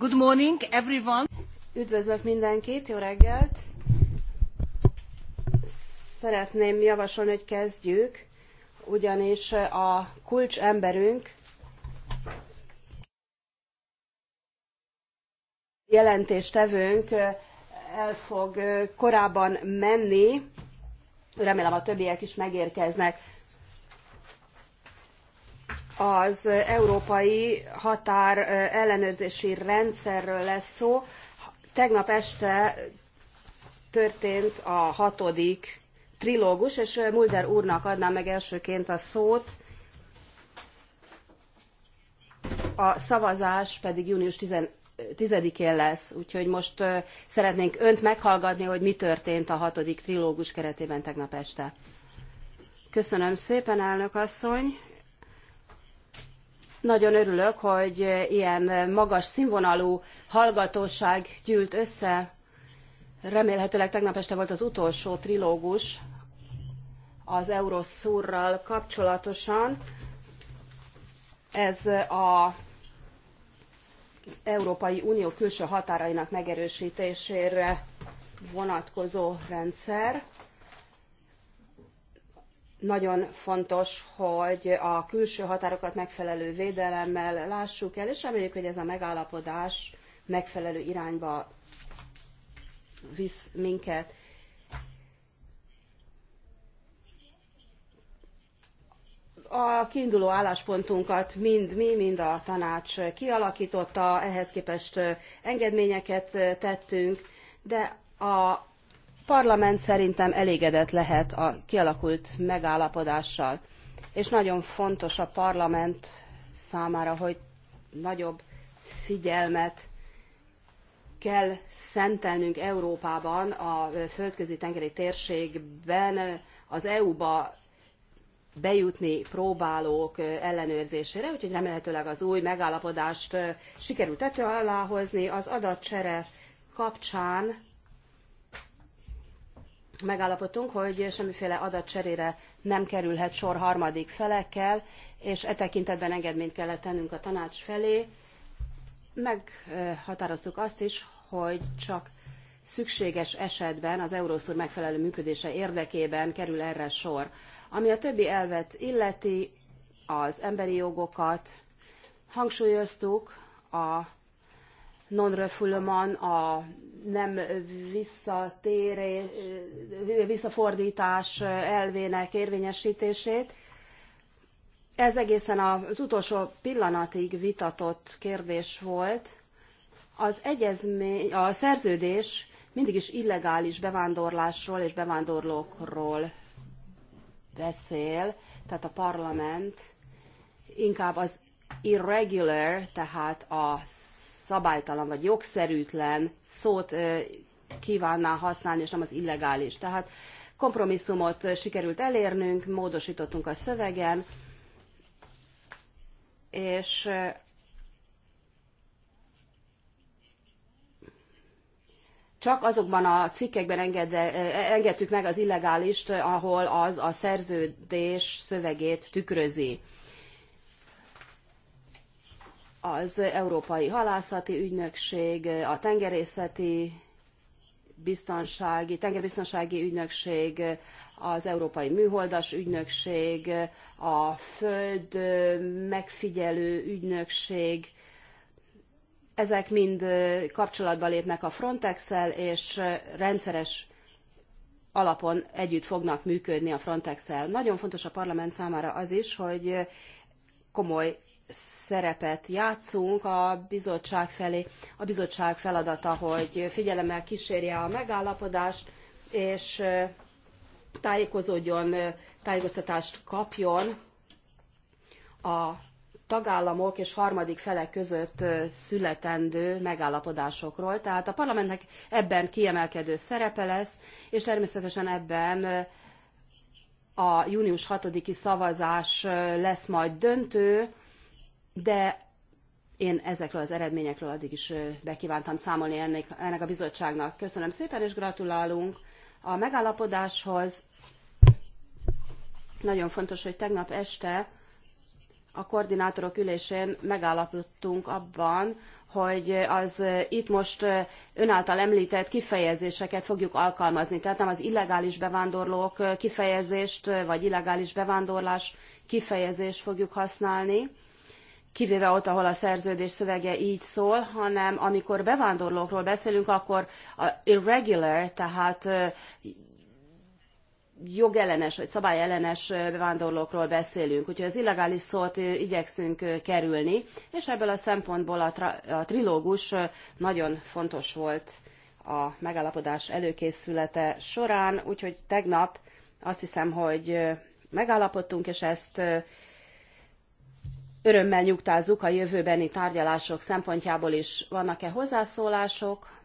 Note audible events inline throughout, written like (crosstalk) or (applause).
Good morning, everyone. Üdvözlök mindenkit, jó reggelt! Szeretném javasolni, hogy kezdjük, ugyanis a kulcs emberünk jelentéstevőnk el fog korábban menni, remélem a többiek is megérkeznek az európai határ ellenőrzési rendszerről lesz szó. Tegnap este történt a hatodik trilógus, és Mulder úrnak adnám meg elsőként a szót. A szavazás pedig június 10-én lesz, úgyhogy most szeretnénk önt meghallgatni, hogy mi történt a hatodik trilógus keretében tegnap este. Köszönöm szépen, elnök asszony! Nagyon örülök, hogy ilyen magas színvonalú hallgatóság gyűlt össze. Remélhetőleg tegnap este volt az utolsó trilógus az Euroszurral kapcsolatosan. Ez a az Európai Unió külső határainak megerősítésére vonatkozó rendszer. Nagyon fontos, hogy a külső határokat megfelelő védelemmel lássuk el, és reméljük, hogy ez a megállapodás megfelelő irányba visz minket. a kiinduló álláspontunkat mind mi, mind a tanács kialakította, ehhez képest engedményeket tettünk, de a parlament szerintem elégedett lehet a kialakult megállapodással. És nagyon fontos a parlament számára, hogy nagyobb figyelmet kell szentelnünk Európában, a földközi tengeri térségben, az EU-ba bejutni próbálók ellenőrzésére, úgyhogy remélhetőleg az új megállapodást sikerült tető alá hozni. Az adatcsere kapcsán megállapodtunk, hogy semmiféle adatcserére nem kerülhet sor harmadik felekkel, és e tekintetben engedményt kellett tennünk a tanács felé. Meghatároztuk azt is, hogy csak szükséges esetben az Euroszur megfelelő működése érdekében kerül erre sor. Ami a többi elvet illeti, az emberi jogokat hangsúlyoztuk, a non-refoulement, a nem visszatérés, visszafordítás elvének érvényesítését. Ez egészen az utolsó pillanatig vitatott kérdés volt. Az egyezmény, a szerződés mindig is illegális bevándorlásról és bevándorlókról beszél, tehát a parlament inkább az irregular, tehát a szabálytalan vagy jogszerűtlen szót kívánná használni, és nem az illegális. Tehát kompromisszumot sikerült elérnünk, módosítottunk a szövegen, és csak azokban a cikkekben engedde, engedtük meg az illegálist, ahol az a szerződés szövegét tükrözi az Európai Halászati Ügynökség, a Tengerészeti Biztonsági, Tengerbiztonsági Ügynökség, az Európai Műholdas Ügynökség, a Föld Megfigyelő Ügynökség, ezek mind kapcsolatba lépnek a Frontex-el, és rendszeres alapon együtt fognak működni a Frontex-el. Nagyon fontos a parlament számára az is, hogy komoly szerepet játszunk a bizottság felé. A bizottság feladata, hogy figyelemmel kísérje a megállapodást, és tájékozódjon, tájékoztatást kapjon a tagállamok és harmadik felek között születendő megállapodásokról. Tehát a parlamentnek ebben kiemelkedő szerepe lesz, és természetesen ebben a június 6-i szavazás lesz majd döntő, de én ezekről az eredményekről addig is bekívántam számolni ennek, ennek a bizottságnak. Köszönöm szépen, és gratulálunk a megállapodáshoz. Nagyon fontos, hogy tegnap este a koordinátorok ülésén megállapodtunk abban, hogy az itt most ön által említett kifejezéseket fogjuk alkalmazni. Tehát nem az illegális bevándorlók kifejezést, vagy illegális bevándorlás kifejezést fogjuk használni, kivéve ott, ahol a szerződés szövege így szól, hanem amikor bevándorlókról beszélünk, akkor a irregular, tehát jogellenes vagy szabályellenes bevándorlókról beszélünk. Úgyhogy az illegális szót igyekszünk kerülni, és ebből a szempontból a, tra- a trilógus nagyon fontos volt a megállapodás előkészülete során, úgyhogy tegnap azt hiszem, hogy megállapodtunk, és ezt örömmel nyugtázzuk a jövőbeni tárgyalások szempontjából is. Vannak-e hozzászólások?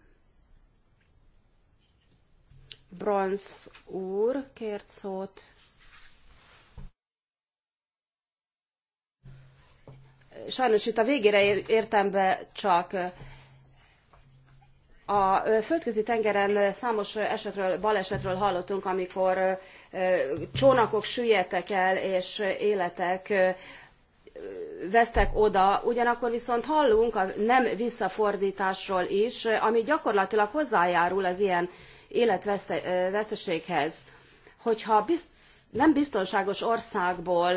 Bronz úr kért szót. Sajnos itt a végére értem be csak. A földközi tengeren számos esetről, balesetről hallottunk, amikor csónakok süllyedtek el, és életek vesztek oda, ugyanakkor viszont hallunk a nem visszafordításról is, ami gyakorlatilag hozzájárul az ilyen életveszteséghez. Hogyha bizt, nem biztonságos országból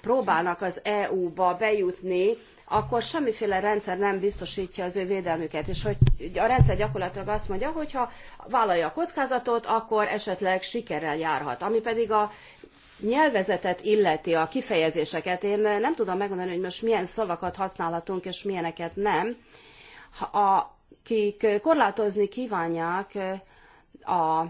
próbálnak az EU-ba bejutni, akkor semmiféle rendszer nem biztosítja az ő védelmüket. És hogy a rendszer gyakorlatilag azt mondja, hogy ha vállalja a kockázatot, akkor esetleg sikerrel járhat. Ami pedig a nyelvezetet illeti a kifejezéseket, én nem tudom megmondani, hogy most milyen szavakat használhatunk, és milyeneket nem. ha akik korlátozni kívánják a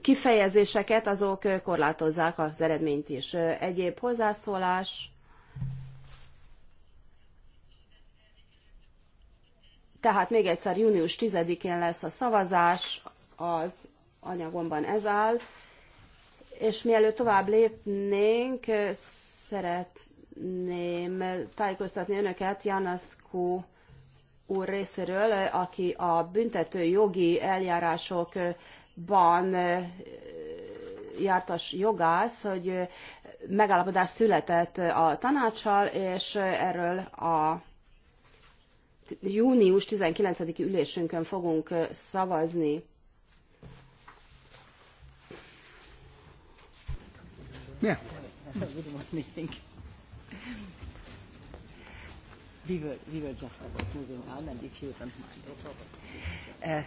kifejezéseket, azok korlátozzák az eredményt is. Egyéb hozzászólás. Tehát még egyszer június 10-én lesz a szavazás, az anyagomban ez áll. És mielőtt tovább lépnénk, szeretném tájékoztatni önöket Janaszkó úr részéről, aki a büntető jogi eljárásokban jártas jogász, hogy megállapodás született a tanácssal, és erről a június 19. ülésünkön fogunk szavazni. Yeah. Good morning. We were, we were just about moving on, and if you don't mind. No problem. Uh,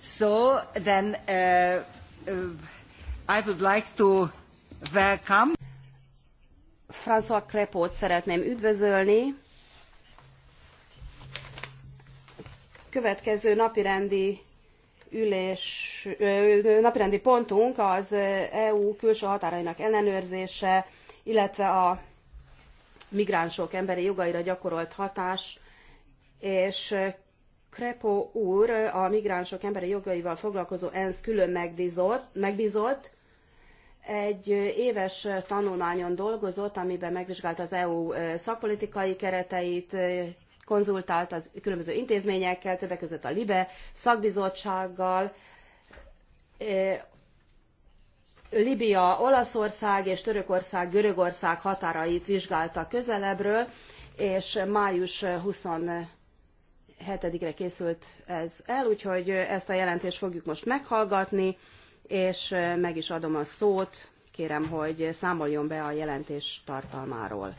so then uh, uh, I would like to welcome François Crepot szeretném üdvözölni. Következő napirendi ülés, napirendi pontunk az EU külső határainak ellenőrzése, illetve a migránsok emberi jogaira gyakorolt hatás, és Krepo úr a migránsok emberi jogaival foglalkozó ENSZ külön megbízott, megbízott egy éves tanulmányon dolgozott, amiben megvizsgálta az EU szakpolitikai kereteit, konzultált az különböző intézményekkel, többek között a LIBE szakbizottsággal. Libia, Olaszország és Törökország, Görögország határait vizsgálta közelebbről, és május 27-re készült ez el, úgyhogy ezt a jelentést fogjuk most meghallgatni, és meg is adom a szót, kérem, hogy számoljon be a jelentés tartalmáról.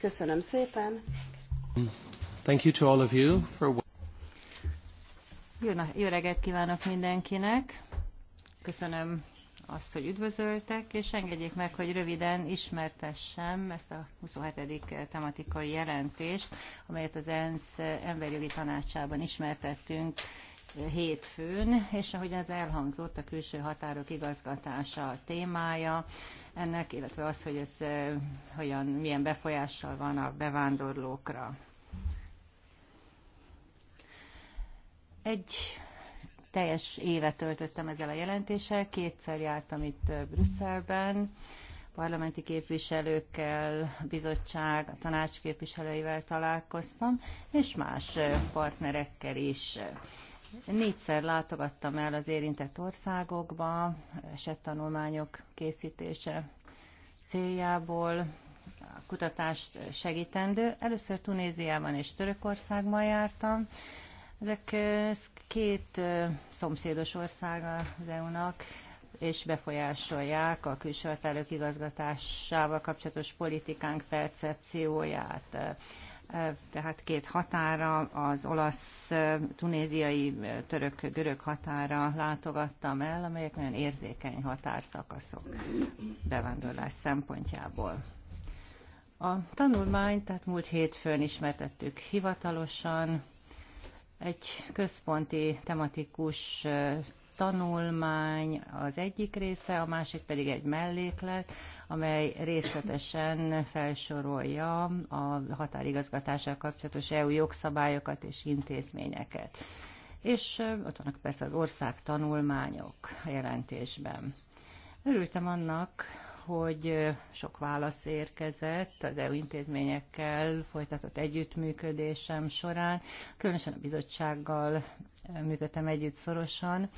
Köszönöm szépen! Thank you to all of you for... Jó, na, jó reggelt kívánok mindenkinek! Köszönöm azt, hogy üdvözöltek, és engedjék meg, hogy röviden ismertessem ezt a 27. tematikai jelentést, amelyet az ENSZ emberjogi tanácsában ismertettünk hétfőn, és ahogy ez elhangzott, a külső határok igazgatása a témája, ennek, illetve az, hogy ez eh, hogyan, milyen befolyással van a bevándorlókra. Egy teljes évet töltöttem ezzel a jelentéssel, kétszer jártam itt eh, Brüsszelben, parlamenti képviselőkkel, a bizottság, a tanács képviselőivel találkoztam, és más eh, partnerekkel is. Négyszer látogattam el az érintett országokba, esettanulmányok készítése céljából, a kutatást segítendő. Először Tunéziában és Törökországban jártam. Ezek két szomszédos ország az EU-nak, és befolyásolják a külső határok igazgatásával kapcsolatos politikánk percepcióját tehát két határa, az olasz, tunéziai, török, görög határa látogattam el, amelyek nagyon érzékeny határszakaszok bevándorlás szempontjából. A tanulmányt, tehát múlt hétfőn ismertettük hivatalosan, egy központi tematikus tanulmány az egyik része, a másik pedig egy melléklet, amely részletesen felsorolja a határigazgatással kapcsolatos EU jogszabályokat és intézményeket. És ott vannak persze az ország tanulmányok a jelentésben. Örültem annak, hogy sok válasz érkezett az EU intézményekkel folytatott együttműködésem során, különösen a bizottsággal működtem együtt szorosan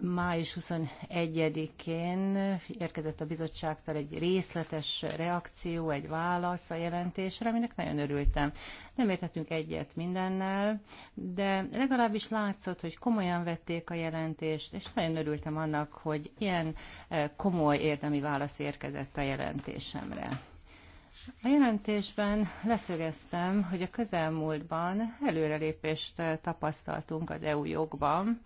május 21-én érkezett a bizottságtól egy részletes reakció, egy válasz a jelentésre, aminek nagyon örültem. Nem értettünk egyet mindennel, de legalábbis látszott, hogy komolyan vették a jelentést, és nagyon örültem annak, hogy ilyen e, komoly érdemi válasz érkezett a jelentésemre. A jelentésben leszögeztem, hogy a közelmúltban előrelépést tapasztaltunk az EU jogban,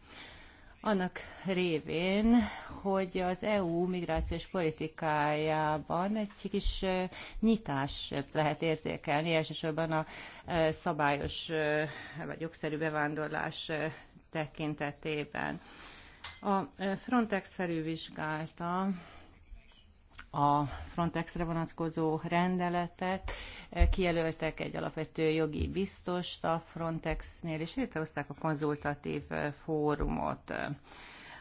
annak révén, hogy az EU migrációs politikájában egy kis nyitás lehet érzékelni, elsősorban a szabályos vagy jogszerű bevándorlás tekintetében. A Frontex felülvizsgálta a Frontexre vonatkozó rendeletet, kijelöltek egy alapvető jogi biztost a Frontexnél, és létrehozták a konzultatív fórumot.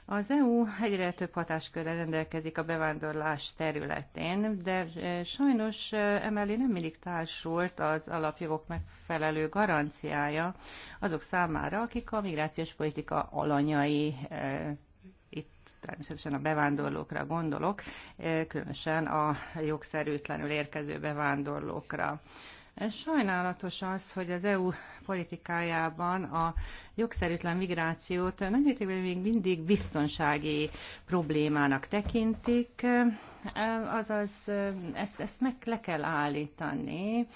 Az EU egyre több hatáskörre rendelkezik a bevándorlás területén, de e, sajnos e, emellé nem mindig társult az alapjogok megfelelő garanciája azok számára, akik a migrációs politika alanyai e, természetesen a bevándorlókra gondolok, eh, különösen a jogszerűtlenül érkező bevándorlókra. Eh, sajnálatos az, hogy az EU politikájában a jogszerűtlen migrációt nagymértékben még mindig biztonsági problémának tekintik, eh, azaz ezt, ezt meg le kell állítani,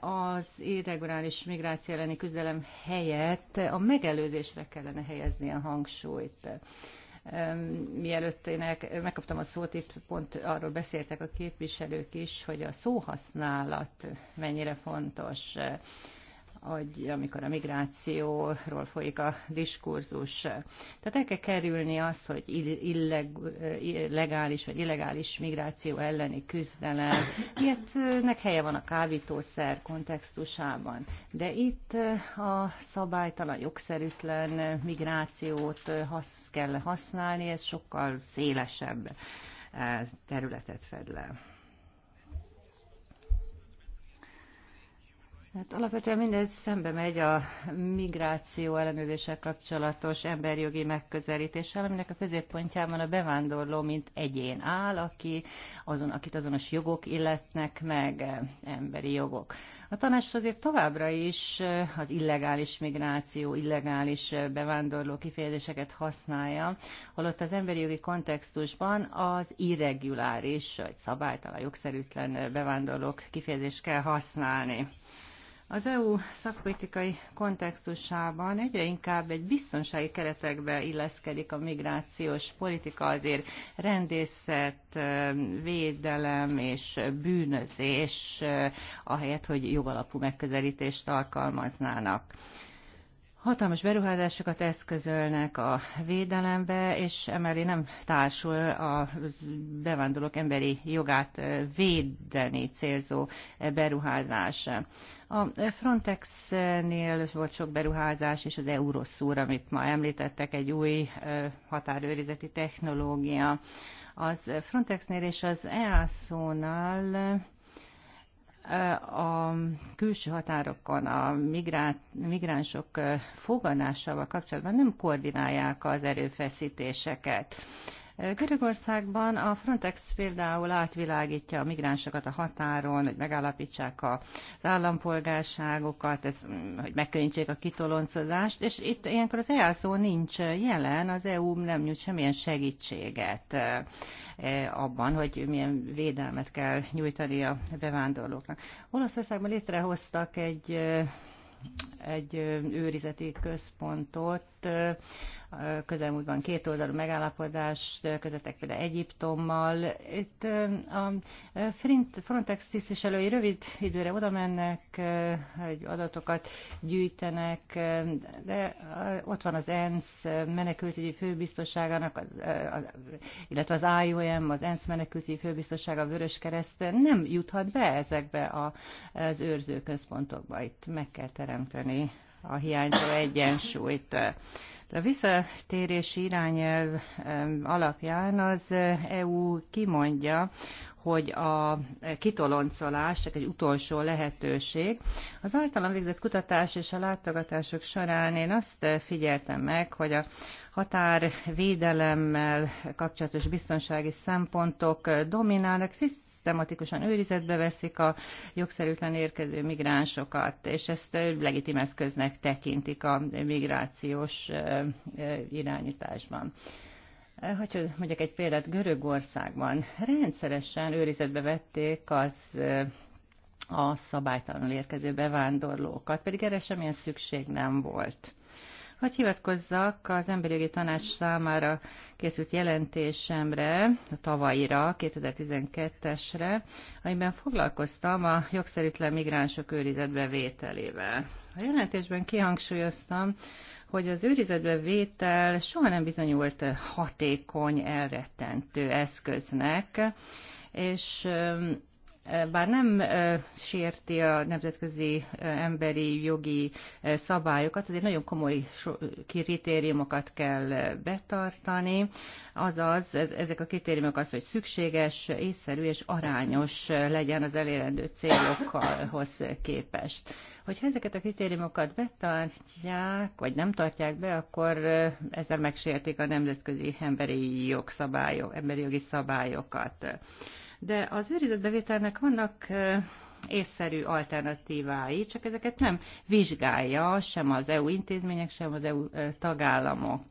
az irreguláris migráció elleni küzdelem helyett a megelőzésre kellene helyezni a hangsúlyt. Mielőtt én megkaptam a szót, itt pont arról beszéltek a képviselők is, hogy a szóhasználat mennyire fontos hogy amikor a migrációról folyik a diskurzus. Tehát el kell kerülni azt, hogy illegális vagy illegális migráció elleni küzdelem. Ilyetnek helye van a kábítószer kontextusában. De itt a szabálytalan, jogszerűtlen migrációt hasz, kell használni, ez sokkal szélesebb eh, területet fed le. Hát alapvetően mindez szembe megy a migráció ellenőrzéssel kapcsolatos emberjogi megközelítéssel, aminek a középpontjában a bevándorló, mint egyén áll, aki azon, akit azonos jogok illetnek meg, eh, emberi jogok. A tanács azért továbbra is eh, az illegális migráció, illegális eh, bevándorló kifejezéseket használja, holott az emberi jogi kontextusban az irreguláris, vagy szabálytalan, jogszerűtlen bevándorlók kifejezést kell használni. Az EU szakpolitikai kontextusában egyre inkább egy biztonsági keretekbe illeszkedik a migrációs politika, azért rendészet, védelem és bűnözés, ahelyett, hogy jogalapú megközelítést alkalmaznának hatalmas beruházásokat eszközölnek a védelembe, és emellé nem társul a bevándorlók emberi jogát védeni célzó beruházás. A Frontexnél volt sok beruházás, és az Euroszúr, amit ma említettek, egy új határőrizeti technológia. Az Frontexnél és az EASZ-nál a külső határokon a migránsok fogadásával kapcsolatban nem koordinálják az erőfeszítéseket. Görögországban a Frontex például átvilágítja a migránsokat a határon, hogy megállapítsák az állampolgárságokat, ez, hogy megkönnyítsék a kitoloncozást, és itt ilyenkor az EASZO nincs jelen, az EU nem nyújt semmilyen segítséget e, abban, hogy milyen védelmet kell nyújtani a bevándorlóknak. Olaszországban létrehoztak egy e, egy e, őrizeti központot, közelmúltban két oldalú megállapodást közöttek például Egyiptommal. Itt a Frontex tisztviselői rövid időre oda mennek, hogy adatokat gyűjtenek, de ott van az ENSZ menekültügyi főbiztosságának, az, illetve az IOM, az ENSZ menekültügyi főbiztossága Vörös Kereszt nem juthat be ezekbe az őrzőközpontokba. Itt meg kell teremteni a hiányzó egyensúlyt. A visszatérési irányelv alapján az eh, EU kimondja, hogy a eh, kitoloncolás csak egy utolsó lehetőség. Az általam végzett kutatás és a látogatások során én azt eh, figyeltem meg, hogy a határvédelemmel kapcsolatos biztonsági szempontok dominálnak, szisztematikusan őrizetbe veszik a jogszerűtlen érkező migránsokat, és ezt legitim eszköznek tekintik a migrációs irányításban. Hogy mondjak egy példát, Görögországban rendszeresen őrizetbe vették az a szabálytalanul érkező bevándorlókat, pedig erre semmilyen szükség nem volt. Hogy hivatkozzak az Emberi Jogi Tanács számára készült jelentésemre, a tavalyira, 2012-esre, amiben foglalkoztam a jogszerűtlen migránsok őrizetbe vételével. A jelentésben kihangsúlyoztam, hogy az őrizetbe vétel soha nem bizonyult hatékony, elrettentő eszköznek, és bár nem sérti a nemzetközi emberi jogi szabályokat, azért nagyon komoly kritériumokat kell betartani, azaz ezek a kritériumok az, hogy szükséges, észszerű és arányos legyen az elérendő célokhoz képest. Hogyha ezeket a kritériumokat betartják, vagy nem tartják be, akkor ezzel megsértik a nemzetközi emberi, jogszabályok, emberi jogi szabályokat de az őrizett bevételnek vannak észszerű alternatívái, csak ezeket nem vizsgálja sem az EU intézmények, sem az EU tagállamok.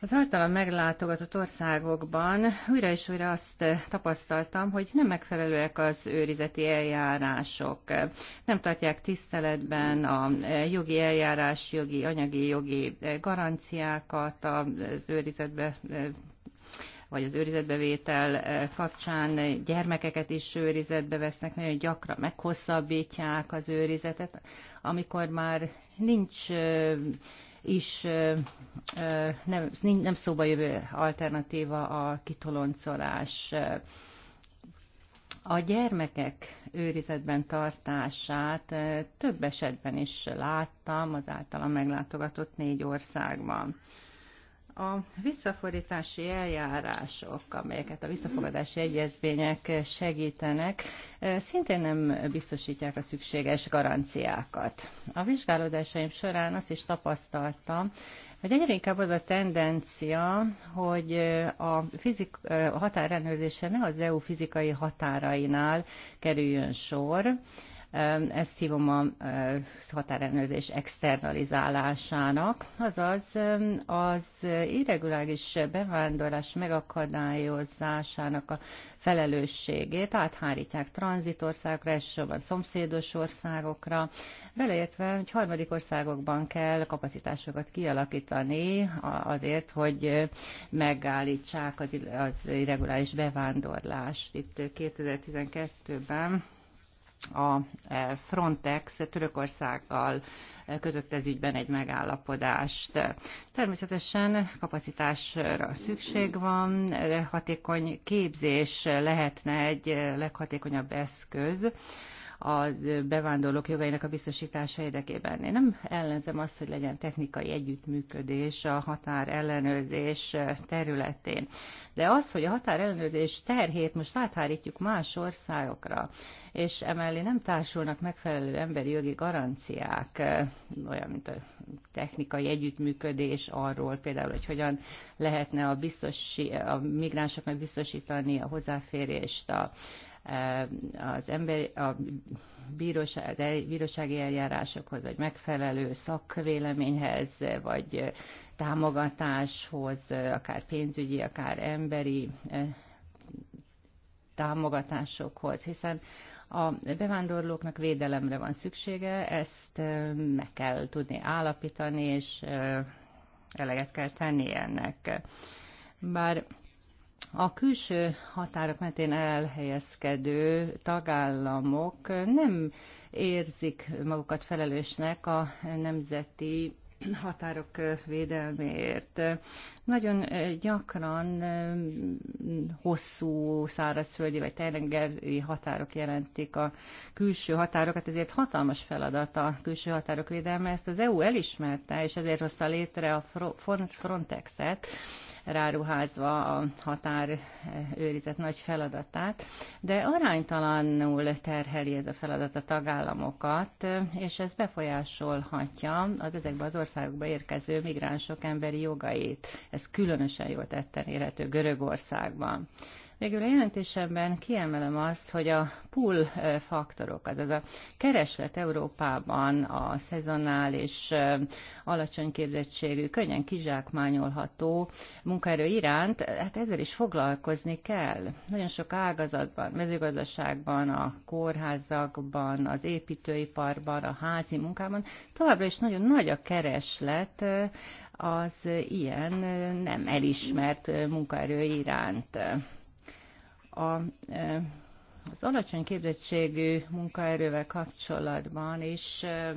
Az általam meglátogatott országokban újra és újra azt tapasztaltam, hogy nem megfelelőek az őrizeti eljárások. Nem tartják tiszteletben a jogi eljárás, jogi, anyagi, jogi garanciákat, az őrizetbe vagy az őrizetbevétel eh, kapcsán gyermekeket is őrizetbe vesznek, nagyon gyakran meghosszabbítják az őrizetet, amikor már nincs eh, is eh, nem, nem szóba jövő alternatíva a kitoloncolás. A gyermekek őrizetben tartását több esetben is láttam az általam meglátogatott négy országban. A visszafordítási eljárások, amelyeket a visszafogadási egyezmények segítenek, szintén nem biztosítják a szükséges garanciákat. A vizsgálódásaim során azt is tapasztaltam, hogy egyre inkább az a tendencia, hogy a, fizik, a ne az EU fizikai határainál kerüljön sor, ezt hívom a határellenőrzés externalizálásának, azaz az irreguláris bevándorlás megakadályozásának a felelősségét áthárítják tranzitországra, elsősorban szomszédos országokra, beleértve, hogy harmadik országokban kell kapacitásokat kialakítani azért, hogy megállítsák az, az irreguláris bevándorlást. Itt 2012-ben a eh, Frontex Törökországgal eh, kötött ez ügyben egy megállapodást. Természetesen kapacitásra szükség van, hatékony képzés lehetne egy eh, leghatékonyabb eszköz, a bevándorlók jogainak a biztosítása érdekében. Én nem ellenzem azt, hogy legyen technikai együttműködés a határ ellenőrzés területén. De az, hogy a határ ellenőrzés terhét most áthárítjuk más országokra, és emellé nem társulnak megfelelő emberi jogi garanciák, olyan, mint a technikai együttműködés arról például, hogy hogyan lehetne a, biztosi, a migránsoknak biztosítani a hozzáférést a az ember, a bíróság, bírósági eljárásokhoz, vagy megfelelő szakvéleményhez, vagy támogatáshoz, akár pénzügyi, akár emberi eh, támogatásokhoz, hiszen a bevándorlóknak védelemre van szüksége, ezt eh, meg kell tudni állapítani, és eh, eleget kell tenni ennek. Bár a külső határok mentén elhelyezkedő tagállamok nem érzik magukat felelősnek a nemzeti határok védelméért. Nagyon gyakran hosszú szárazföldi vagy tengeri határok jelentik a külső határokat, ezért hatalmas feladat a külső határok védelme. Ezt az EU elismerte, és ezért hozta létre a Frontex-et, ráruházva a határőrizet nagy feladatát, de aránytalanul terheli ez a feladat a tagállamokat, és ez befolyásolhatja az ezekbe az országokba érkező migránsok emberi jogait. Ez különösen jól tetten érhető Görögországban. Végül a jelentésemben kiemelem azt, hogy a pull faktorok, azaz a kereslet Európában a szezonális, alacsony képzettségű, könnyen kizsákmányolható munkaerő iránt, hát ezzel is foglalkozni kell. Nagyon sok ágazatban, mezőgazdaságban, a kórházakban, az építőiparban, a házi munkában továbbra is nagyon nagy a kereslet az ilyen nem elismert munkaerő iránt a eh, az alacsony képzettségű munkaerővel kapcsolatban is eh,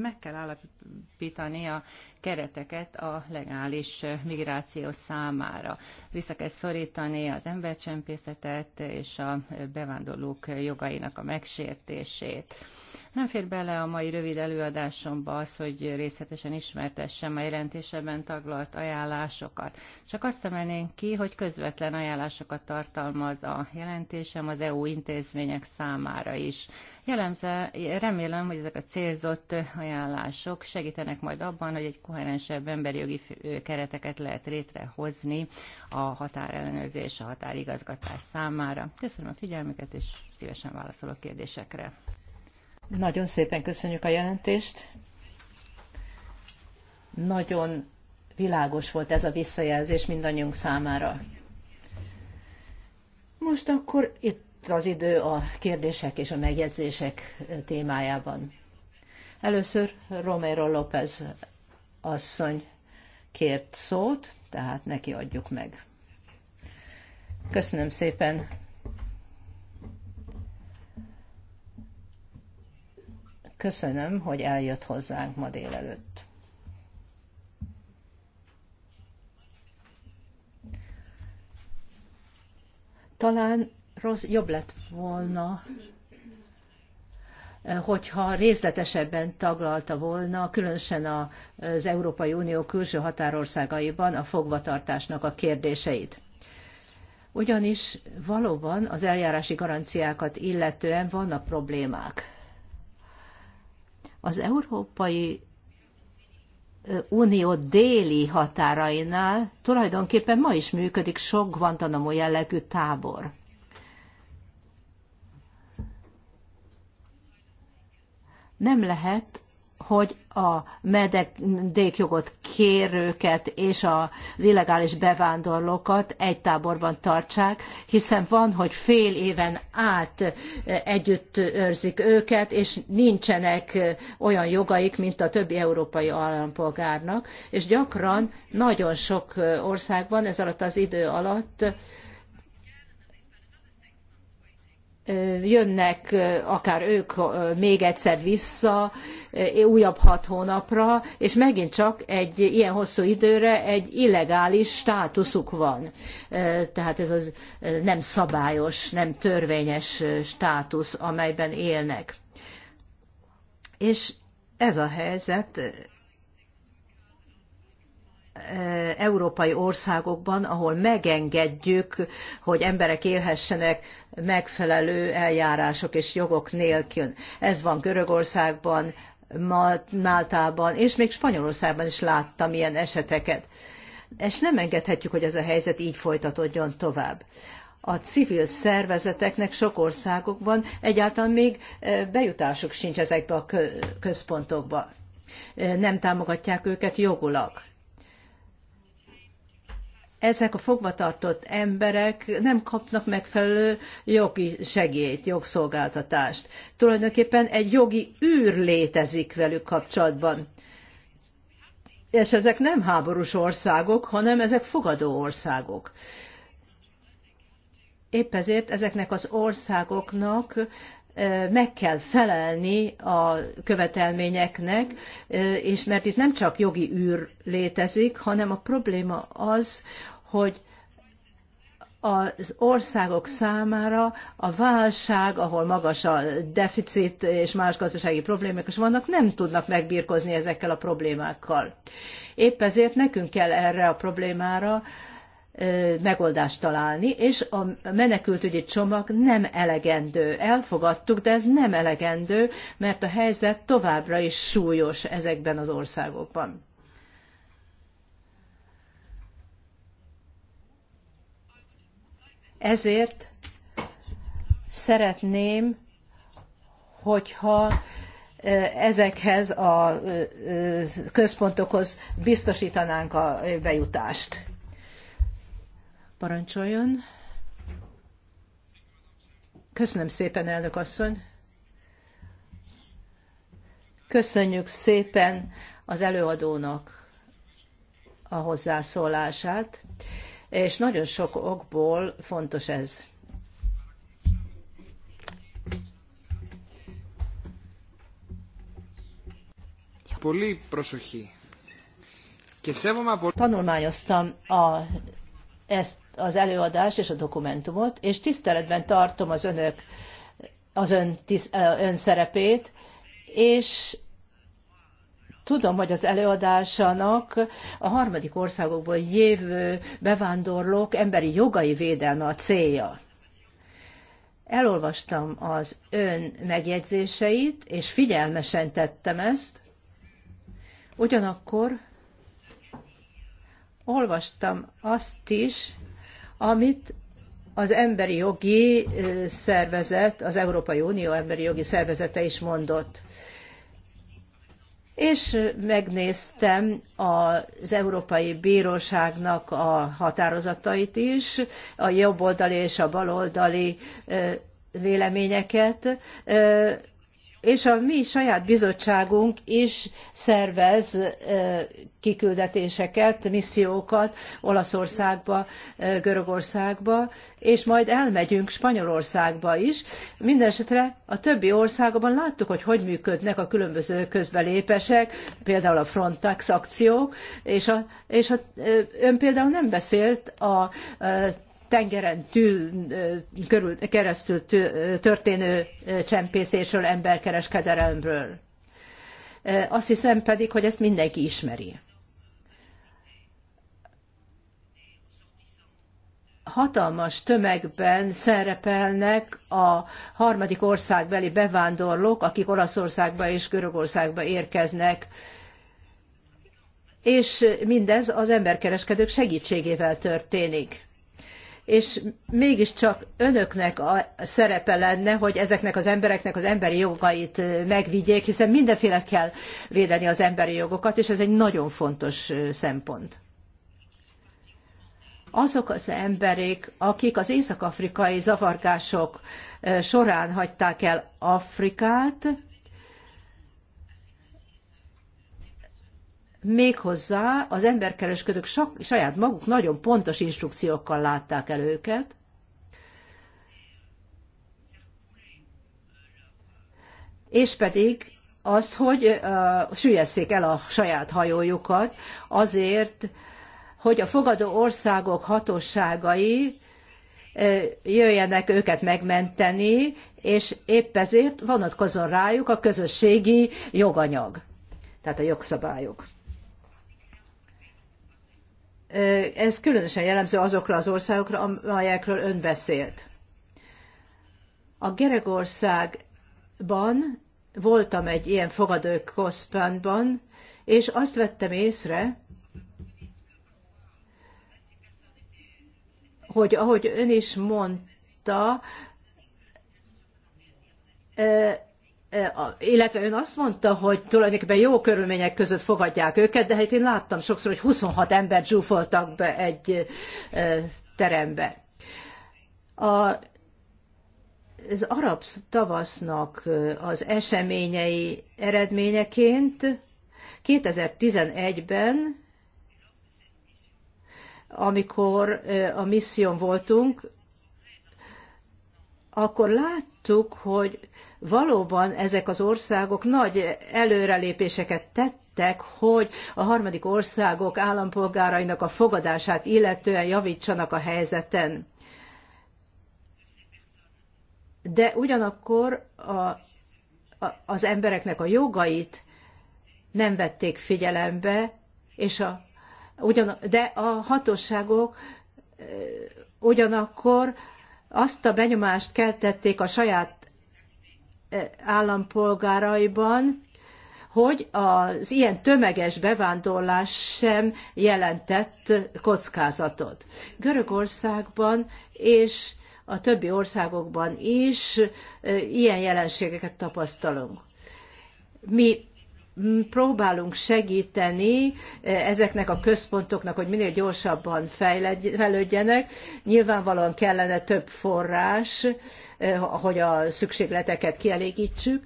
meg kell állapítani a kereteket a legális eh, migráció számára. Vissza kell szorítani az embercsempészetet és a eh, bevándorlók jogainak a megsértését. Nem fér bele a mai rövid előadásomba az, hogy részletesen ismertessem a jelentéseben taglalt ajánlásokat. Csak azt emelném ki, hogy közvetlen ajánlásokat tartalmaz a jelentésem az EU intézmények számára is. Jellemző, remélem, hogy ezek a célzott ajánlások segítenek majd abban, hogy egy koherensebb emberi jogi kereteket lehet létrehozni a határellenőrzés, a határigazgatás számára. Köszönöm a figyelmüket, és szívesen válaszolok kérdésekre. Nagyon szépen köszönjük a jelentést. Nagyon világos volt ez a visszajelzés mindannyiunk számára. Most akkor itt az idő a kérdések és a megjegyzések témájában. Először Romero López asszony kért szót, tehát neki adjuk meg. Köszönöm szépen. Köszönöm, hogy eljött hozzánk ma délelőtt. Talán rossz, jobb lett volna, eh, hogyha részletesebben taglalta volna, különösen az Európai Unió külső határországaiban a fogvatartásnak a kérdéseit. Ugyanis valóban az eljárási garanciákat illetően vannak problémák. Az Európai eh, Unió déli határainál tulajdonképpen ma is működik sok Guantanamo jellegű tábor. Nem lehet, hogy a medekdékjogot kérőket és az illegális bevándorlókat egy táborban tartsák, hiszen van, hogy fél éven át eh, együtt őrzik őket, és nincsenek eh, olyan jogaik, mint a többi európai állampolgárnak, és gyakran nagyon sok eh, országban ez alatt az idő alatt jönnek akár ők még egyszer vissza, újabb hat hónapra, és megint csak egy ilyen hosszú időre egy illegális státuszuk van. Tehát ez az nem szabályos, nem törvényes státusz, amelyben élnek. És ez a helyzet európai országokban, ahol megengedjük, hogy emberek élhessenek megfelelő eljárások és jogok nélkül. Ez van Görögországban, Máltában, és még Spanyolországban is láttam ilyen eseteket. És nem engedhetjük, hogy ez a helyzet így folytatódjon tovább a civil szervezeteknek sok országokban egyáltalán még e, bejutásuk sincs ezekbe a központokba. E, nem támogatják őket jogulag ezek a fogvatartott emberek nem kapnak megfelelő jogi segélyt, jogszolgáltatást. Tulajdonképpen egy jogi űr létezik velük kapcsolatban. És ezek nem háborús országok, hanem ezek fogadó országok. Épp ezért ezeknek az országoknak meg kell felelni a követelményeknek, és mert itt nem csak jogi űr létezik, hanem a probléma az, hogy az országok számára a válság, ahol magas a deficit és más gazdasági problémák is vannak, nem tudnak megbírkozni ezekkel a problémákkal. Épp ezért nekünk kell erre a problémára megoldást találni, és a menekültügyi csomag nem elegendő. Elfogadtuk, de ez nem elegendő, mert a helyzet továbbra is súlyos ezekben az országokban. Ezért szeretném, hogyha ezekhez a központokhoz biztosítanánk a bejutást. Parancsoljon. Köszönöm szépen, elnök asszony. Köszönjük szépen az előadónak a hozzászólását és nagyon sok okból fontos ez. Tanulmányoztam a, ezt az előadást és a dokumentumot, és tiszteletben tartom az önök az ön, tiszt, ön szerepét, és Tudom, hogy az előadásának a harmadik országokból jövő bevándorlók emberi jogai védelme a célja. Elolvastam az ön megjegyzéseit, és figyelmesen tettem ezt. Ugyanakkor olvastam azt is, amit az emberi jogi szervezet, az Európai Unió emberi jogi szervezete is mondott és megnéztem az Európai Bíróságnak a határozatait is, a jobboldali és a baloldali véleményeket és a mi saját bizottságunk is szervez kiküldetéseket, missziókat Olaszországba, Görögországba, és majd elmegyünk Spanyolországba is. Mindenesetre a többi országban láttuk, hogy hogy működnek a különböző közbelépések, például a Frontex akciók, és, a, és a, ön például nem beszélt a, a tengeren tűl, körül, keresztül történő csempészésről, emberkereskedelemről. Azt hiszem pedig, hogy ezt mindenki ismeri. hatalmas tömegben szerepelnek a harmadik országbeli bevándorlók, akik Olaszországba és Görögországba érkeznek, és mindez az emberkereskedők segítségével történik és mégiscsak önöknek a szerepe lenne, hogy ezeknek az embereknek az emberi jogait megvédjék, hiszen mindenféle kell védeni az emberi jogokat, és ez egy nagyon fontos szempont. Azok az emberek, akik az észak-afrikai zavargások során hagyták el Afrikát, Méghozzá az emberkereskedők saját maguk nagyon pontos instrukciókkal látták el őket, és pedig azt, hogy uh, süllyesszék el a saját hajójukat azért, hogy a fogadó országok hatóságai uh, jöjjenek őket megmenteni, és épp ezért vonatkozon rájuk a közösségi joganyag, tehát a jogszabályok. Ez különösen jellemző azokra az országokra, amelyekről ön beszélt. A Geregországban voltam egy ilyen fogadókoszpánban, és azt vettem észre, hogy ahogy ön is mondta, illetve ön azt mondta, hogy tulajdonképpen jó körülmények között fogadják őket, de hát én láttam sokszor, hogy 26 ember zsúfoltak be egy terembe. A, az arab tavasznak az eseményei eredményeként 2011-ben, amikor a misszión voltunk, akkor lát, láttuk, hogy valóban ezek az országok nagy előrelépéseket tettek, hogy a harmadik országok állampolgárainak a fogadását illetően javítsanak a helyzeten. De ugyanakkor a, a, az embereknek a jogait nem vették figyelembe, és a, ugyan, de a hatóságok ugyanakkor azt a benyomást keltették a saját e, állampolgáraiban, hogy az ilyen tömeges bevándorlás sem jelentett kockázatot. Görögországban és a többi országokban is e, ilyen jelenségeket tapasztalunk. Mi próbálunk segíteni eh, ezeknek a központoknak, hogy minél gyorsabban fejlődjenek. Nyilvánvalóan kellene több forrás, eh, hogy a szükségleteket kielégítsük.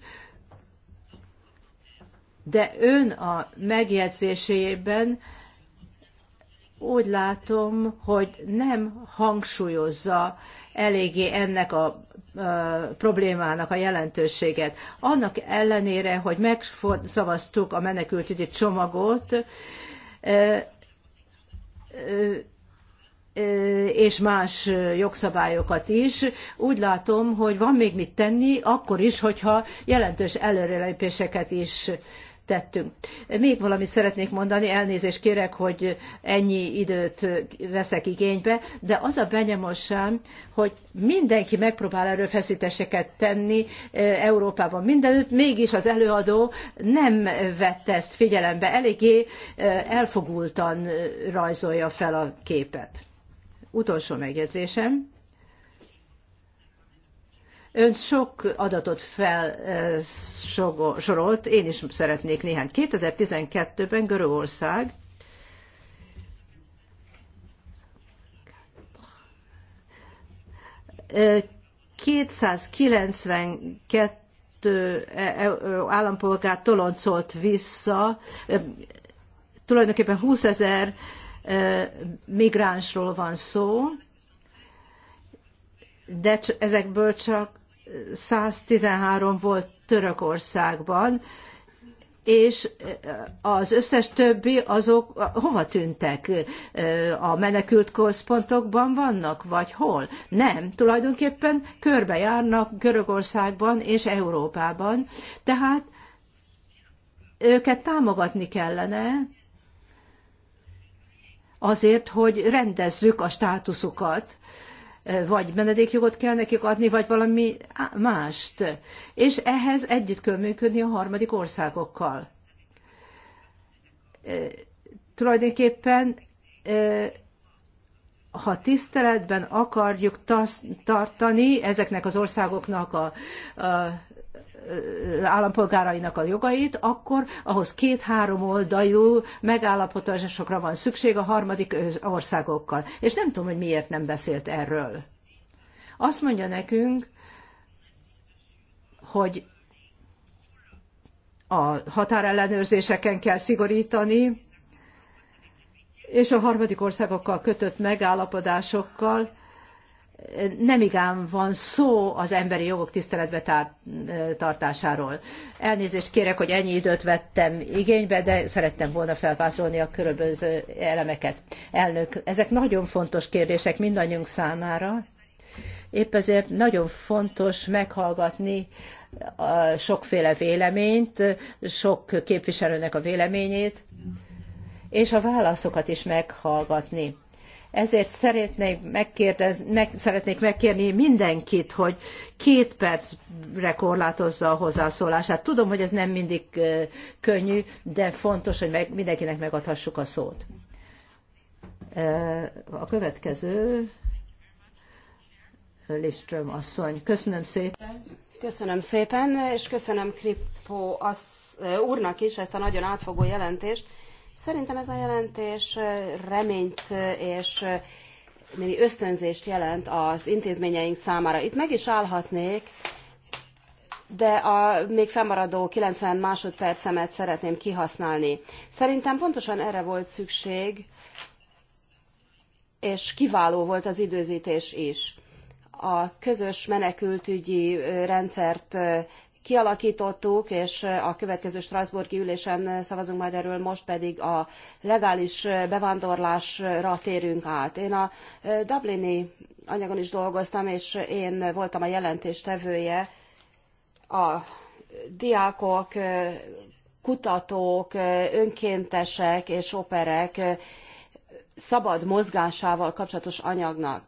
De ön a megjegyzésében úgy látom, hogy nem hangsúlyozza eléggé ennek a problémának a jelentőséget. Annak ellenére, hogy megszavaztuk a menekültügyi csomagot, és más jogszabályokat is. Úgy látom, hogy van még mit tenni, akkor is, hogyha jelentős előrelépéseket is tettünk. Még valamit szeretnék mondani, elnézést kérek, hogy ennyi időt veszek igénybe, de az a benyomásom, hogy mindenki megpróbál erőfeszítéseket tenni eh, Európában mindenütt, mégis az előadó nem vette ezt figyelembe, eléggé eh, elfogultan eh, rajzolja fel a képet. Utolsó megjegyzésem Ön sok adatot felsorolt, én is szeretnék néhány. 2012-ben Görögország 292 e, e, állampolgárt toloncolt vissza, tulajdonképpen 20 ezer migránsról van szó, de ezekből csak 113 volt Törökországban, és az összes többi azok hova tűntek? A menekült központokban vannak, vagy hol? Nem, tulajdonképpen körbejárnak Görögországban és Európában, tehát őket támogatni kellene, azért, hogy rendezzük a státuszukat, vagy menedékjogot kell nekik adni, vagy valami mást. És ehhez együtt kell működni a harmadik országokkal. Tulajdonképpen ha tiszteletben akarjuk tartani ezeknek az országoknak a, a állampolgárainak a jogait, akkor ahhoz két-három oldalú megállapodásokra van szükség a harmadik országokkal. És nem tudom, hogy miért nem beszélt erről. Azt mondja nekünk, hogy a határellenőrzéseken kell szigorítani, és a harmadik országokkal kötött megállapodásokkal nem igán van szó az emberi jogok tiszteletbe tartásáról. Elnézést kérek, hogy ennyi időt vettem igénybe, de szerettem volna felvázolni a különböző elemeket. Elnök, ezek nagyon fontos kérdések mindannyiunk számára. Épp ezért nagyon fontos meghallgatni a sokféle véleményt, sok képviselőnek a véleményét, és a válaszokat is meghallgatni ezért szeretnék, megkérdez, meg, szeretnék megkérni mindenkit, hogy két percre korlátozza a hozzászólását. Tudom, hogy ez nem mindig könnyű, de fontos, hogy meg, mindenkinek megadhassuk a szót. A következő Liström asszony. Köszönöm szépen. Köszönöm szépen, és köszönöm Kripo az, úrnak is ezt a nagyon átfogó jelentést, Szerintem ez a jelentés reményt és némi ösztönzést jelent az intézményeink számára. Itt meg is állhatnék, de a még fennmaradó 90 másodpercemet szeretném kihasználni. Szerintem pontosan erre volt szükség, és kiváló volt az időzítés is. A közös menekültügyi rendszert kialakítottuk, és a következő Strasbourgi ülésen szavazunk majd erről, most pedig a legális bevándorlásra térünk át. Én a Dublini anyagon is dolgoztam, és én voltam a jelentéstevője a diákok, kutatók, önkéntesek és operek szabad mozgásával kapcsolatos anyagnak.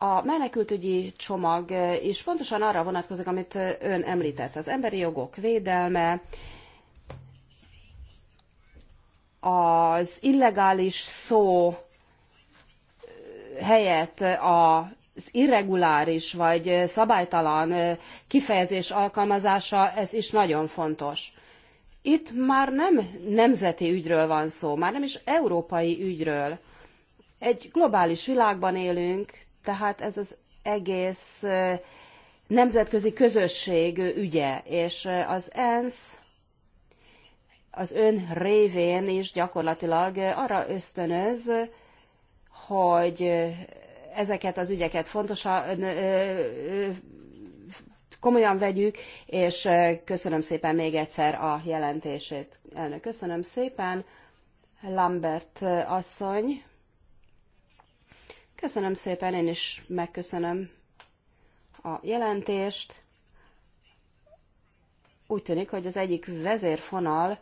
A menekültügyi csomag is eh, pontosan arra vonatkozik, amit eh, ön említett, az emberi jogok védelme, az illegális szó eh, helyett az irreguláris vagy szabálytalan kifejezés alkalmazása, ez is nagyon fontos. Itt már nem nemzeti ügyről van szó, már nem is európai ügyről. Egy globális világban élünk, tehát ez az egész nemzetközi közösség ügye, és az ENSZ az ön révén is gyakorlatilag arra ösztönöz, hogy ezeket az ügyeket fontosan komolyan vegyük, és köszönöm szépen még egyszer a jelentését. Elnök, köszönöm szépen. Lambert asszony. Köszönöm szépen, én is megköszönöm a jelentést. Úgy tűnik, hogy az egyik vezérfonal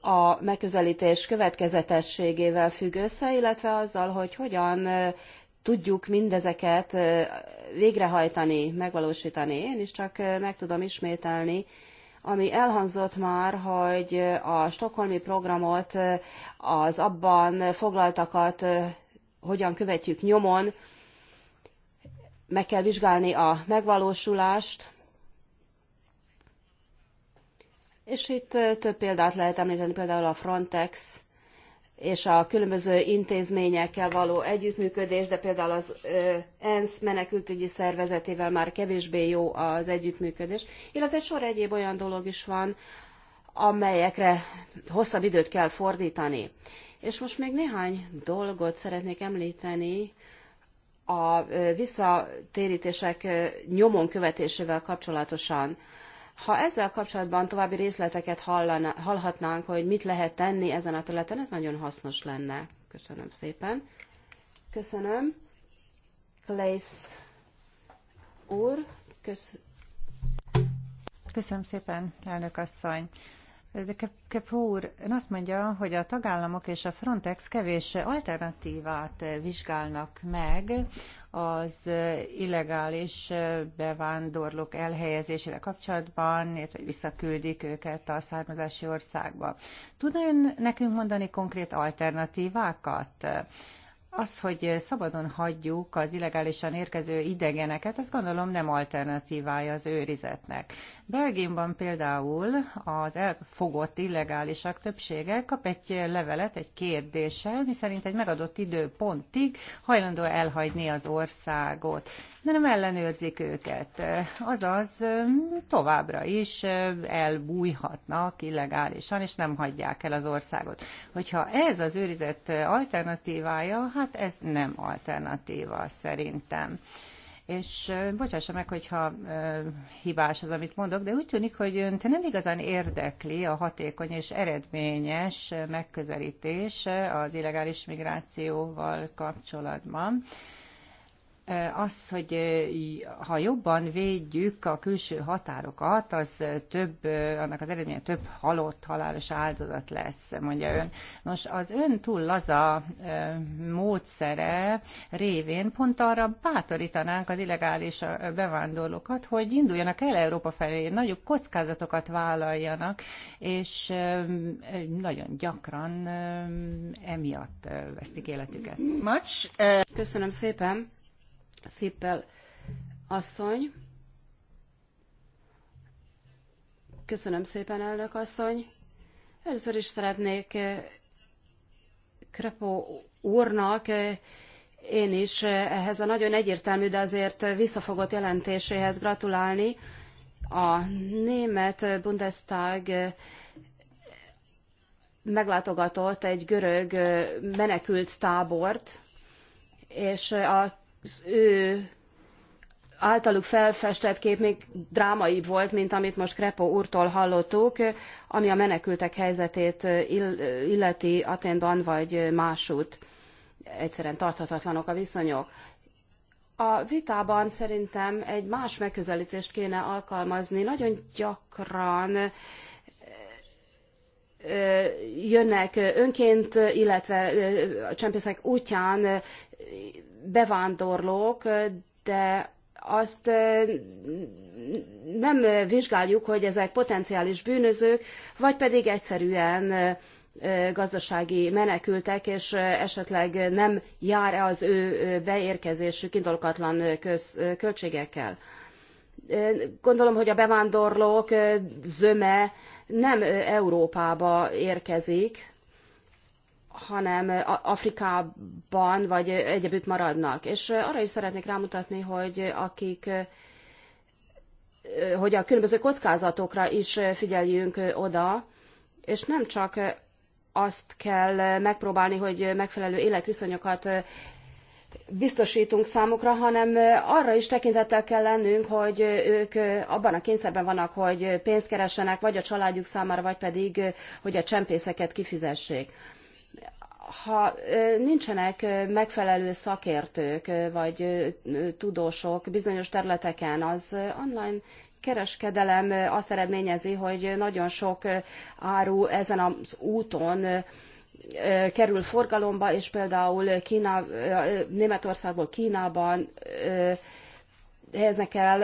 a megközelítés következetességével függ össze, illetve azzal, hogy hogyan tudjuk mindezeket végrehajtani, megvalósítani. Én is csak meg tudom ismételni, ami elhangzott már, hogy a stokholmi programot, az abban foglaltakat hogyan követjük nyomon, meg kell vizsgálni a megvalósulást, és itt több példát lehet említeni, például a Frontex és a különböző intézményekkel való együttműködés, de például az ENSZ menekültügyi szervezetével már kevésbé jó az együttműködés, illetve egy sor egyéb olyan dolog is van, amelyekre hosszabb időt kell fordítani. És most még néhány dolgot szeretnék említeni a visszatérítések nyomon követésével kapcsolatosan. Ha ezzel kapcsolatban további részleteket hallana, hallhatnánk, hogy mit lehet tenni ezen a területen, ez nagyon hasznos lenne. Köszönöm szépen. Köszönöm. Clace úr, köszönöm. Köszönöm szépen, elnök asszony. De Kep ön azt mondja, hogy a tagállamok és a Frontex kevés alternatívát vizsgálnak meg az illegális bevándorlók elhelyezésével kapcsolatban, illetve hogy visszaküldik őket a származási országba. Tudna ön nekünk mondani konkrét alternatívákat? az, hogy szabadon hagyjuk az illegálisan érkező idegeneket, azt gondolom nem alternatívája az őrizetnek. Belgiumban például az elfogott illegálisak többsége kap egy levelet egy kérdéssel, miszerint egy megadott időpontig hajlandó elhagyni az országot, de nem ellenőrzik őket. Azaz továbbra is elbújhatnak illegálisan, és nem hagyják el az országot. Hogyha ez az őrizet alternatívája, hát ez nem alternatíva szerintem és bocsássa meg, hogyha hibás az, amit mondok, de úgy tűnik, hogy önt nem igazán érdekli a hatékony és eredményes megközelítés az illegális migrációval kapcsolatban az, hogy ha jobban védjük a külső határokat, az több, annak az eredménye több halott, halálos áldozat lesz, mondja ön. Nos, az ön túl laza módszere révén pont arra bátorítanánk az illegális bevándorlókat, hogy induljanak el Európa felé, nagyobb kockázatokat vállaljanak, és nagyon gyakran emiatt vesztik életüket. Köszönöm szépen! Szippel asszony. Köszönöm szépen, elnök asszony. Először is szeretnék eh, Krepo úrnak eh, én is eh, ehhez a nagyon egyértelmű, de azért visszafogott jelentéséhez gratulálni. A német Bundestag meglátogatott egy görög menekült tábort, és a az ő általuk felfestett kép még drámaibb volt, mint amit most Krepo úrtól hallottuk, ami a menekültek helyzetét illeti Aténban vagy másút. Egyszerűen tarthatatlanok a viszonyok. A vitában szerintem egy más megközelítést kéne alkalmazni. Nagyon gyakran jönnek önként, illetve a csempészek útján bevándorlók, de azt nem vizsgáljuk, hogy ezek potenciális bűnözők, vagy pedig egyszerűen gazdasági menekültek, és esetleg nem jár-e az ő beérkezésük indokatlan költségekkel. Gondolom, hogy a bevándorlók zöme nem Európába érkezik, hanem Afrikában vagy egyebütt maradnak. És arra is szeretnék rámutatni, hogy akik hogy a különböző kockázatokra is figyeljünk oda, és nem csak azt kell megpróbálni, hogy megfelelő életviszonyokat biztosítunk számukra, hanem arra is tekintettel kell lennünk, hogy ők abban a kényszerben vannak, hogy pénzt keressenek, vagy a családjuk számára, vagy pedig, hogy a csempészeket kifizessék ha nincsenek megfelelő szakértők vagy tudósok bizonyos területeken, az online kereskedelem azt eredményezi, hogy nagyon sok áru ezen az úton kerül forgalomba, és például Kína, Németországból Kínában helyeznek el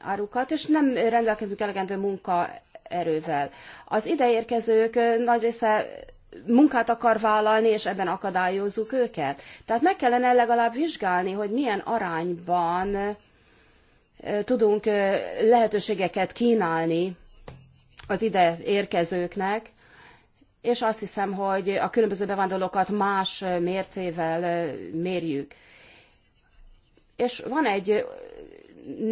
árukat, és nem rendelkezünk elegendő munkaerővel. Az ideérkezők nagy része munkát akar vállalni, és ebben akadályozzuk őket. Tehát meg kellene legalább vizsgálni, hogy milyen arányban tudunk lehetőségeket kínálni az ide érkezőknek, és azt hiszem, hogy a különböző bevándorlókat más mércével mérjük. És van egy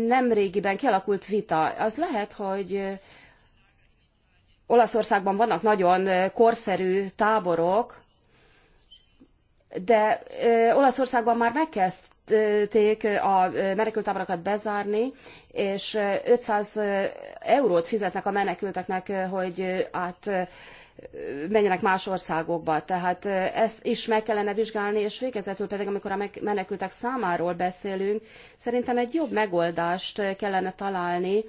nemrégiben kialakult vita. Az lehet, hogy Olaszországban vannak nagyon korszerű táborok, de Olaszországban már megkezdték a menekültáborokat bezárni, és 500 eurót fizetnek a menekülteknek, hogy át menjenek más országokba. Tehát ezt is meg kellene vizsgálni, és végezetül pedig, amikor a menekültek számáról beszélünk, szerintem egy jobb megoldást kellene találni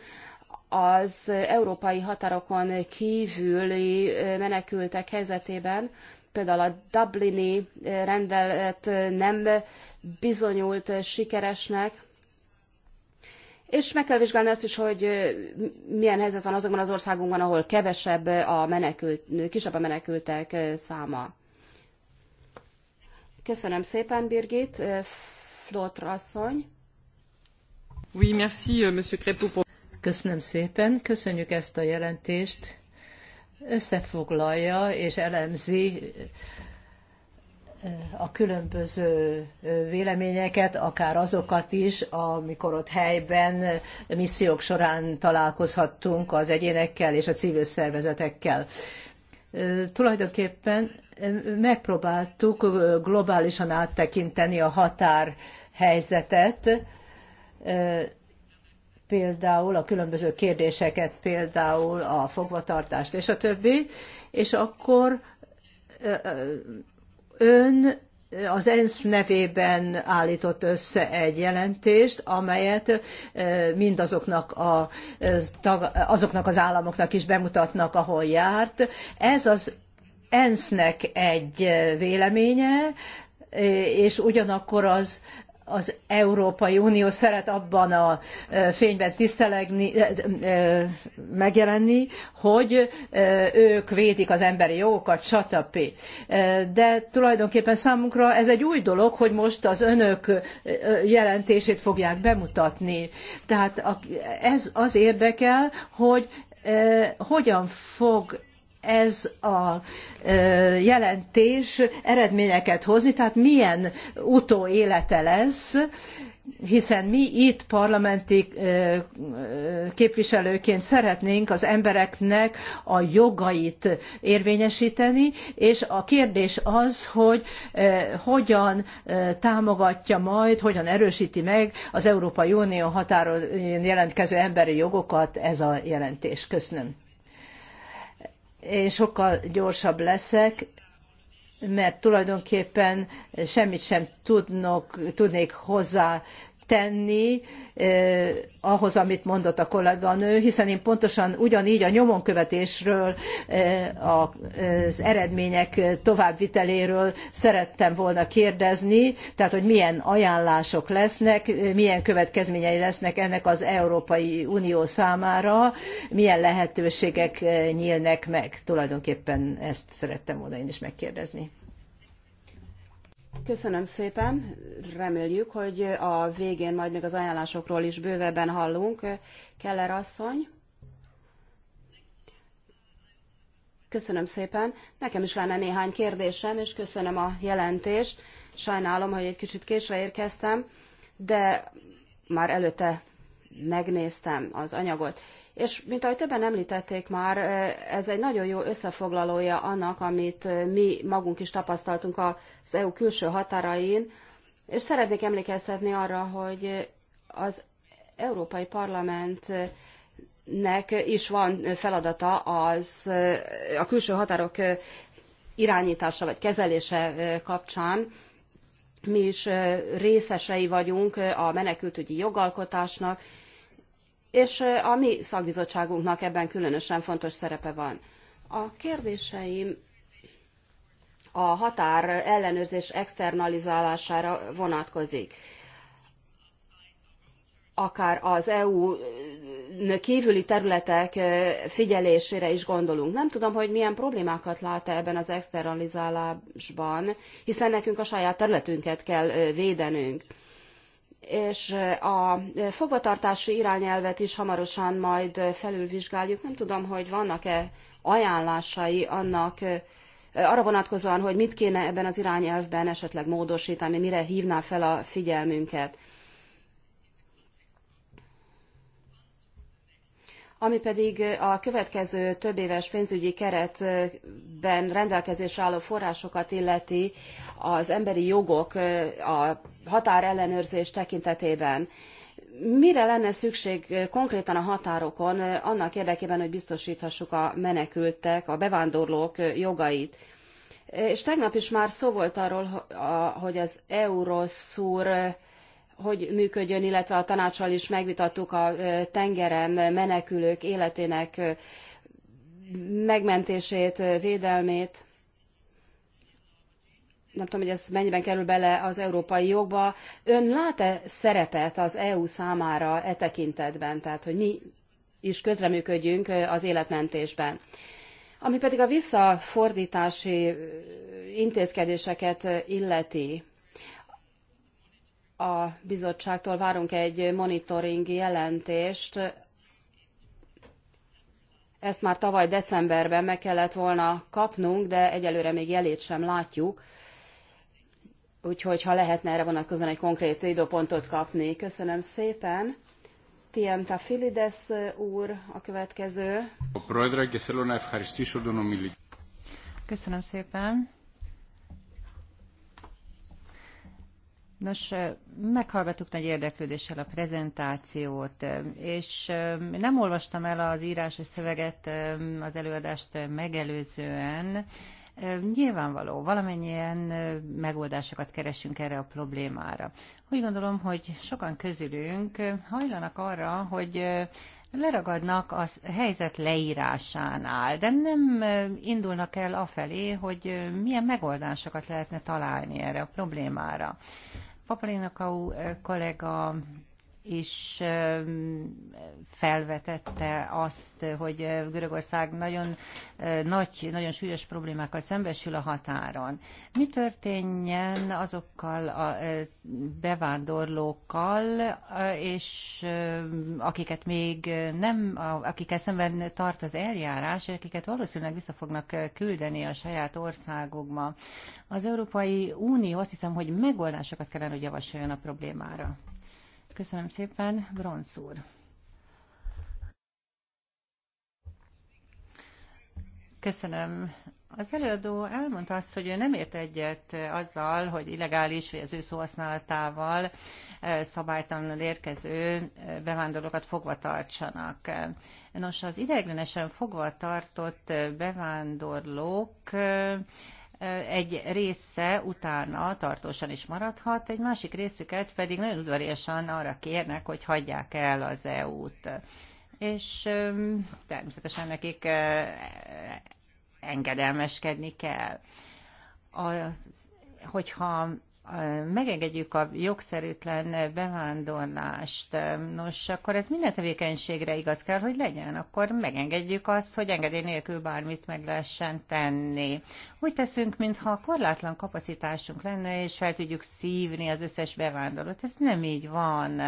az európai határokon kívüli menekültek helyzetében, például a Dublini rendelet nem bizonyult sikeresnek, és meg kell vizsgálni azt is, hogy milyen helyzet van azokban az országokban, ahol kevesebb a menekült, kisebb a menekültek száma. Köszönöm szépen, Birgit. Flotr asszony. Oui, merci, euh, monsieur Köszönöm szépen, köszönjük ezt a jelentést. Összefoglalja és elemzi eh, a különböző eh, véleményeket, akár azokat is, amikor ott helyben eh, missziók során találkozhattunk az egyénekkel és a civil szervezetekkel. Tulajdonképpen megpróbáltuk globálisan áttekinteni a határhelyzetet, például a különböző kérdéseket, például a fogvatartást és a többi, és akkor ön az ENSZ nevében állított össze egy jelentést, amelyet mindazoknak a, azoknak az államoknak is bemutatnak, ahol járt. Ez az ENSZ-nek egy véleménye, és ugyanakkor az az Európai Unió szeret abban a fényben tisztelegni, megjelenni, hogy ők védik az emberi jogokat, stb. De tulajdonképpen számunkra ez egy új dolog, hogy most az önök jelentését fogják bemutatni. Tehát ez az érdekel, hogy hogyan fog ez a jelentés eredményeket hozni, tehát milyen utóélete lesz, hiszen mi itt parlamenti képviselőként szeretnénk az embereknek a jogait érvényesíteni, és a kérdés az, hogy hogyan támogatja majd, hogyan erősíti meg az Európai Unió határon jelentkező emberi jogokat ez a jelentés. Köszönöm én sokkal gyorsabb leszek, mert tulajdonképpen semmit sem tudnok, tudnék hozzá tenni eh, ahhoz, amit mondott a kolléganő, hiszen én pontosan ugyanígy a nyomonkövetésről, eh, a, az eredmények továbbviteléről szerettem volna kérdezni, tehát hogy milyen ajánlások lesznek, milyen következményei lesznek ennek az Európai Unió számára, milyen lehetőségek eh, nyílnak meg. Tulajdonképpen ezt szerettem volna én is megkérdezni. Köszönöm szépen, reméljük, hogy a végén majd még az ajánlásokról is bővebben hallunk. Keller asszony. Köszönöm szépen. Nekem is lenne néhány kérdésem, és köszönöm a jelentést. Sajnálom, hogy egy kicsit késve érkeztem, de már előtte megnéztem az anyagot. És mint ahogy többen említették már, ez egy nagyon jó összefoglalója annak, amit mi magunk is tapasztaltunk az EU külső határain, és szeretnék emlékeztetni arra, hogy az Európai Parlamentnek is van feladata az a külső határok irányítása vagy kezelése kapcsán. Mi is részesei vagyunk a menekültügyi jogalkotásnak, és a mi szakbizottságunknak ebben különösen fontos szerepe van. A kérdéseim a határ ellenőrzés externalizálására vonatkozik. Akár az EU kívüli területek figyelésére is gondolunk. Nem tudom, hogy milyen problémákat lát -e ebben az externalizálásban, hiszen nekünk a saját területünket kell védenünk és a fogvatartási irányelvet is hamarosan majd felülvizsgáljuk. Nem tudom, hogy vannak-e ajánlásai annak arra vonatkozóan, hogy mit kéne ebben az irányelvben esetleg módosítani, mire hívná fel a figyelmünket. Ami pedig a következő több éves pénzügyi keretben rendelkezésre álló forrásokat illeti, az emberi jogok, a határellenőrzés tekintetében. Mire lenne szükség konkrétan a határokon annak érdekében, hogy biztosíthassuk a menekültek, a bevándorlók jogait? És tegnap is már szó volt arról, hogy az Euroszur hogy működjön, illetve a tanácssal is megvitattuk a tengeren menekülők életének megmentését, védelmét nem tudom, hogy ez mennyiben kerül bele az európai jogba. Ön lát-e szerepet az EU számára e tekintetben, tehát hogy mi is közreműködjünk az életmentésben? Ami pedig a visszafordítási intézkedéseket illeti, a bizottságtól várunk egy monitoring jelentést. Ezt már tavaly decemberben meg kellett volna kapnunk, de egyelőre még jelét sem látjuk. Úgyhogy, ha lehetne erre vonatkozóan egy konkrét időpontot kapni. Köszönöm szépen. Tiemta Filides úr a következő. a Köszönöm szépen. Nos, meghallgattuk nagy érdeklődéssel a prezentációt, és nem olvastam el az írásos szöveget az előadást megelőzően, Nyilvánvaló, valamennyien megoldásokat keresünk erre a problémára. Úgy gondolom, hogy sokan közülünk hajlanak arra, hogy leragadnak a helyzet leírásánál, de nem indulnak el afelé, hogy milyen megoldásokat lehetne találni erre a problémára. Papalinokau kollega is felvetette azt, hogy Görögország nagyon nagy, nagyon súlyos problémákkal szembesül a határon. Mi történjen azokkal a bevándorlókkal, és akiket még nem, akikkel szemben tart az eljárás, akiket valószínűleg vissza fognak küldeni a saját országokba. Az Európai Unió azt hiszem, hogy megoldásokat kellene, hogy javasoljon a problémára. Köszönöm szépen, Bronz úr. Köszönöm. Az előadó elmondta azt, hogy ő nem ért egyet azzal, hogy illegális, vagy az ő szóhasználatával eh, szabálytalanul érkező eh, bevándorlókat fogva tartsanak. Nos, az ideiglenesen fogva tartott eh, bevándorlók egy része utána tartósan is maradhat, egy másik részüket pedig nagyon udvariasan arra kérnek, hogy hagyják el az EU-t. És természetesen nekik engedelmeskedni kell. A, hogyha megengedjük a jogszerűtlen bevándorlást, nos, akkor ez minden tevékenységre igaz kell, hogy legyen. Akkor megengedjük azt, hogy engedély nélkül bármit meg lehessen tenni. Úgy teszünk, mintha korlátlan kapacitásunk lenne, és fel tudjuk szívni az összes bevándorlót. Ez nem így van.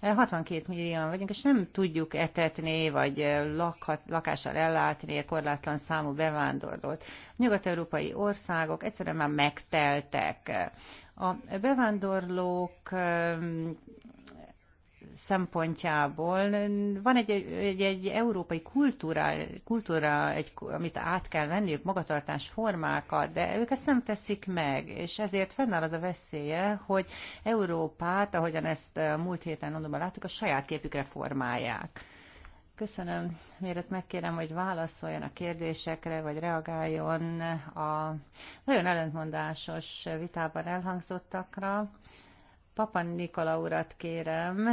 62 millióan vagyunk, és nem tudjuk etetni, vagy lakhat, lakással ellátni a korlátlan számú bevándorlót. Nyugat-európai országok egyszerűen már megteltek. A bevándorlók szempontjából van egy, egy, egy európai kultúra, kultúra egy, amit át kell venniük, magatartás formákat, de ők ezt nem teszik meg, és ezért fennáll az a veszélye, hogy Európát, ahogyan ezt múlt héten Londonban láttuk, a saját képükre formálják. Köszönöm. Mielőtt megkérem, hogy válaszoljon a kérdésekre, vagy reagáljon a nagyon ellentmondásos vitában elhangzottakra, Papa Nikola urat kérem,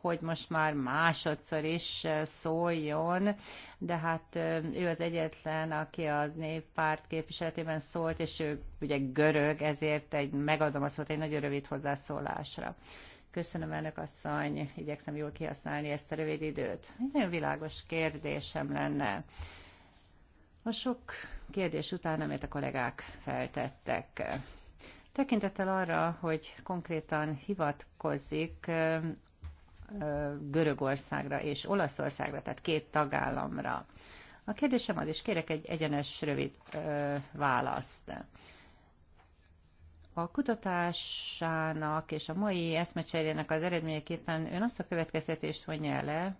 hogy most már másodszor is szóljon, de hát ő az egyetlen, aki a néppárt képviseletében szólt, és ő ugye görög, ezért egy, megadom a szót egy nagyon rövid hozzászólásra. Köszönöm, elnök asszony, igyekszem jól kihasználni ezt a rövid időt. Egy nagyon világos kérdésem lenne. A sok kérdés után, amit a kollégák feltettek, tekintettel arra, hogy konkrétan hivatkozik Görögországra és Olaszországra, tehát két tagállamra. A kérdésem az, és kérek egy egyenes, rövid ö, választ. A kutatásának és a mai eszmecserének az eredményeképpen ön azt a következtetést vonja le,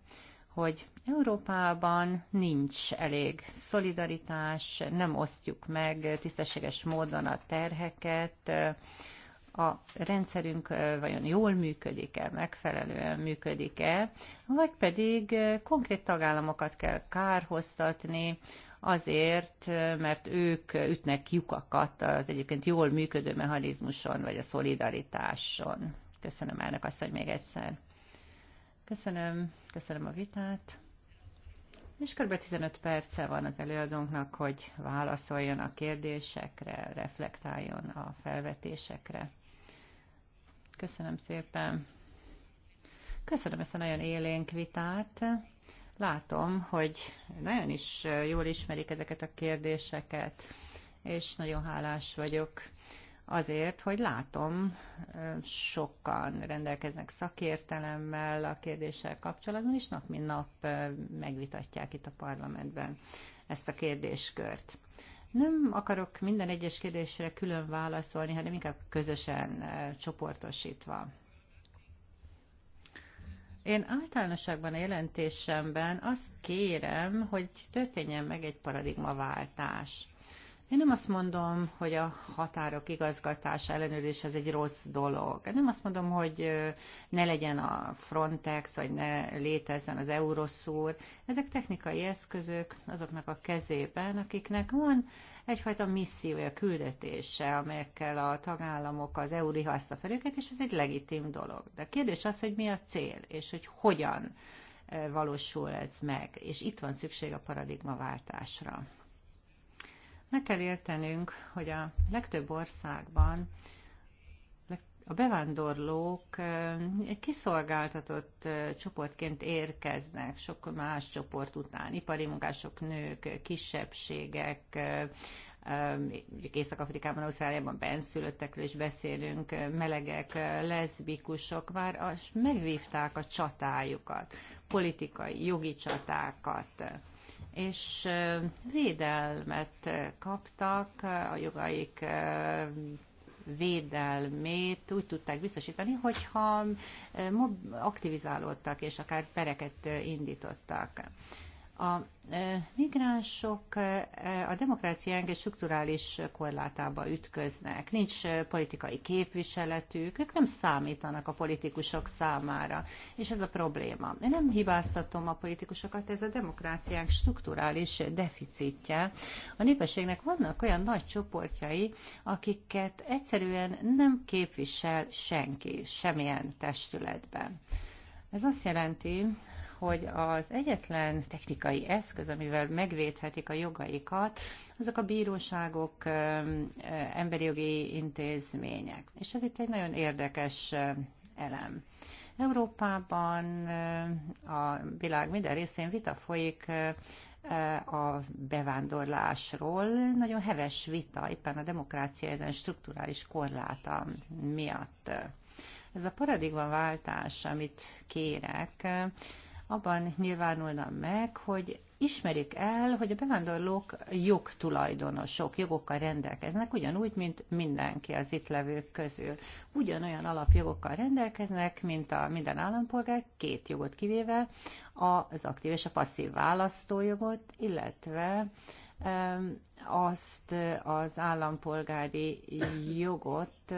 hogy Európában nincs elég szolidaritás, nem osztjuk meg tisztességes módon a terheket, a rendszerünk vajon jól működik-e, megfelelően működik-e, vagy pedig konkrét tagállamokat kell kárhoztatni, azért, mert ők ütnek lyukakat az egyébként jól működő mechanizmuson, vagy a szolidaritáson. Köszönöm elnök azt, hogy még egyszer. Köszönöm, köszönöm a vitát. És kb. 15 perce van az előadónknak, hogy válaszoljon a kérdésekre, reflektáljon a felvetésekre. Köszönöm szépen. Köszönöm ezt a nagyon élénk vitát. Látom, hogy nagyon is jól ismerik ezeket a kérdéseket, és nagyon hálás vagyok azért, hogy látom, sokan rendelkeznek szakértelemmel a kérdéssel kapcsolatban, és nap mint nap megvitatják itt a parlamentben ezt a kérdéskört. Nem akarok minden egyes kérdésre külön válaszolni, hanem inkább közösen, csoportosítva. Én általánosságban a jelentésemben azt kérem, hogy történjen meg egy paradigmaváltás. Én nem azt mondom, hogy a határok igazgatása, ellenőrzés az egy rossz dolog. Én Nem azt mondom, hogy ne legyen a Frontex, vagy ne létezzen az Euroszúr. Ezek technikai eszközök azoknak a kezében, akiknek van egyfajta missziója, küldetése, amelyekkel a tagállamok, az EU rihaszta fel őket, és ez egy legitim dolog. De a kérdés az, hogy mi a cél, és hogy hogyan eh, valósul ez meg, és itt van szükség a paradigmaváltásra. Meg kell értenünk, hogy a legtöbb országban a bevándorlók egy kiszolgáltatott csoportként érkeznek, sok más csoport után, ipari munkások, nők, kisebbségek, Észak-Afrikában, Ausztráliában benszülöttekről is beszélünk, melegek, leszbikusok már megvívták a csatájukat, politikai, jogi csatákat és védelmet kaptak, a jogaik védelmét úgy tudták biztosítani, hogyha eh, aktivizálódtak és akár pereket eh, indítottak. A e, migránsok e, e, a demokráciánk egy strukturális korlátába ütköznek. Nincs politikai képviseletük, ők nem számítanak a politikusok számára, és ez a probléma. Én nem hibáztatom a politikusokat, ez a demokráciánk strukturális deficitje. A népességnek vannak olyan nagy csoportjai, akiket egyszerűen nem képvisel senki semmilyen testületben. Ez azt jelenti, hogy az egyetlen technikai eszköz, amivel megvédhetik a jogaikat, azok a bíróságok, emberi jogi intézmények. És ez itt egy nagyon érdekes elem. Európában, a világ minden részén vita folyik a bevándorlásról. Nagyon heves vita, éppen a demokrácia ezen strukturális korláta miatt. Ez a paradigmaváltás, amit kérek, abban nyilvánulna meg, hogy ismerik el, hogy a bevándorlók jogtulajdonosok, jogokkal rendelkeznek, ugyanúgy, mint mindenki az itt levők közül. Ugyanolyan alapjogokkal rendelkeznek, mint a minden állampolgár, két jogot kivéve, az aktív és a passzív választójogot, illetve azt az állampolgári jogot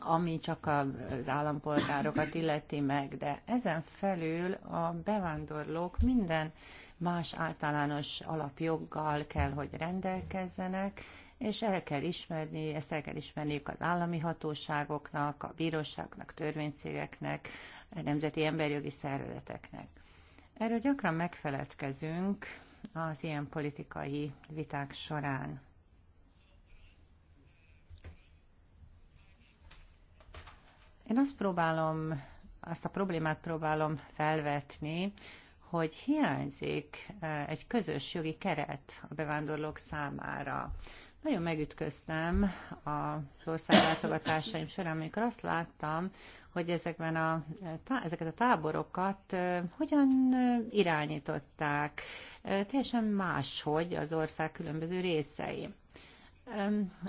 ami csak az állampolgárokat illeti meg, de ezen felül a bevándorlók minden más általános alapjoggal kell, hogy rendelkezzenek, és el kell ismerni, ezt el kell ismerniük az állami hatóságoknak, a bíróságnak, törvényszégeknek, a nemzeti emberjogi szervezeteknek. Erről gyakran megfeledkezünk az ilyen politikai viták során. Én azt próbálom, azt a problémát próbálom felvetni, hogy hiányzik egy közös jogi keret a bevándorlók számára. Nagyon megütköztem az országlátogatásaim során, amikor azt láttam, hogy ezekben a, ezeket a táborokat hogyan irányították teljesen máshogy az ország különböző részei.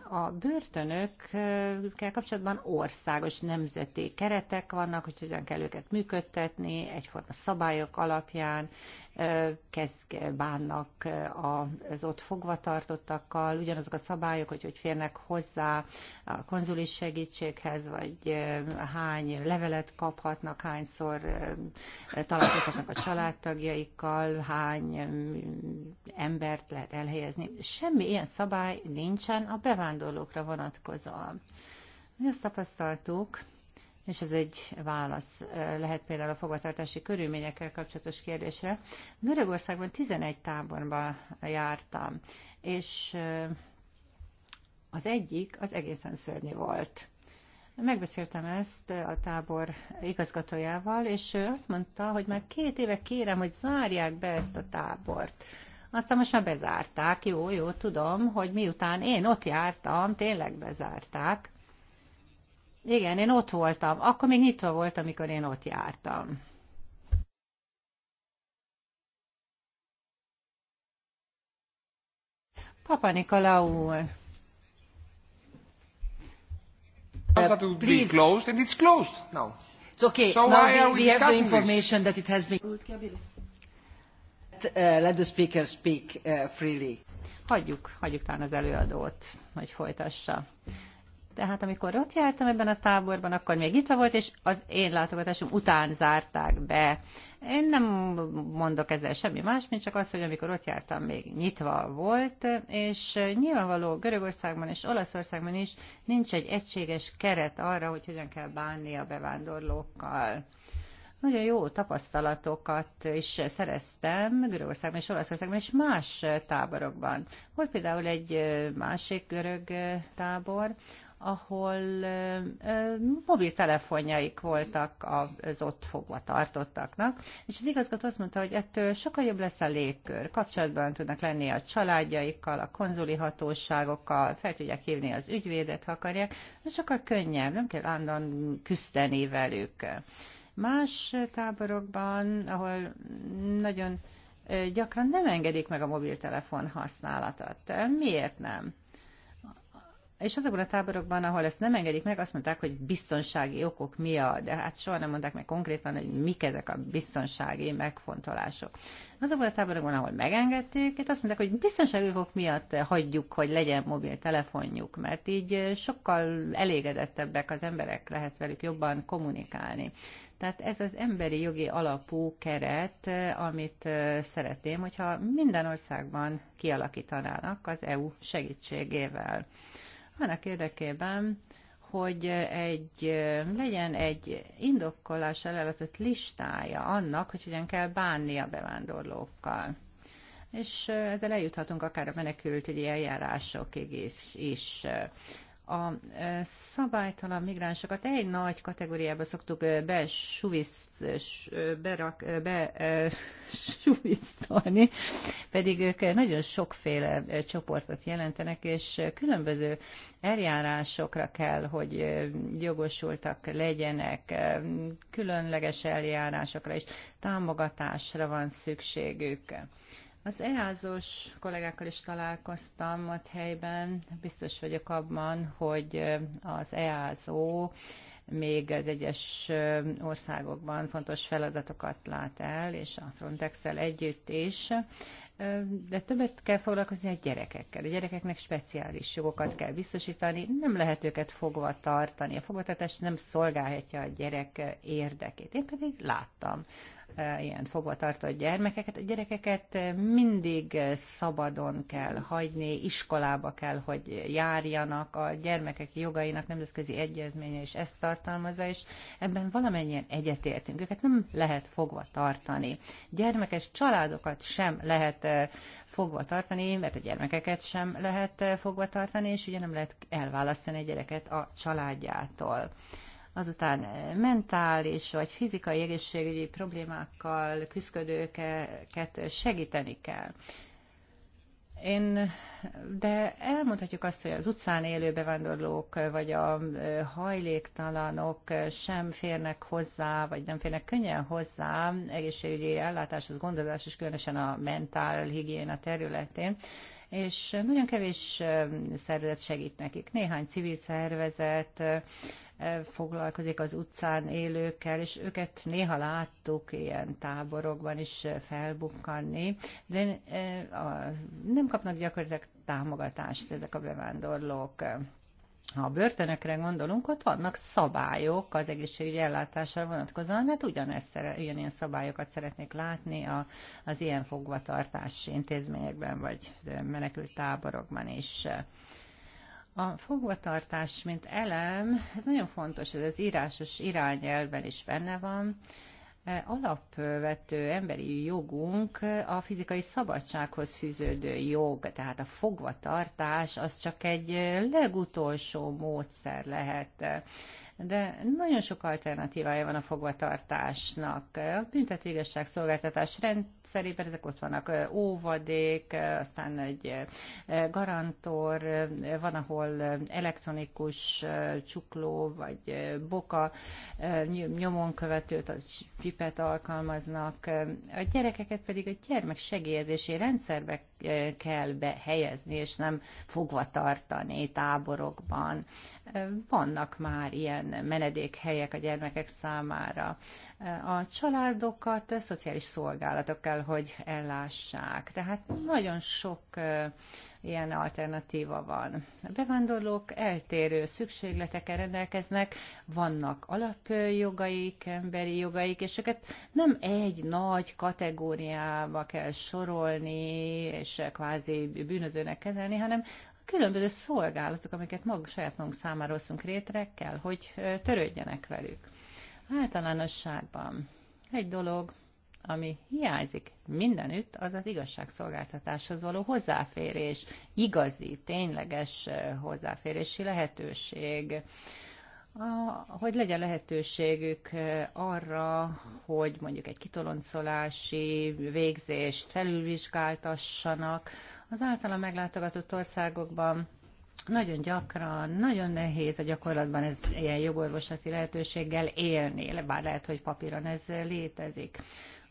A börtönökkel kapcsolatban országos nemzeti keretek vannak, hogy hogyan kell őket működtetni, egyforma szabályok alapján, kezd bánnak az ott fogvatartottakkal, ugyanazok a szabályok, hogy hogy férnek hozzá a konzulis segítséghez, vagy hány levelet kaphatnak, hányszor találkozhatnak a családtagjaikkal, hány embert lehet elhelyezni. Semmi ilyen szabály nincsen a bevándorlókra vonatkozóan. Mi azt tapasztaltuk, és ez egy válasz lehet például a fogvatartási körülményekkel kapcsolatos kérdésre. Görögországban 11 táborban jártam, és az egyik az egészen szörnyű volt. Megbeszéltem ezt a tábor igazgatójával, és ő azt mondta, hogy már két éve kérem, hogy zárják be ezt a tábort. Aztán most már bezárták, jó, jó, tudom, hogy miután én ott jártam, tényleg bezárták. Igen, én ott voltam. Akkor még nyitva volt, amikor én ott jártam. Papa Nikolaou. Uh, please. closed and it's closed now. It's okay. So now why we, are we, we have the information this? that it has been. Uh, let the speaker speak uh, freely. Hagyjuk, hagyjuk talán az előadót, hogy folytassa. Tehát amikor ott jártam ebben a táborban, akkor még itt volt, és az én látogatásom után zárták be. Én nem mondok ezzel semmi más, mint csak azt, hogy amikor ott jártam, még nyitva volt, és nyilvánvaló Görögországban és Olaszországban is nincs egy egységes keret arra, hogy hogyan kell bánni a bevándorlókkal nagyon jó tapasztalatokat is szereztem Görögországban és Olaszországban és más táborokban. Volt például egy másik görög tábor, ahol mobiltelefonjaik voltak az ott fogva tartottaknak, és az igazgató azt mondta, hogy ettől sokkal jobb lesz a légkör, kapcsolatban tudnak lenni a családjaikkal, a konzuli hatóságokkal, fel tudják hívni az ügyvédet, ha akarják, ez sokkal könnyebb, nem kell állandóan küzdeni velük. Más táborokban, ahol nagyon gyakran nem engedik meg a mobiltelefon használatát. Miért nem? És azokban a táborokban, ahol ezt nem engedik meg, azt mondták, hogy biztonsági okok mi a, de hát soha nem mondták meg konkrétan, hogy mik ezek a biztonsági megfontolások. Azokban a táborokban, ahol megengedték, itt azt mondták, hogy biztonsági okok miatt hagyjuk, hogy legyen mobiltelefonjuk, mert így sokkal elégedettebbek az emberek, lehet velük jobban kommunikálni. Tehát ez az emberi jogi alapú keret, amit szeretném, hogyha minden országban kialakítanának az EU segítségével annak érdekében, hogy egy, legyen egy indokolás eladatott listája annak, hogy hogyan kell bánni a bevándorlókkal. És ezzel eljuthatunk akár a menekültügyi eljárásokig is. is a e, szabálytalan migránsokat egy nagy kategóriába szoktuk e, besuvisztani, e, (laughs) pedig ők nagyon sokféle csoportot jelentenek, és különböző eljárásokra kell, hogy jogosultak legyenek, különleges eljárásokra és támogatásra van szükségük. Az EHZ-os kollégákkal is találkoztam ott helyben. Biztos vagyok abban, hogy az EASO még az egyes országokban fontos feladatokat lát el, és a frontex együtt is. De többet kell foglalkozni a gyerekekkel. A gyerekeknek speciális jogokat kell biztosítani, nem lehet őket fogva tartani. A fogvatartás nem szolgálhatja a gyerek érdekét. Én pedig láttam ilyen fogvatartott gyermekeket. A gyerekeket mindig szabadon kell hagyni, iskolába kell, hogy járjanak, a gyermekek jogainak nemzetközi egyezménye is ezt tartalmazza, és ebben valamennyien egyetértünk. Őket nem lehet fogva tartani. Gyermekes családokat sem lehet eh, fogva tartani, mert a gyermekeket sem lehet eh, fogva tartani, és ugye nem lehet elválasztani a gyereket a családjától azután eh, mentális vagy fizikai egészségügyi problémákkal küzdködőket segíteni kell. Én, de elmondhatjuk azt, hogy az utcán élő bevándorlók vagy a eh, hajléktalanok sem férnek hozzá, vagy nem férnek könnyen hozzá egészségügyi ellátáshoz, gondozás, és különösen a mentál higiéna területén és nagyon kevés eh, szervezet segít nekik. Néhány civil szervezet, E, foglalkozik az utcán élőkkel, és őket néha láttuk ilyen táborokban is e, felbukkanni, de e, nem kapnak gyakorlatilag támogatást ezek a bevándorlók. Ha a börtönökre gondolunk, ott vannak szabályok az egészségügyi ellátásra vonatkozóan, hát ugyanezt, ugyanilyen szabályokat szeretnék látni a, az ilyen fogvatartási intézményekben, vagy menekült táborokban is. A fogvatartás, mint elem, ez nagyon fontos, ez az írásos irányelvben is benne van, e, alapvető emberi jogunk a fizikai szabadsághoz fűződő jog, tehát a fogvatartás az csak egy legutolsó módszer lehet de nagyon sok alternatívája van a fogvatartásnak. A büntetőigazság szolgáltatás rendszerében ezek ott vannak óvadék, aztán egy garantor, van, ahol elektronikus csukló vagy boka nyomon követőt, a pipet alkalmaznak. A gyerekeket pedig a gyermeksegélyezési rendszerbe kell behelyezni, és nem fogva tartani táborokban. Vannak már ilyen menedékhelyek a gyermekek számára. A családokat a szociális szolgálatok kell, hogy ellássák. Tehát nagyon sok ilyen alternatíva van. A bevándorlók eltérő szükségletekkel rendelkeznek, vannak alapjogaik, emberi jogaik, és őket nem egy nagy kategóriába kell sorolni, és kvázi bűnözőnek kezelni, hanem különböző szolgálatok, amiket maguk saját magunk számára hozunk létre, kell, hogy törődjenek velük. Általánosságban egy dolog, ami hiányzik mindenütt, az az igazságszolgáltatáshoz való hozzáférés, igazi, tényleges hozzáférési lehetőség, hogy legyen lehetőségük arra, hogy mondjuk egy kitoloncolási végzést felülvizsgáltassanak, az általa meglátogatott országokban nagyon gyakran, nagyon nehéz a gyakorlatban ez ilyen jogorvoslati lehetőséggel élni, bár lehet, hogy papíron ez létezik.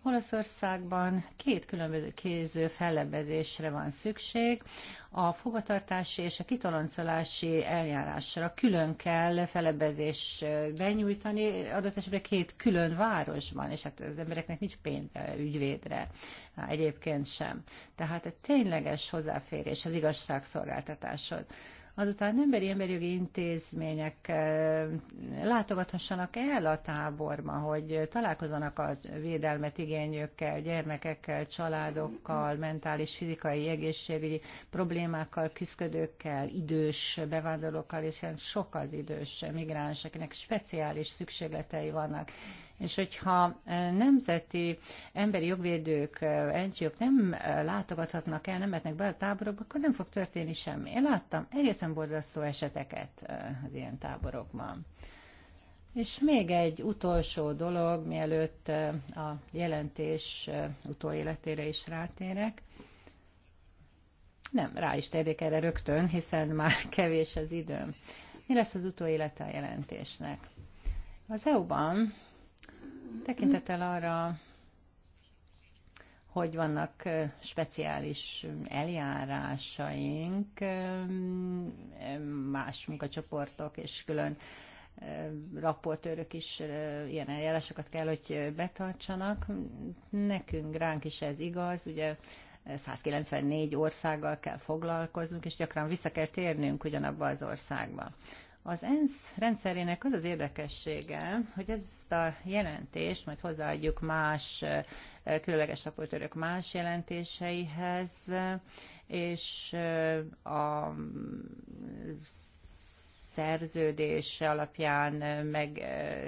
Olaszországban két különböző kéző fellebezésre van szükség a fogatartási és a kitoloncolási eljárásra külön kell felebezés benyújtani, adott esetben két külön városban, és hát az embereknek nincs pénze ügyvédre egyébként sem. Tehát egy tényleges hozzáférés az igazságszolgáltatáshoz azután emberi emberjogi intézmények eh, látogathassanak el a táborba, hogy találkozzanak a védelmet igényőkkel, gyermekekkel, családokkal, mentális, fizikai, egészségügyi problémákkal, küzdködőkkel, idős bevándorlókkal, és sok az idős migráns, akinek speciális szükségletei vannak és hogyha nemzeti emberi jogvédők, NGO-k nem látogathatnak el, nem mehetnek be a táborokba, akkor nem fog történni semmi. Én láttam egészen borzasztó eseteket az ilyen táborokban. És még egy utolsó dolog, mielőtt a jelentés utóéletére is rátérek. Nem, rá is térjék erre rögtön, hiszen már (laughs) kevés az időm. Mi lesz az utóélete a jelentésnek? Az EU-ban Tekintettel arra, hogy vannak speciális eljárásaink, más munkacsoportok és külön raportőrök is ilyen eljárásokat kell, hogy betartsanak. Nekünk, ránk is ez igaz, ugye 194 országgal kell foglalkoznunk, és gyakran vissza kell térnünk ugyanabba az országba. Az ENSZ rendszerének az az érdekessége, hogy ezt a jelentést majd hozzáadjuk más eh, különleges raportőrök más jelentéseihez, és eh, a szerződés alapján eh, meg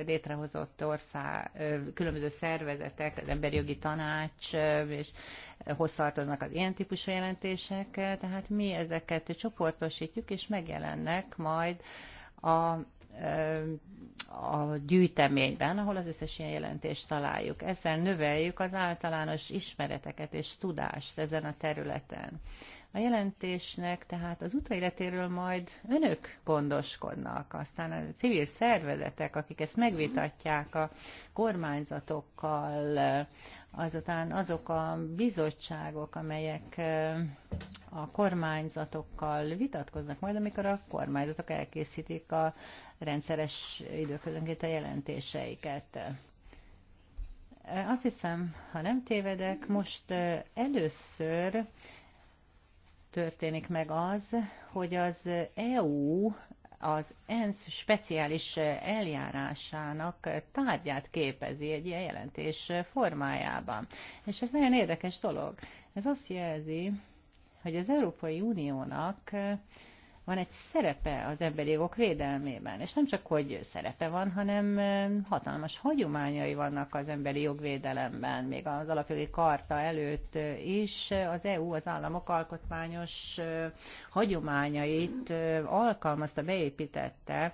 létrehozott ország, különböző szervezetek, az emberi jogi tanács, és hosszartoznak az ilyen típusú jelentések, tehát mi ezeket csoportosítjuk, és megjelennek majd a, a gyűjteményben, ahol az összes ilyen jelentést találjuk. Ezzel növeljük az általános ismereteket és tudást ezen a területen. A jelentésnek tehát az utóéletéről majd önök gondoskodnak, aztán a civil szervezetek, akik ezt megvitatják a kormányzatokkal, azután azok a bizottságok, amelyek a kormányzatokkal vitatkoznak majd, amikor a kormányzatok elkészítik a rendszeres időközönként a jelentéseiket. Azt hiszem, ha nem tévedek, most először történik meg az, hogy az EU az ENSZ speciális eljárásának tárgyát képezi egy ilyen jelentés formájában. És ez nagyon érdekes dolog. Ez azt jelzi, hogy az Európai Uniónak van egy szerepe az emberi jogok védelmében. És nem csak, hogy szerepe van, hanem hatalmas hagyományai vannak az emberi jogvédelemben, még az alapjogi karta előtt is az EU az államok alkotmányos hagyományait alkalmazta, beépítette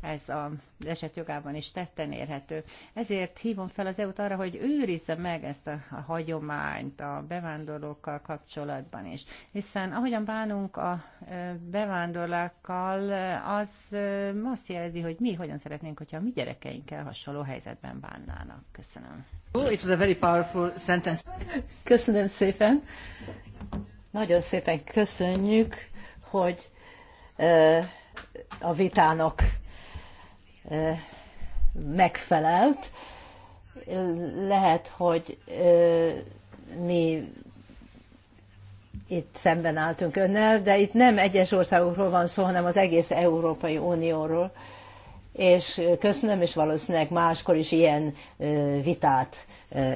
ez az esetjogában is tetten érhető. Ezért hívom fel az EU-t arra, hogy őrizze meg ezt a, a hagyományt a bevándorlókkal kapcsolatban is. Hiszen ahogyan bánunk a bevándorlókkal, az azt jelzi, hogy mi hogyan szeretnénk, hogyha a mi gyerekeinkkel hasonló helyzetben bánnának. Köszönöm. It was a very powerful sentence. Köszönöm szépen. Nagyon szépen köszönjük, hogy a vitának megfelelt. Lehet, hogy mi itt szemben álltunk önnel, de itt nem egyes országokról van szó, hanem az egész Európai Unióról. És köszönöm, és valószínűleg máskor is ilyen vitát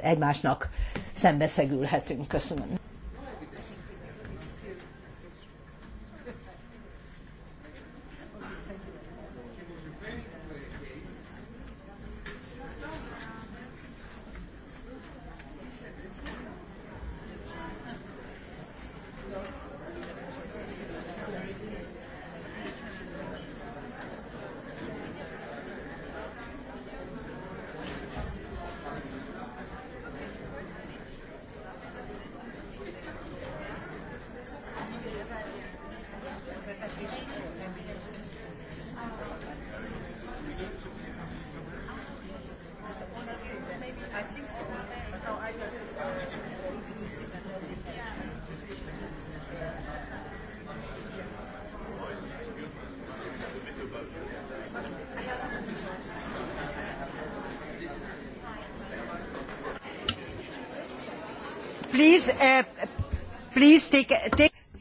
egymásnak szembeszegülhetünk. Köszönöm.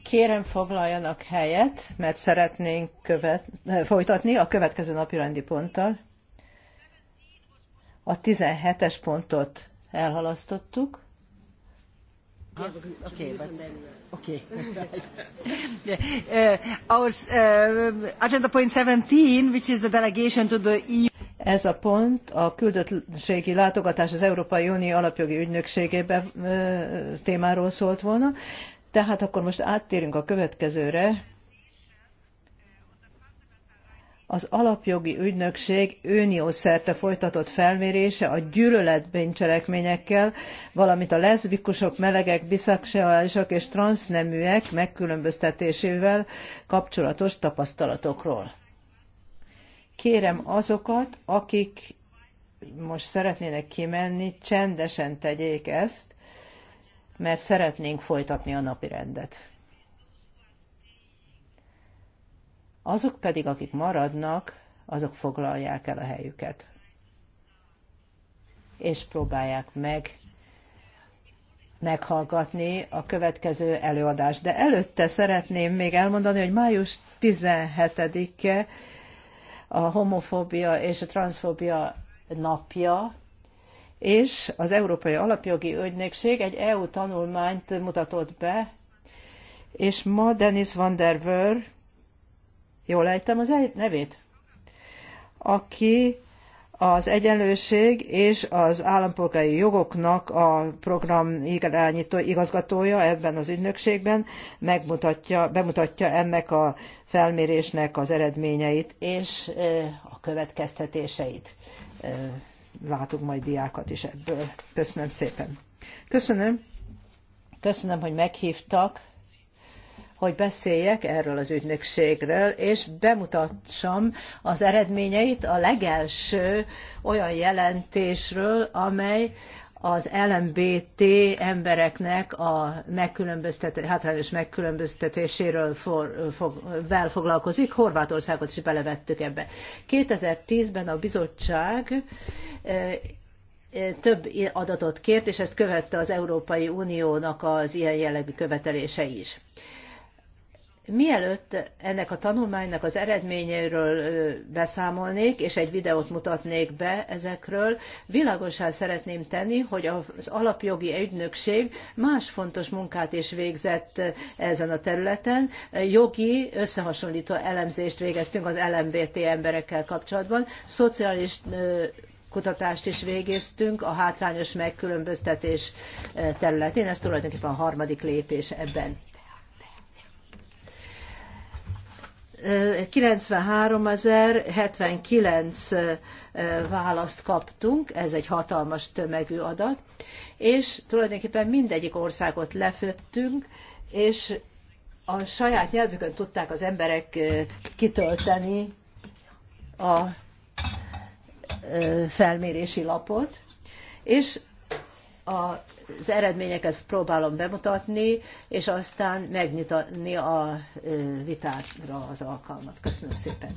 Kérem foglaljanak helyet, mert szeretnénk követ, eh, folytatni a következő napi rendi ponttal. A 17-es pontot elhalasztottuk. (laughs) Eh, eh, agenda point 17, which is the delegation to the EU. Ez a pont a küldöttségi látogatás az Európai Unió alapjogi ügynökségébe témáról szólt volna. Tehát akkor most áttérünk a következőre. Az alapjogi ügynökség őnió szerte folytatott felmérése a gyűlöletben cselekményekkel, valamint a leszbikusok, melegek, biszakseálisok és transzneműek megkülönböztetésével kapcsolatos tapasztalatokról. Kérem azokat, akik most szeretnének kimenni, csendesen tegyék ezt, mert szeretnénk folytatni a napi rendet. Azok pedig, akik maradnak, azok foglalják el a helyüket. És próbálják meg meghallgatni a következő előadást. De előtte szeretném még elmondani, hogy május 17-e a homofóbia és a transzfóbia napja, és az Európai Alapjogi Ügynökség egy EU tanulmányt mutatott be, és ma Dennis van der Wör, jól ejtem az nevét, aki az egyenlőség és az állampolgári jogoknak a program irányító igazgatója ebben az ügynökségben megmutatja, bemutatja ennek a felmérésnek az eredményeit és a következtetéseit látunk majd diákat is ebből. Köszönöm szépen. Köszönöm. Köszönöm, hogy meghívtak, hogy beszéljek erről az ügynökségről, és bemutassam az eredményeit a legelső olyan jelentésről, amely az LMBT embereknek a megkülönböztet, hátrányos megkülönböztetéséről for, fog, vel foglalkozik. Horvátországot is belevettük ebbe. 2010-ben a bizottság e, e, több adatot kért, és ezt követte az Európai Uniónak az ilyen jellegű követelése is. Mielőtt ennek a tanulmánynak az eredményéről beszámolnék, és egy videót mutatnék be ezekről, világosá szeretném tenni, hogy az alapjogi ügynökség más fontos munkát is végzett ezen a területen. Jogi összehasonlító elemzést végeztünk az LMBT emberekkel kapcsolatban, szociális kutatást is végeztünk a hátrányos megkülönböztetés területén. Ez tulajdonképpen a harmadik lépés ebben. 93.079 választ kaptunk, ez egy hatalmas tömegű adat, és tulajdonképpen mindegyik országot lefőttünk, és a saját nyelvükön tudták az emberek kitölteni a felmérési lapot, és a az eredményeket próbálom bemutatni, és aztán megnyitni a vitára az alkalmat. Köszönöm szépen!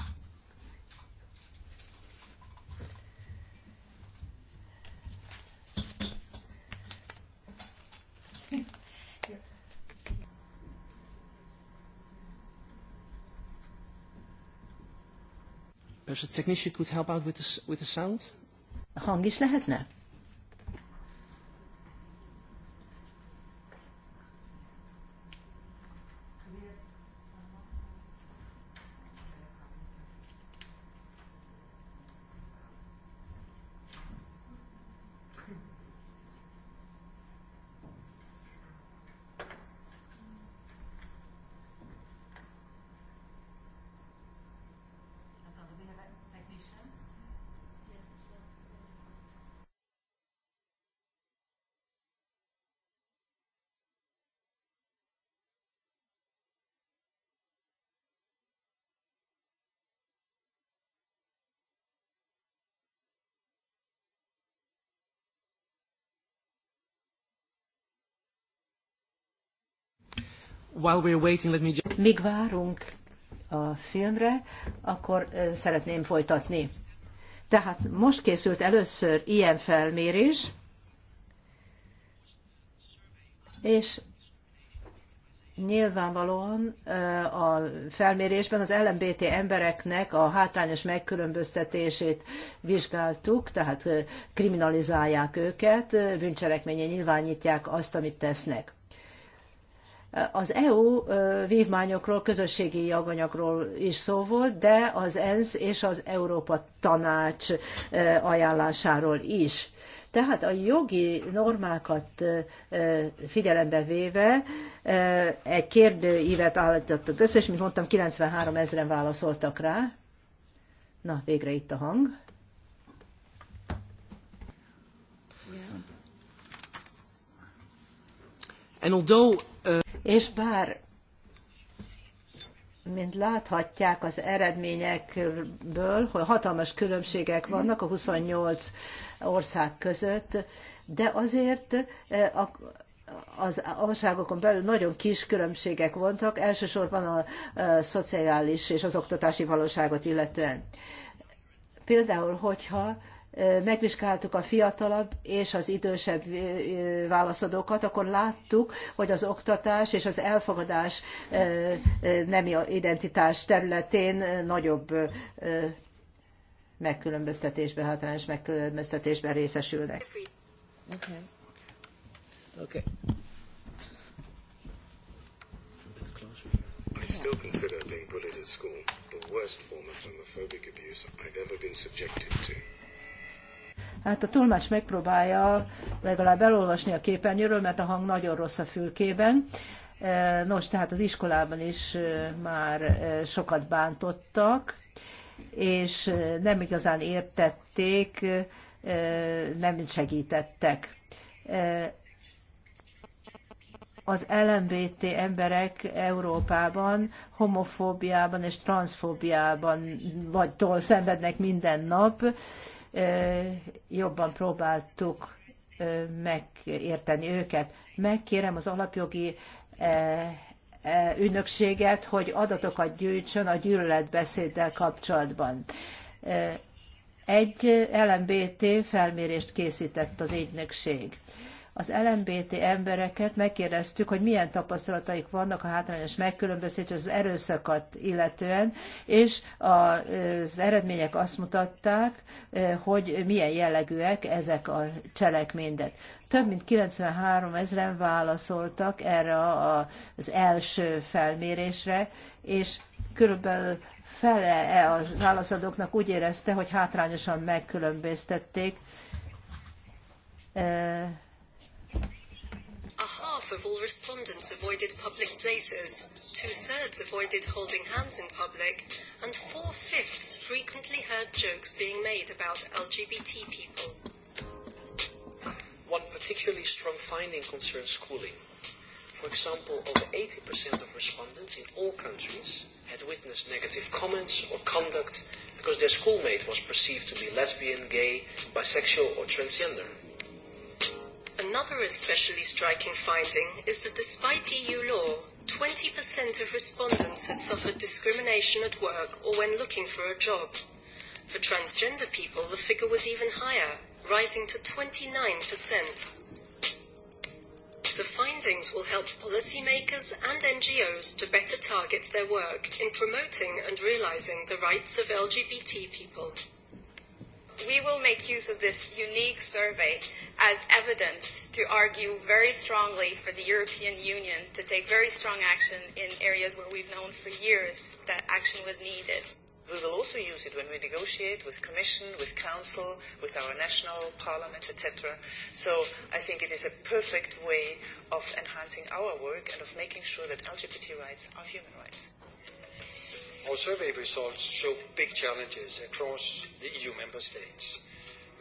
Perhaps the technician could help out with the, with the sound? Hang is lehetne? while we're waiting, let me just... Míg várunk a filmre, akkor szeretném folytatni. Tehát most készült először ilyen felmérés, és nyilvánvalóan a felmérésben az LMBT embereknek a hátrányos megkülönböztetését vizsgáltuk, tehát kriminalizálják őket, bűncselekménye nyilvánítják azt, amit tesznek. Az EU vívmányokról, közösségi jaganyagról is szó volt, de az ENSZ és az Európa Tanács ajánlásáról is. Tehát a jogi normákat figyelembe véve egy kérdőívet állítottak össze, és mint mondtam, 93 ezeren válaszoltak rá. Na, végre itt a hang. And although, uh... És bár mint láthatják az eredményekből, hogy hatalmas különbségek vannak a 28 ország között, de azért eh, a, az országokon belül nagyon kis különbségek voltak, elsősorban a, a eh, szociális és az oktatási valóságot illetően. Például, hogyha megvizsgáltuk a fiatalabb és az idősebb válaszadókat, akkor láttuk, hogy az oktatás és az elfogadás nemi identitás területén nagyobb megkülönböztetésben, hátrányos megkülönböztetésben részesülnek. Okay. Okay. I still consider being bullied at school the worst form of homophobic abuse I've ever been subjected to. Hát a tolmács megpróbálja legalább elolvasni a képernyőről, mert a hang nagyon rossz a fülkében. E, nos, tehát az iskolában is e, már e, sokat bántottak, és nem igazán értették, nem segítettek. Az LMBT emberek Európában homofóbiában és transzfóbiában vagytól szenvednek minden nap, jobban próbáltuk megérteni őket. Megkérem az alapjogi ügynökséget, hogy adatokat gyűjtsön a gyűlöletbeszéddel kapcsolatban. Egy LMBT felmérést készített az ügynökség. Az LMBT embereket megkérdeztük, hogy milyen tapasztalataik vannak a hátrányos megkülönböztetés az erőszakat illetően, és az eredmények azt mutatták, eh, hogy milyen jellegűek ezek a cselekmények. Több mint 93 ezeren válaszoltak erre az első felmérésre, és körülbelül fele e a válaszadóknak úgy érezte, hogy hátrányosan megkülönböztették eh, a half of all respondents avoided public places, two thirds avoided holding hands in public, and four fifths frequently heard jokes being made about LGBT people. One particularly strong finding concerns schooling. For example, over 80% of respondents in all countries had witnessed negative comments or conduct because their schoolmate was perceived to be lesbian, gay, bisexual, or transgender. Another especially striking finding is that despite EU law, 20% of respondents had suffered discrimination at work or when looking for a job. For transgender people, the figure was even higher, rising to 29%. The findings will help policymakers and NGOs to better target their work in promoting and realizing the rights of LGBT people we will make use of this unique survey as evidence to argue very strongly for the European Union to take very strong action in areas where we've known for years that action was needed. We will also use it when we negotiate with Commission, with Council, with our national parliaments, etc. So I think it is a perfect way of enhancing our work and of making sure that LGBT rights are human Our survey results show big challenges across the EU member states.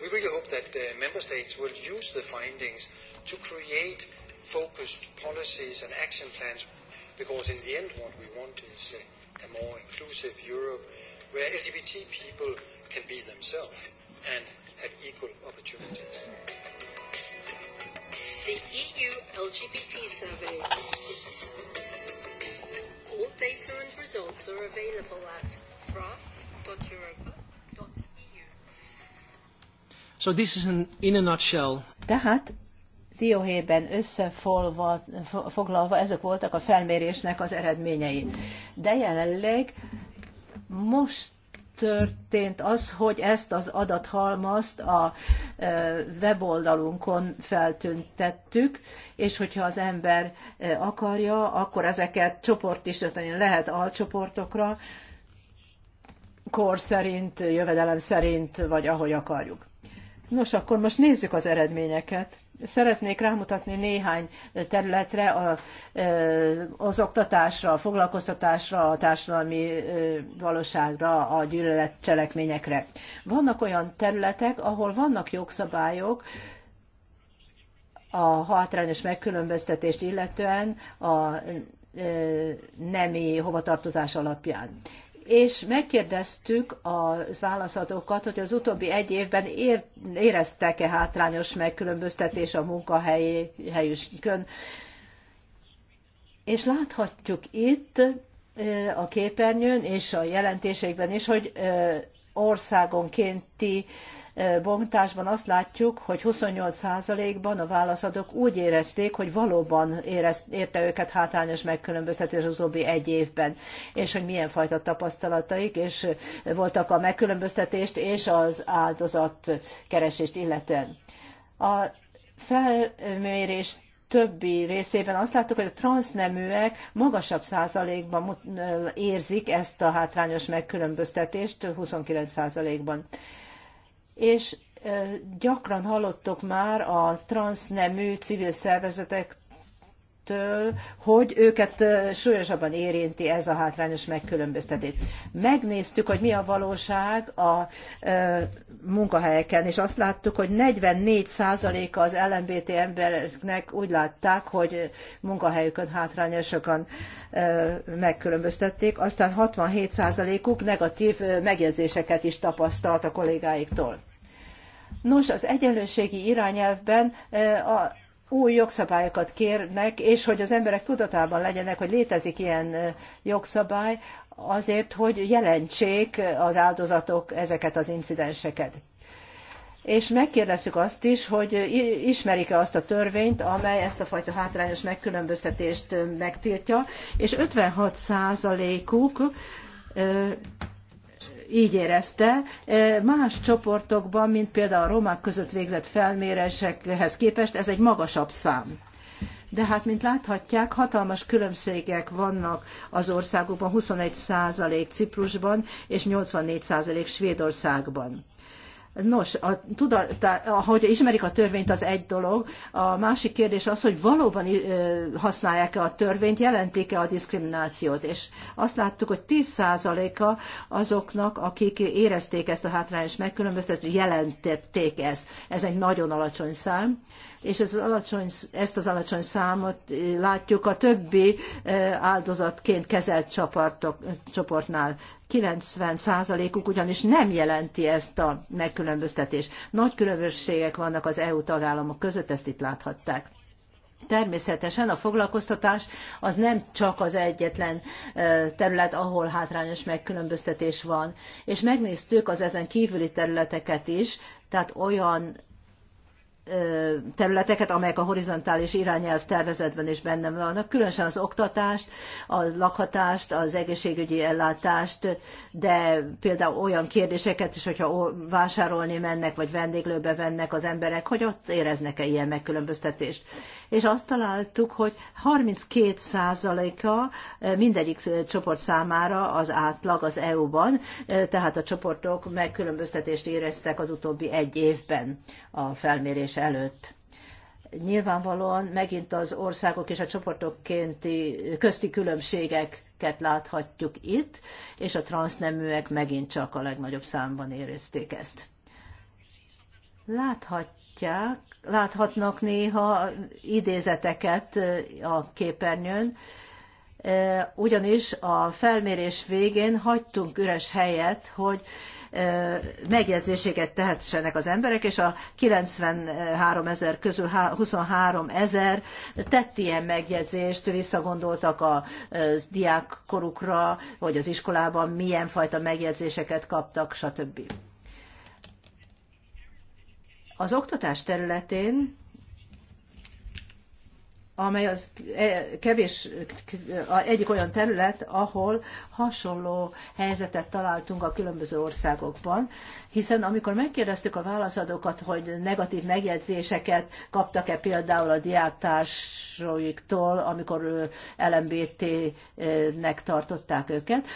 We really hope that the uh, member states will use the findings to create focused policies and action plans because in the end what we want is a, uh, a more inclusive Europe where LGBT people can be themselves and have equal opportunities. The EU LGBT survey All data and results are available at e So this is an, in a nutshell. Tehát dióhéjben összefoglalva ezek voltak a felmérésnek az eredményei. De jelenleg most történt az, hogy ezt az adathalmazt a e, weboldalunkon feltüntettük, és hogyha az ember e, akarja, akkor ezeket csoportisítani lehet alcsoportokra, kor szerint, jövedelem szerint, vagy ahogy akarjuk. Nos, akkor most nézzük az eredményeket. Szeretnék rámutatni néhány területre, a, az oktatásra, a foglalkoztatásra, a társadalmi valóságra, a gyűlöletcselekményekre. Vannak olyan területek, ahol vannak jogszabályok, a hátrányos megkülönböztetést illetően a nemi hovatartozás alapján és megkérdeztük a válaszadókat, hogy az utóbbi egy évben éreztek-e hátrányos megkülönböztetés a munkahelyükön. És láthatjuk itt eh, a képernyőn és a jelentésekben is, hogy eh, országonkénti bontásban azt látjuk, hogy 28%-ban a válaszadók úgy érezték, hogy valóban érezt, érte őket hátrányos megkülönböztetés az utóbbi egy évben, és hogy milyen fajta tapasztalataik, és voltak a megkülönböztetést és az áldozatkeresést illetően. A felmérés többi részében azt láttuk, hogy a transzneműek magasabb százalékban érzik ezt a hátrányos megkülönböztetést, 29 százalékban és gyakran hallottuk már a transznemű civil szervezetek ettől, hogy őket súlyosabban érinti ez a hátrányos megkülönböztetés. Megnéztük, hogy mi a valóság a munkahelyeken, és azt láttuk, hogy 44%-a az LMBT embereknek úgy látták, hogy munkahelyükön hátrányosokan megkülönböztették, aztán 67%-uk negatív megjegyzéseket is tapasztalt a kollégáiktól. Nos, az egyenlőségi irányelvben a új jogszabályokat kérnek, és hogy az emberek tudatában legyenek, hogy létezik ilyen jogszabály, azért, hogy jelentsék az áldozatok ezeket az incidenseket. És megkérdeztük azt is, hogy ismerik-e azt a törvényt, amely ezt a fajta hátrányos megkülönböztetést megtiltja, és 56 százalékuk így érezte, e, más csoportokban, mint például a romák között végzett felmérésekhez képest, ez egy magasabb szám. De hát, mint láthatják, hatalmas különbségek vannak az országokban, 21 százalék Ciprusban és 84 százalék Svédországban. Nos, a tudatá, ahogy ismerik a törvényt, az egy dolog. A másik kérdés az, hogy valóban használják-e a törvényt, jelentik-e a diszkriminációt. És azt láttuk, hogy 10%-a azoknak, akik érezték ezt a hátrányos megkülönböztetést, jelentették ezt. Ez egy nagyon alacsony szám és ez az alacsony, ezt az alacsony számot eh, látjuk a többi eh, áldozatként kezelt csoportok, eh, csoportnál. 90%-uk ugyanis nem jelenti ezt a megkülönböztetést. Nagy különbségek vannak az EU tagállamok között, ezt itt láthatták. Természetesen a foglalkoztatás az nem csak az egyetlen terület, ahol hátrányos megkülönböztetés van. És megnéztük az ezen kívüli területeket is, tehát olyan területeket, amelyek a horizontális irányelv tervezetben is benne vannak, különösen az oktatást, a lakhatást, az egészségügyi ellátást, de például olyan kérdéseket is, hogyha vásárolni mennek, vagy vendéglőbe vennek az emberek, hogy ott éreznek-e ilyen megkülönböztetést és azt találtuk, hogy 32%-a eh, mindegyik eh, csoport számára az átlag az EU-ban, eh, tehát a csoportok megkülönböztetést éreztek az utóbbi egy évben a felmérés előtt nyilvánvalóan megint az országok és a csoportokkénti közti különbségeket láthatjuk itt, és a transzneműek megint csak a legnagyobb számban érezték ezt. Láthatják, láthatnak néha idézeteket a képernyőn, ugyanis a felmérés végén hagytunk üres helyet, hogy megjegyzéseket tehessenek az emberek, és a 93 ezer közül 23 ezer tett ilyen megjegyzést, visszagondoltak a diákkorukra, hogy az iskolában milyen fajta megjegyzéseket kaptak, stb. Az oktatás területén, amely az e, kevés, egyik olyan terület, ahol hasonló helyzetet találtunk a különböző országokban, hiszen amikor megkérdeztük a válaszadókat, hogy negatív megjegyzéseket kaptak-e például a diáktársaiktól, amikor LMBT-nek tartották őket,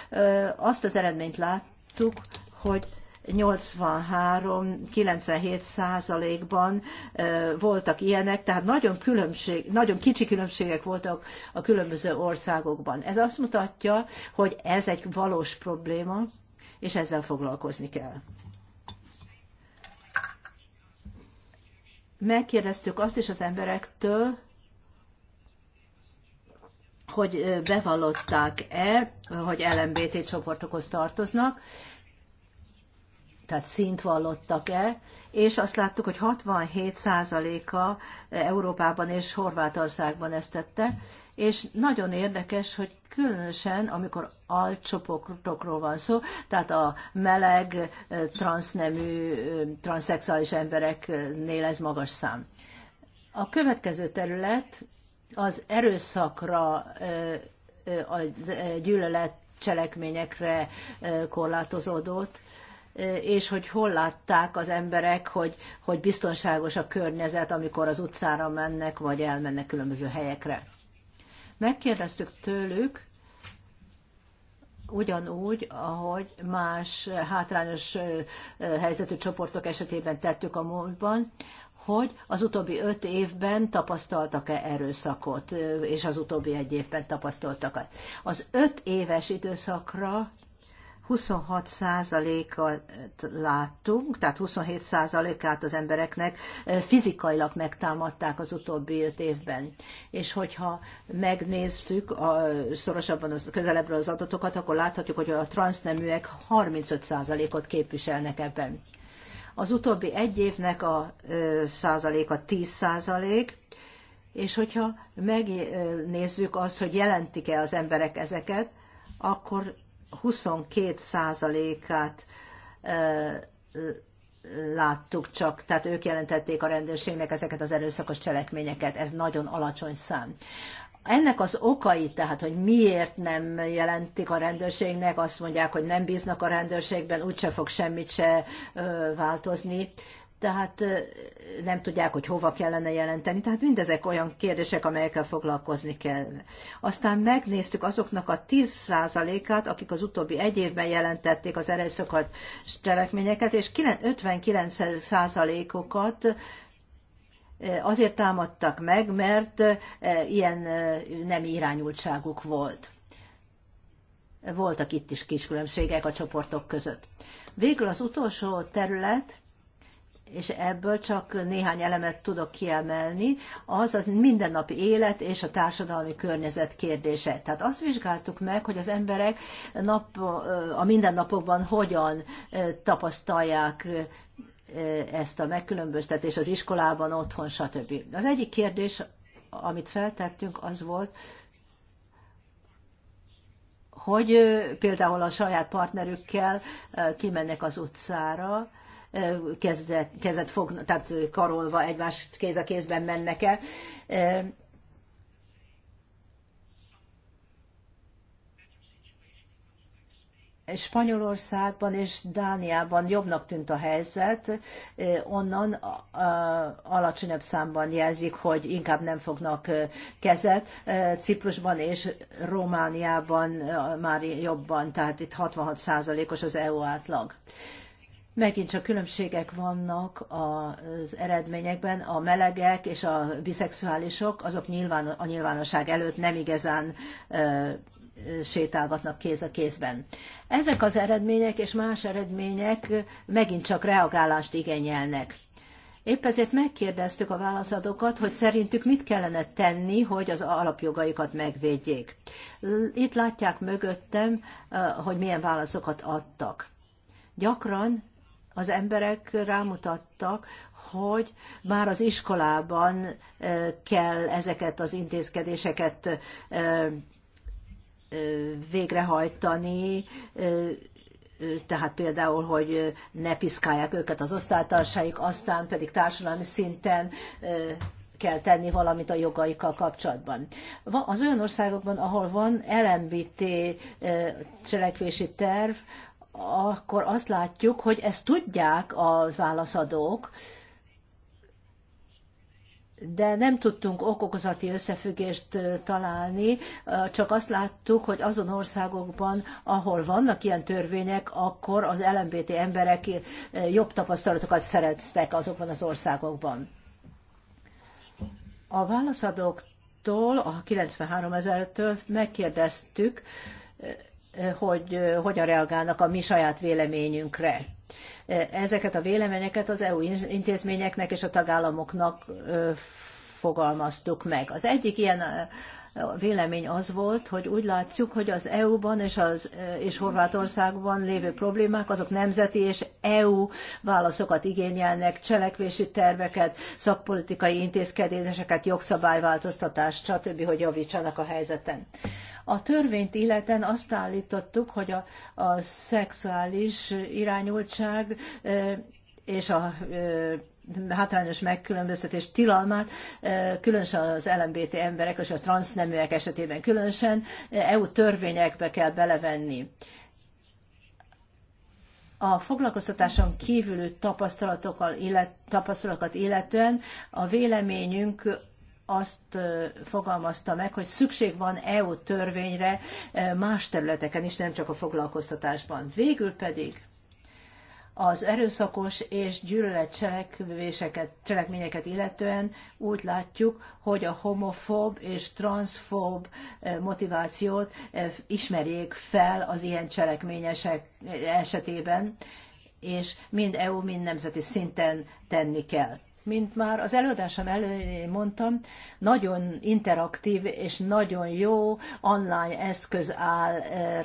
azt az eredményt láttuk, hogy 83-97 százalékban voltak ilyenek, tehát nagyon, különbség, nagyon kicsi különbségek voltak a különböző országokban. Ez azt mutatja, hogy ez egy valós probléma, és ezzel foglalkozni kell. Megkérdeztük azt is az emberektől, hogy bevallották-e, hogy LMBT csoportokhoz tartoznak, tehát szint vallottak-e, és azt láttuk, hogy 67%-a Európában és Horvátországban ezt tette, és nagyon érdekes, hogy különösen, amikor alcsoportokról van szó, tehát a meleg, eh, transznemű, eh, transzexuális embereknél ez magas szám. A következő terület az erőszakra, eh, a gyűlölet cselekményekre korlátozódott, és hogy hol látták az emberek, hogy, hogy biztonságos a környezet, amikor az utcára mennek, vagy elmennek különböző helyekre. Megkérdeztük tőlük, ugyanúgy, ahogy más hátrányos helyzetű csoportok esetében tettük a múltban, hogy az utóbbi öt évben tapasztaltak-e erőszakot, és az utóbbi egy évben tapasztaltak-e. Az öt éves időszakra 26%-at láttunk, tehát 27%-át az embereknek fizikailag megtámadták az utóbbi 5 évben. És hogyha megnéztük a, szorosabban az, közelebbről az adatokat, akkor láthatjuk, hogy a transzneműek 35%-ot képviselnek ebben. Az utóbbi egy évnek a százaléka 10 százalék, és hogyha megnézzük azt, hogy jelentik-e az emberek ezeket, akkor 22%-át láttuk csak, tehát ők jelentették a rendőrségnek ezeket az erőszakos cselekményeket, ez nagyon alacsony szám. Ennek az okai, tehát, hogy miért nem jelentik a rendőrségnek, azt mondják, hogy nem bíznak a rendőrségben, úgyse fog semmit se változni tehát nem tudják, hogy hova kellene jelenteni. Tehát mindezek olyan kérdések, amelyekkel foglalkozni kell. Aztán megnéztük azoknak a 10%-át, akik az utóbbi egy évben jelentették az erőszakat cselekményeket, és 59%-okat azért támadtak meg, mert ilyen nem irányultságuk volt. Voltak itt is kis különbségek a csoportok között. Végül az utolsó terület, és ebből csak néhány elemet tudok kiemelni, az a mindennapi élet és a társadalmi környezet kérdése. Tehát azt vizsgáltuk meg, hogy az emberek nap, a mindennapokban hogyan tapasztalják ezt a megkülönböztetés az iskolában, otthon, stb. Az egyik kérdés, amit feltettünk, az volt, hogy például a saját partnerükkel kimennek az utcára, kezet, kezet fog, tehát karolva egymás kéz a kézben mennek el. Spanyolországban és Dániában jobbnak tűnt a helyzet, onnan alacsonyabb számban jelzik, hogy inkább nem fognak kezet. Ciprusban és Romániában már jobban, tehát itt 66 százalékos az EU átlag megint csak különbségek vannak az eredményekben. A melegek és a biszexuálisok, azok nyilván, a nyilvánosság előtt nem igazán ö, sétálgatnak kéz a kézben. Ezek az eredmények és más eredmények megint csak reagálást igényelnek. Épp ezért megkérdeztük a válaszadókat, hogy szerintük mit kellene tenni, hogy az alapjogaikat megvédjék. Itt látják mögöttem, hogy milyen válaszokat adtak. Gyakran az emberek rámutattak, hogy már az iskolában kell ezeket az intézkedéseket végrehajtani, tehát például, hogy ne piszkálják őket az osztálytársaik, aztán pedig társadalmi szinten kell tenni valamit a jogaikkal kapcsolatban. Az olyan országokban, ahol van LMBT cselekvési terv, akkor azt látjuk, hogy ezt tudják a válaszadók, de nem tudtunk okokozati összefüggést találni, csak azt láttuk, hogy azon országokban, ahol vannak ilyen törvények, akkor az LMBT emberek jobb tapasztalatokat szereztek azokban az országokban. A válaszadóktól, a 93 ezertől megkérdeztük, hogy hogyan reagálnak a mi saját véleményünkre. Ezeket a véleményeket az EU intézményeknek és a tagállamoknak fogalmaztuk meg. Az egyik ilyen vélemény az volt, hogy úgy látszik, hogy az EU-ban és, az, és Horvátországban lévő problémák azok nemzeti és EU válaszokat igényelnek, cselekvési terveket, szakpolitikai intézkedéseket, jogszabályváltoztatást, stb., hogy javítsanak a helyzeten. A törvényt illeten azt állítottuk, hogy a, a szexuális irányultság és a hátrányos megkülönböztetés tilalmát, eh, különösen az LMBT emberek és a transzneműek esetében különösen EU eh, e törvényekbe kell belevenni. A foglalkoztatáson kívüli tapasztalatokkal illet, tapasztalatokat illetően a véleményünk azt eh, fogalmazta meg, hogy szükség van EU törvényre más területeken is, nem csak a foglalkoztatásban. Végül pedig az erőszakos és gyűlöletcselekvéseket, cselekményeket illetően úgy látjuk, hogy a homofób és transzfób eh, motivációt eh, ismerjék fel az ilyen cselekményesek eh, esetében, és mind EU, mind nemzeti szinten tenni kell mint már az előadásom elején mondtam, nagyon interaktív és nagyon jó online eszköz áll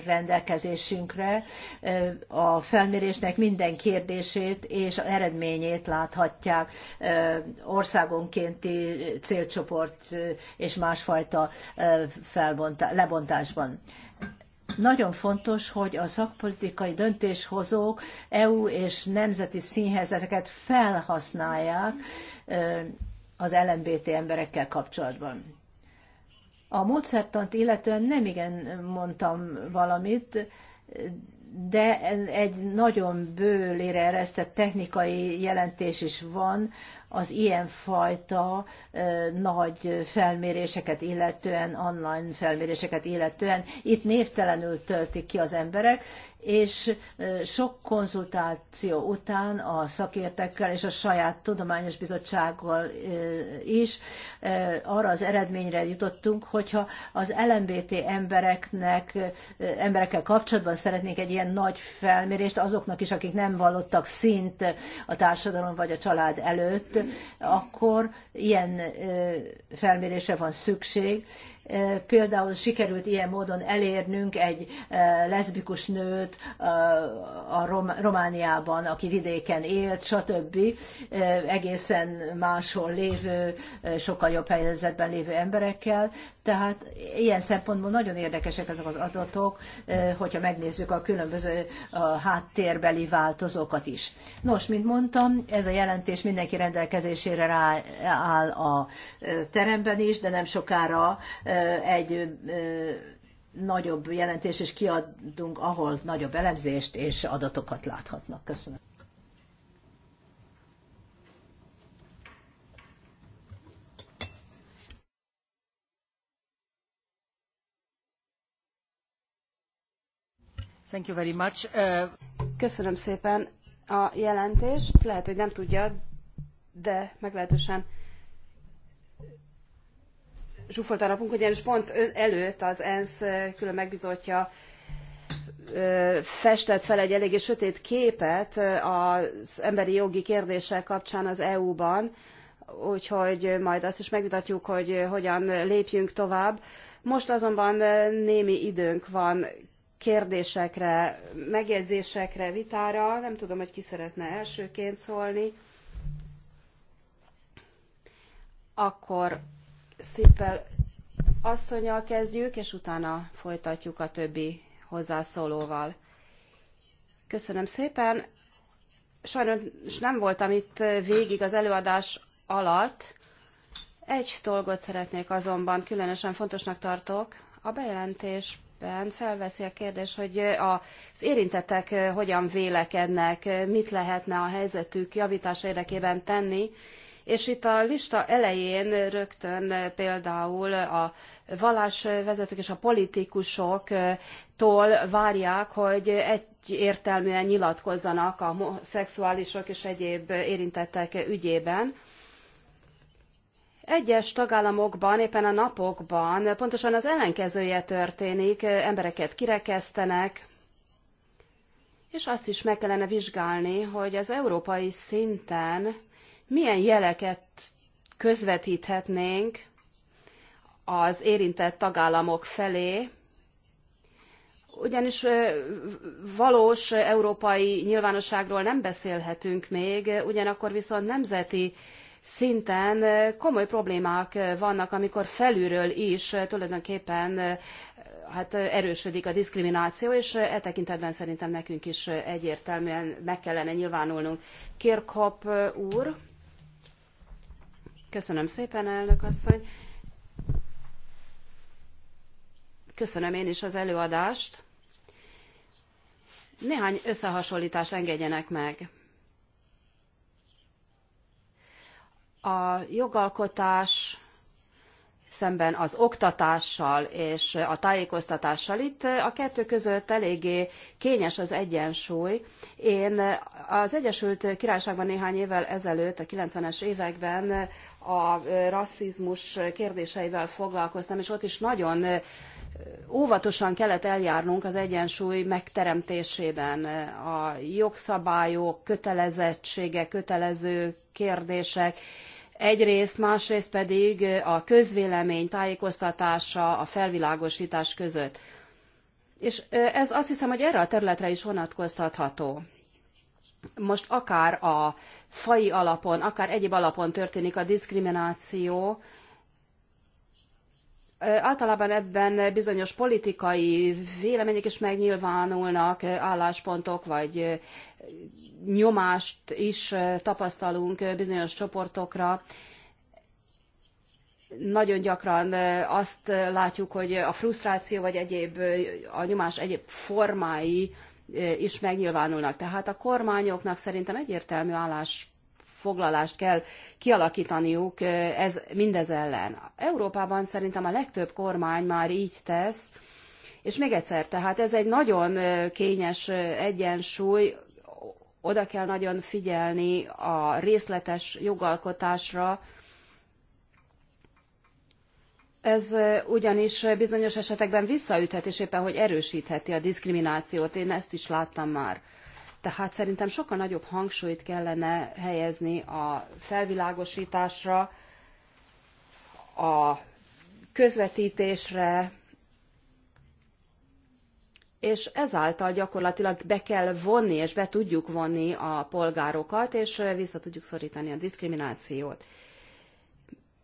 rendelkezésünkre. A felmérésnek minden kérdését és eredményét láthatják országonkénti célcsoport és másfajta lebontásban. Nagyon fontos, hogy a szakpolitikai döntéshozók EU és nemzeti színhez ezeket felhasználják az LMBT emberekkel kapcsolatban. A módszertant illetően nemigen mondtam valamit, de egy nagyon bőlére eresztett technikai jelentés is van az ilyenfajta nagy felméréseket illetően, online felméréseket illetően. Itt névtelenül töltik ki az emberek, és sok konzultáció után a szakértekkel és a saját tudományos bizottsággal is arra az eredményre jutottunk, hogyha az LMBT embereknek, emberekkel kapcsolatban szeretnék egy ilyen nagy felmérést, azoknak is, akik nem vallottak szint a társadalom vagy a család előtt, akkor ilyen felmérésre van szükség, Például sikerült ilyen módon elérnünk egy leszbikus nőt a Romániában, aki vidéken élt, stb. egészen máshol lévő, sokkal jobb helyzetben lévő emberekkel. Tehát ilyen szempontból nagyon érdekesek ezek az adatok, hogyha megnézzük a különböző háttérbeli változókat is. Nos, mint mondtam, ez a jelentés mindenki rendelkezésére áll a teremben is, de nem sokára egy nagyobb jelentést és kiadunk, ahol nagyobb elemzést és adatokat láthatnak. Köszönöm. Thank you very much. Uh... Köszönöm szépen a jelentést. Lehet, hogy nem tudja, de meglehetősen zsúfolt a napunk, ugyanis pont előtt az ENSZ külön megbizotja festett fel egy eléggé sötét képet az emberi jogi kérdések kapcsán az EU-ban, úgyhogy majd azt is megvitatjuk, hogy hogyan lépjünk tovább. Most azonban némi időnk van kérdésekre, megjegyzésekre, vitára. Nem tudom, hogy ki szeretne elsőként szólni. Akkor Szépen, asszonyal kezdjük, és utána folytatjuk a többi hozzászólóval. Köszönöm szépen. Sajnos nem voltam itt végig az előadás alatt. Egy dolgot szeretnék azonban, különösen fontosnak tartok. A bejelentésben felveszi a kérdés, hogy az érintettek hogyan vélekednek, mit lehetne a helyzetük javítása érdekében tenni, és itt a lista elején rögtön eh, például a vallásvezetők és a politikusoktól várják, hogy egyértelműen nyilatkozzanak a szexuálisok és egyéb érintettek ügyében. Egyes tagállamokban, éppen a napokban pontosan az ellenkezője történik, embereket kirekesztenek, és azt is meg kellene vizsgálni, hogy az európai szinten milyen jeleket közvetíthetnénk az érintett tagállamok felé, ugyanis valós európai nyilvánosságról nem beszélhetünk még, ugyanakkor viszont nemzeti szinten komoly problémák vannak, amikor felülről is tulajdonképpen hát erősödik a diszkrimináció, és e tekintetben szerintem nekünk is egyértelműen meg kellene nyilvánulnunk. Kirkhop úr. Köszönöm szépen, elnök asszony. Köszönöm én is az előadást. Néhány összehasonlítás engedjenek meg. A jogalkotás szemben az oktatással és a tájékoztatással. Itt a kettő között eléggé kényes az egyensúly. Én az Egyesült Királyságban néhány évvel ezelőtt, a 90-es években a rasszizmus kérdéseivel foglalkoztam, és ott is nagyon óvatosan kellett eljárnunk az egyensúly megteremtésében. A jogszabályok, kötelezettsége, kötelező kérdések, egyrészt, másrészt pedig a közvélemény tájékoztatása a felvilágosítás között. És ez azt hiszem, hogy erre a területre is vonatkoztatható most akár a fai alapon, akár egyéb alapon történik a diszkrimináció, általában ebben bizonyos politikai vélemények is megnyilvánulnak, álláspontok vagy nyomást is tapasztalunk bizonyos csoportokra. Nagyon gyakran azt látjuk, hogy a frusztráció vagy egyéb, a nyomás egyéb formái is megnyilvánulnak. Tehát a kormányoknak szerintem egyértelmű állásfoglalást kell kialakítaniuk ez, mindez ellen. Európában szerintem a legtöbb kormány már így tesz, és még egyszer, tehát ez egy nagyon kényes egyensúly, oda kell nagyon figyelni a részletes jogalkotásra, ez ugyanis bizonyos esetekben visszaüthet, és éppen hogy erősítheti a diszkriminációt. Én ezt is láttam már. Tehát szerintem sokkal nagyobb hangsúlyt kellene helyezni a felvilágosításra, a közvetítésre, és ezáltal gyakorlatilag be kell vonni, és be tudjuk vonni a polgárokat, és vissza tudjuk szorítani a diszkriminációt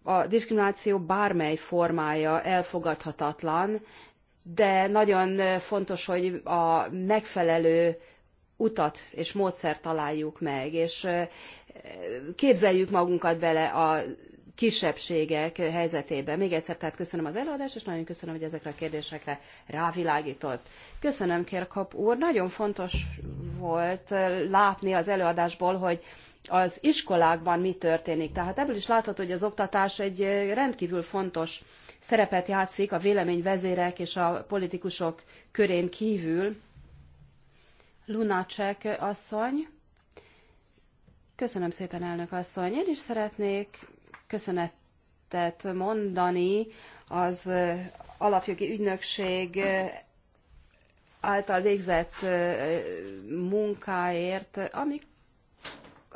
a diszkrimináció bármely formája elfogadhatatlan, de nagyon fontos, hogy a megfelelő utat és módszert találjuk meg, és képzeljük magunkat bele a kisebbségek helyzetébe. Még egyszer, tehát köszönöm az előadást, és nagyon köszönöm, hogy ezekre a kérdésekre rávilágított. Köszönöm, Kérkap úr, nagyon fontos volt látni az előadásból, hogy az iskolákban mi történik. Tehát ebből is látható, hogy az oktatás egy rendkívül fontos szerepet játszik a véleményvezérek és a politikusok körén kívül. Lunacek asszony. Köszönöm szépen, elnök asszony. Én is szeretnék köszönetet mondani az alapjogi ügynökség által végzett munkáért, amik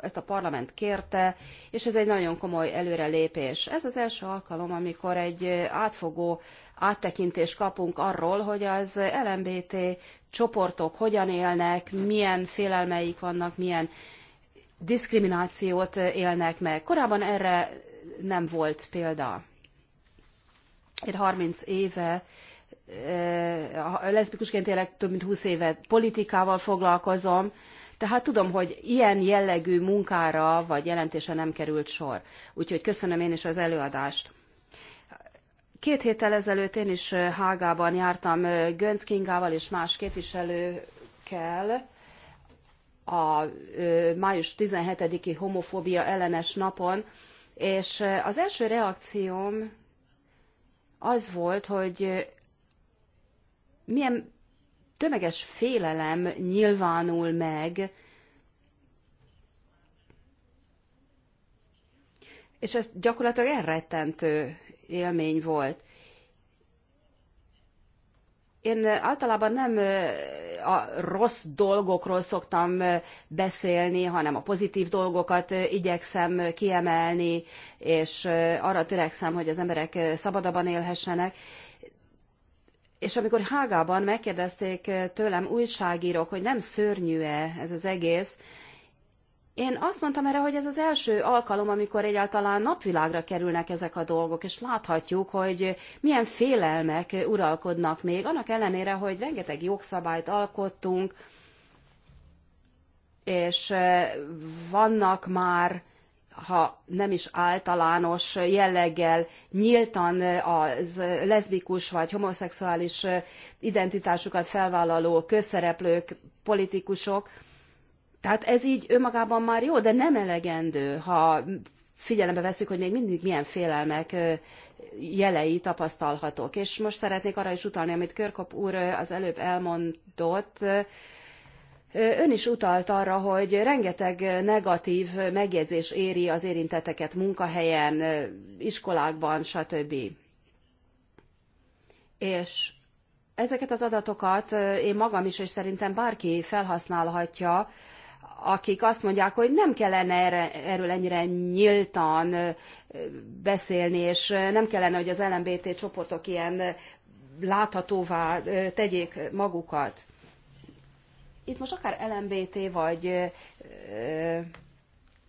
ezt a parlament kérte, és ez egy nagyon komoly előrelépés. Ez az első alkalom, amikor egy átfogó áttekintést kapunk arról, hogy az LMBT csoportok hogyan élnek, milyen félelmeik vannak, milyen diszkriminációt élnek meg. Korábban erre nem volt példa. Én 30 éve eh, leszbikusként élek, több mint 20 éve politikával foglalkozom, tehát tudom, hogy ilyen jellegű munkára vagy jelentése nem került sor. Úgyhogy köszönöm én is az előadást. Két héttel ezelőtt én is eh, Hágában jártam eh, Gönc Kingával és más képviselőkkel a eh, május 17-i homofóbia ellenes napon, és az első reakcióm az volt, hogy milyen tömeges félelem nyilvánul meg, és ez gyakorlatilag elrettentő élmény volt. Én általában nem a rossz dolgokról szoktam beszélni, hanem a pozitív dolgokat igyekszem kiemelni, és arra törekszem, hogy az emberek szabadabban élhessenek. És amikor Hágában megkérdezték eh, tőlem újságírók, hogy nem szörnyű-e ez az egész, én azt mondtam erre, hogy ez az első alkalom, amikor egyáltalán napvilágra kerülnek ezek a dolgok, és láthatjuk, hogy milyen félelmek uralkodnak még, annak ellenére, hogy rengeteg jogszabályt alkottunk, és eh, vannak már ha nem is általános jelleggel nyíltan a leszbikus vagy homoszexuális identitásukat felvállaló közszereplők, politikusok. Tehát ez így önmagában már jó, de nem elegendő, ha figyelembe veszük, hogy még mindig milyen félelmek jelei tapasztalhatók. És most szeretnék arra is utalni, amit Körkop úr az előbb elmondott, Ön is utalt arra, hogy rengeteg negatív megjegyzés éri az érintetteket munkahelyen, iskolákban, stb. És ezeket az adatokat én magam is, és szerintem bárki felhasználhatja, akik azt mondják, hogy nem kellene erre, erről ennyire nyíltan beszélni, és nem kellene, hogy az LMBT csoportok ilyen láthatóvá tegyék magukat itt most akár LMBT vagy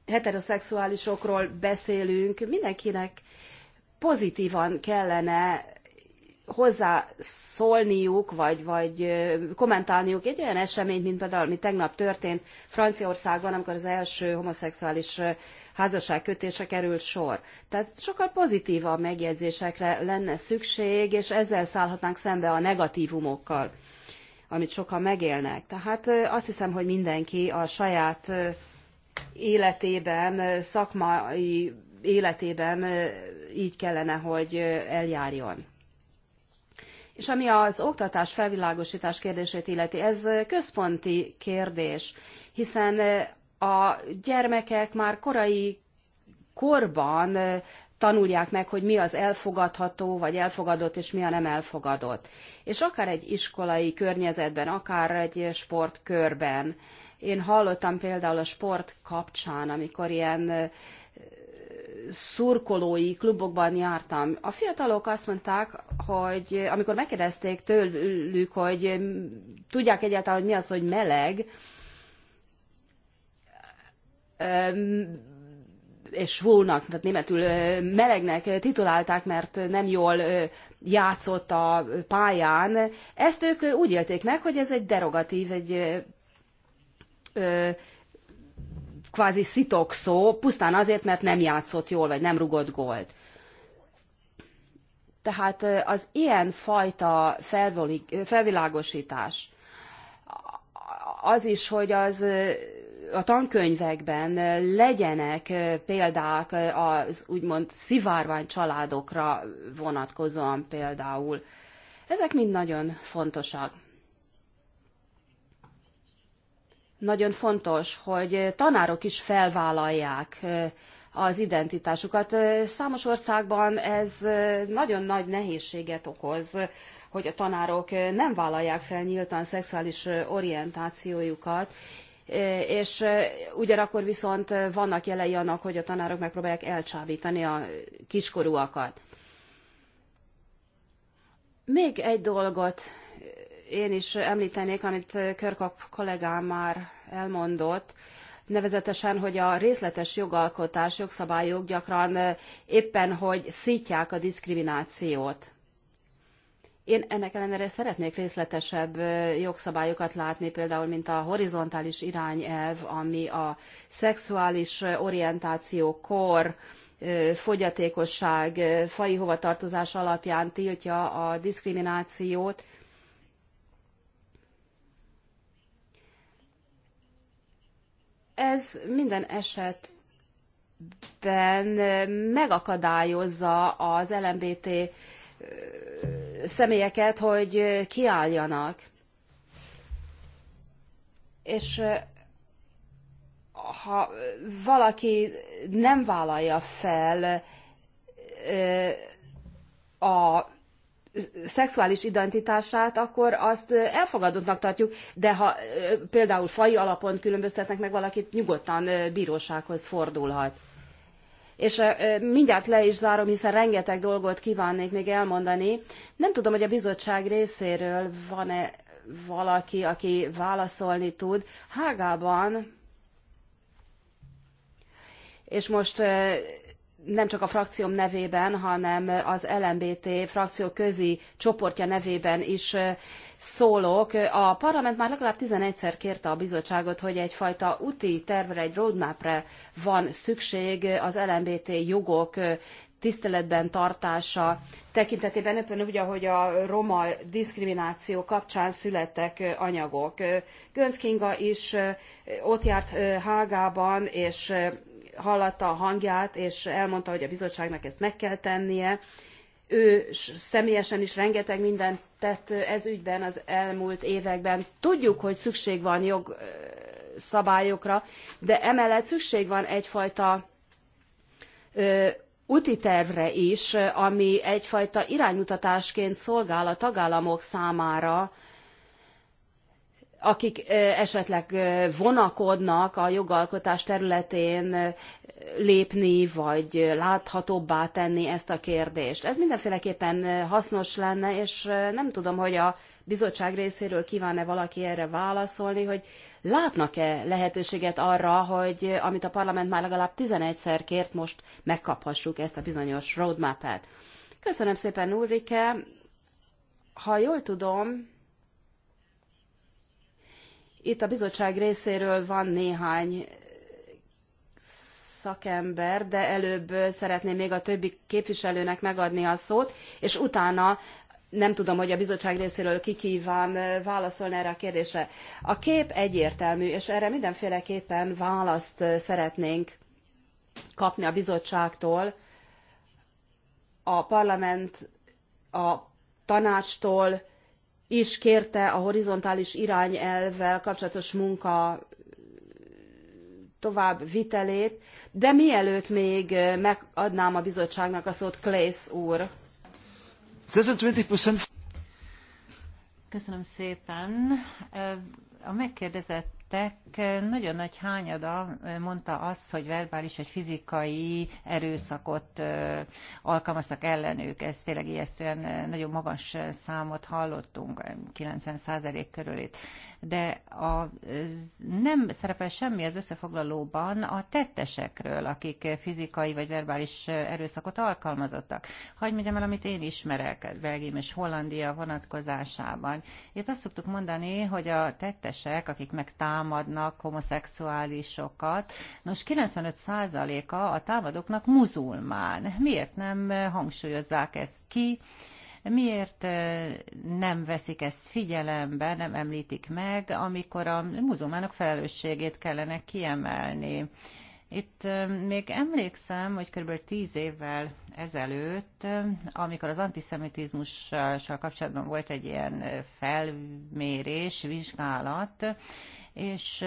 heteroszexuálisokról beszélünk, mindenkinek pozitívan kellene hozzászólniuk, vagy, vagy kommentálniuk egy olyan eseményt, mint például, ami tegnap történt Franciaországban, amikor az első homoszexuális kötése került sor. Tehát sokkal pozitívabb megjegyzésekre lenne szükség, és ezzel szállhatnánk szembe a negatívumokkal amit sokan megélnek. Tehát azt hiszem, hogy mindenki a saját életében, szakmai életében így kellene, hogy eljárjon. És ami az oktatás felvilágosítás kérdését illeti, ez központi kérdés, hiszen a gyermekek már korai korban tanulják meg, hogy mi az elfogadható, vagy elfogadott, és mi a nem elfogadott. És akár egy iskolai környezetben, akár egy sportkörben. Én hallottam például a sport kapcsán, amikor ilyen szurkolói klubokban jártam. A fiatalok azt mondták, hogy amikor megkérdezték tőlük, hogy tudják egyáltalán, hogy mi az, hogy meleg, svónak, tehát németül melegnek titulálták, mert nem jól játszott a pályán. Ezt ők úgy élték meg, hogy ez egy derogatív, egy kvázi szitok szó, pusztán azért, mert nem játszott jól, vagy nem rugott gólt. Tehát az ilyen fajta felvilágosítás, az is, hogy az a tankönyvekben legyenek példák az úgymond szivárvány családokra vonatkozóan például. Ezek mind nagyon fontosak. Nagyon fontos, hogy tanárok is felvállalják az identitásukat. Számos országban ez nagyon nagy nehézséget okoz, hogy a tanárok nem vállalják fel nyíltan szexuális orientációjukat, és ugyanakkor viszont vannak jelei annak, hogy a tanárok megpróbálják elcsábítani a kiskorúakat. Még egy dolgot én is említenék, amit Körkap kollégám már elmondott, nevezetesen, hogy a részletes jogalkotás, jogszabályok gyakran éppen, hogy szítják a diszkriminációt. Én ennek ellenére szeretnék részletesebb jogszabályokat látni, például mint a horizontális irányelv, ami a szexuális orientáció, kor, fogyatékosság, fai hovatartozás alapján tiltja a diszkriminációt. Ez minden esetben megakadályozza az LMBT személyeket, hogy kiálljanak. És ha valaki nem vállalja fel a szexuális identitását, akkor azt elfogadottnak tartjuk, de ha például faji alapon különböztetnek meg valakit, nyugodtan bírósághoz fordulhat és mindjárt le is zárom, hiszen rengeteg dolgot kívánnék még elmondani. Nem tudom, hogy a bizottság részéről van-e valaki, aki válaszolni tud. Hágában, és most nem csak a frakcióm nevében, hanem az LMBT frakció közi csoportja nevében is szólok. A parlament már legalább 11-szer kérte a bizottságot, hogy egyfajta úti tervre, egy roadmapre van szükség az LMBT jogok tiszteletben tartása tekintetében, éppen úgy, ahogy a roma diszkrimináció kapcsán születtek anyagok. Gönc Kinga is ott járt Hágában, és hallatta a hangját, és elmondta, hogy a bizottságnak ezt meg kell tennie. Ő személyesen is rengeteg mindent tett ez ügyben az elmúlt években. Tudjuk, hogy szükség van jogszabályokra, de emellett szükség van egyfajta úti tervre is, ami egyfajta iránymutatásként szolgál a tagállamok számára, akik esetleg vonakodnak a jogalkotás területén lépni, vagy láthatóbbá tenni ezt a kérdést. Ez mindenféleképpen hasznos lenne, és nem tudom, hogy a bizottság részéről kíván-e valaki erre válaszolni, hogy látnak-e lehetőséget arra, hogy amit a parlament már legalább 11-szer kért, most megkaphassuk ezt a bizonyos roadmap-et. Köszönöm szépen, Ulrike. Ha jól tudom, itt a bizottság részéről van néhány szakember, de előbb szeretném még a többi képviselőnek megadni a szót, és utána nem tudom, hogy a bizottság részéről ki kíván válaszolni erre a kérdésre. A kép egyértelmű, és erre mindenféleképpen választ szeretnénk kapni a bizottságtól, a parlament, a tanácstól, is kérte a horizontális irányelvvel kapcsolatos munka tovább vitelét, de mielőtt még megadnám a bizottságnak a szót, Klész úr. Köszönöm szépen. A megkérdezett érintettek nagyon nagy hányada mondta azt, hogy verbális vagy fizikai erőszakot alkalmaztak ellenük. Ez tényleg ijesztően nagyon magas számot hallottunk, 90 százalék körülét de a, nem szerepel semmi az összefoglalóban a tettesekről, akik fizikai vagy verbális erőszakot alkalmazottak. Hagy mondjam el, amit én ismerek Belgium és Hollandia vonatkozásában. Itt azt szoktuk mondani, hogy a tettesek, akik megtámadnak homoszexuálisokat, nos 95%-a a támadóknak muzulmán. Miért nem hangsúlyozzák ezt ki? Miért nem veszik ezt figyelembe, nem említik meg, amikor a muzulmánok felelősségét kellene kiemelni? Itt még emlékszem, hogy kb. tíz évvel ezelőtt, amikor az antiszemitizmussal kapcsolatban volt egy ilyen felmérés, vizsgálat, és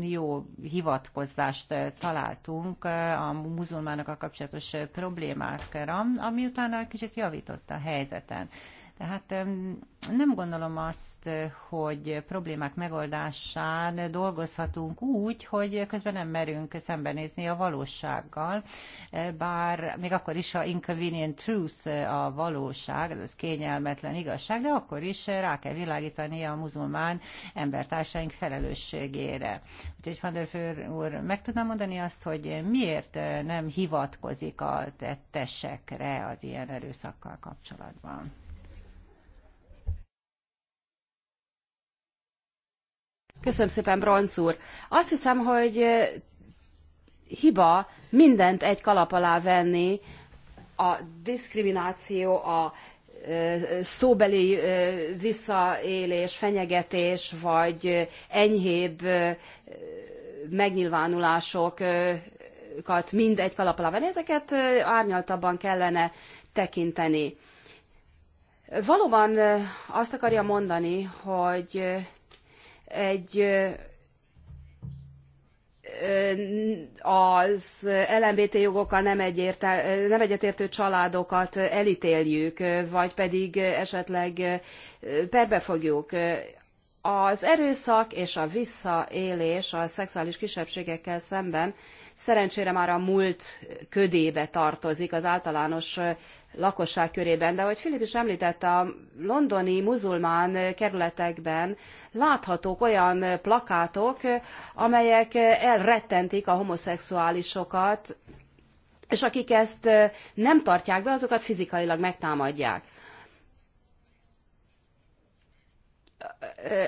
jó hivatkozást találtunk a muzulmánokkal kapcsolatos problémákra, ami utána kicsit javított a helyzeten. Tehát nem gondolom azt, hogy problémák megoldásán dolgozhatunk úgy, hogy közben nem merünk szembenézni a valósággal, e, bár még akkor is, ha inconvenient truth a valóság, ez kényelmetlen igazság, de akkor is rá kell világítani a muzulmán embertársaink felelősségére. Úgyhogy Van der Főr úr, meg tudnám mondani azt, hogy miért nem hivatkozik a tettesekre az ilyen erőszakkal kapcsolatban? Köszönöm szépen, Bronz úr. Azt hiszem, hogy hiba mindent egy kalap alá venni, a diszkrimináció, a szóbeli visszaélés, fenyegetés, vagy enyhébb megnyilvánulásokat mind egy kalap alá venni, ezeket árnyaltabban kellene tekinteni. Valóban azt akarja mondani, hogy egy az LMBT jogokkal nem, egyértel, nem egyetértő családokat elítéljük, vagy pedig esetleg perbe fogjuk. Az erőszak és a visszaélés a szexuális kisebbségekkel szemben szerencsére már a múlt ködébe tartozik az általános lakosság körében, de ahogy Filip is említette, a londoni muzulmán kerületekben láthatók olyan plakátok, amelyek elrettentik a homoszexuálisokat, és akik ezt nem tartják be, azokat fizikailag megtámadják.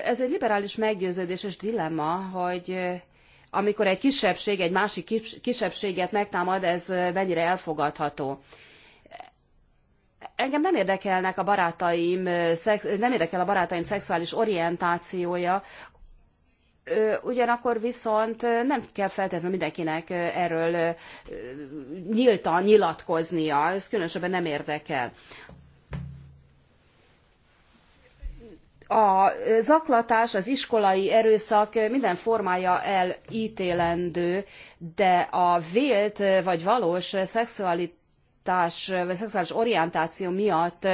Ez egy liberális és dilemma, hogy amikor egy kisebbség egy másik kisebbséget megtámad, ez mennyire elfogadható engem nem érdekelnek a barátaim, nem érdekel a barátaim szexuális orientációja, ugyanakkor viszont nem kell feltétlenül mindenkinek erről nyíltan nyilatkoznia, ez különösebben nem érdekel. A zaklatás, az iskolai erőszak minden formája elítélendő, de a vélt vagy valós szexuális identitás, vagy szexuális orientáció miatt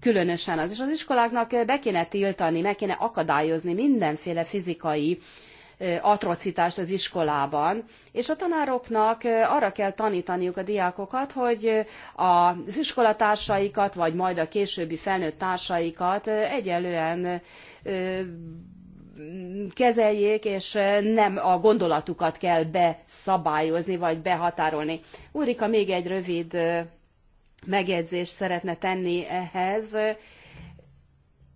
különösen az. És az iskoláknak be kéne tiltani, meg kéne akadályozni mindenféle fizikai atrocitást az iskolában, és a tanároknak arra kell tanítaniuk a diákokat, hogy az iskolatársaikat, vagy majd a későbbi felnőtt társaikat egyelően kezeljék, és nem a gondolatukat kell beszabályozni, vagy behatárolni. Úrika, még egy rövid megjegyzést szeretne tenni ehhez,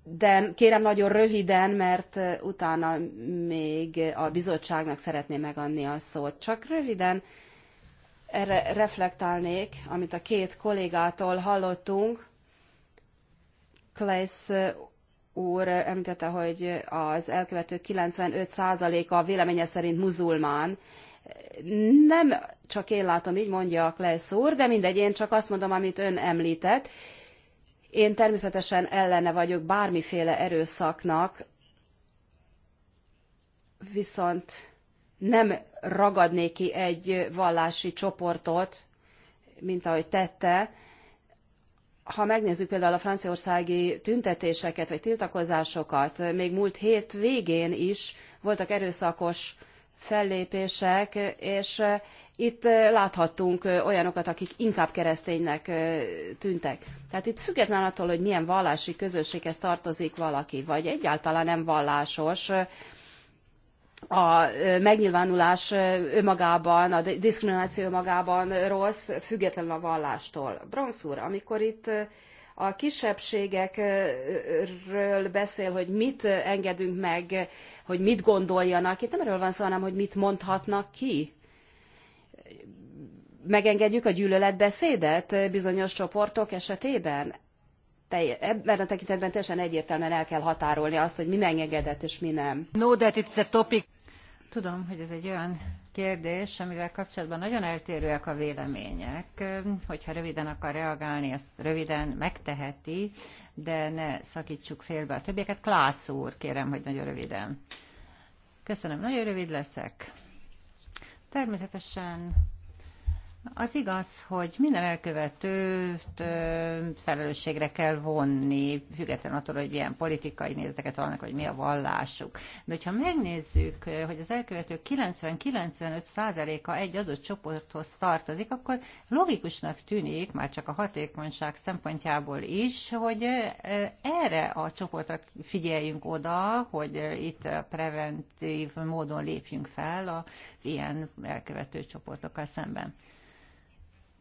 de kérem nagyon röviden, mert utána még a bizottságnak szeretné megadni a szót. Csak röviden erre reflektálnék, amit a két kollégától hallottunk. Klesz úr említette, hogy az elkövető 95%-a véleménye szerint muzulmán, nem csak én látom, így mondja Klejsz úr, de mindegy, én csak azt mondom, amit ön említett. Én természetesen ellene vagyok bármiféle erőszaknak, viszont nem ragadnék ki egy vallási csoportot, mint ahogy tette. Ha megnézzük például a franciaországi tüntetéseket vagy tiltakozásokat, még múlt hét végén is voltak erőszakos fellépések, és eh, itt eh, láthattunk eh, olyanokat, akik inkább kereszténynek tűntek. Tehát itt független attól, hogy milyen vallási közösséghez tartozik valaki, vagy egyáltalán nem vallásos, a megnyilvánulás önmagában, a diszkrimináció önmagában rossz, független a vallástól. Bronx úr, amikor itt a kisebbségekről beszél, hogy mit engedünk meg, hogy mit gondoljanak. Itt nem erről van szó, hanem hogy mit mondhatnak ki. Megengedjük a gyűlöletbeszédet bizonyos csoportok esetében? ebben a tekintetben teljesen egyértelműen el kell határolni azt, hogy mi megengedett és mi nem. Know that it's a topic. Tudom, hogy ez egy olyan kérdés, amivel kapcsolatban nagyon eltérőek a vélemények. Hogyha röviden akar reagálni, azt röviden megteheti, de ne szakítsuk félbe a többieket. Klász úr, kérem, hogy nagyon röviden. Köszönöm, nagyon rövid leszek. Természetesen az igaz, hogy minden elkövetőt felelősségre kell vonni, független attól, hogy milyen politikai nézeteket vannak, vagy mi a vallásuk. De ha megnézzük, hogy az elkövető 90-95%-a egy adott csoporthoz tartozik, akkor logikusnak tűnik, már csak a hatékonyság szempontjából is, hogy erre a csoportra figyeljünk oda, hogy itt preventív módon lépjünk fel az ilyen elkövető csoportokkal szemben.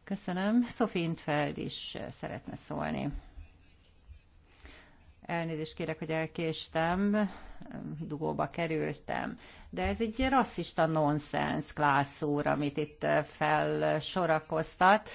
Köszönöm. Sophie Intfeld is szeretne szólni. Elnézést kérek, hogy elkéstem, dugóba kerültem. De ez egy rasszista nonsens, klászúr, amit itt felsorakoztat.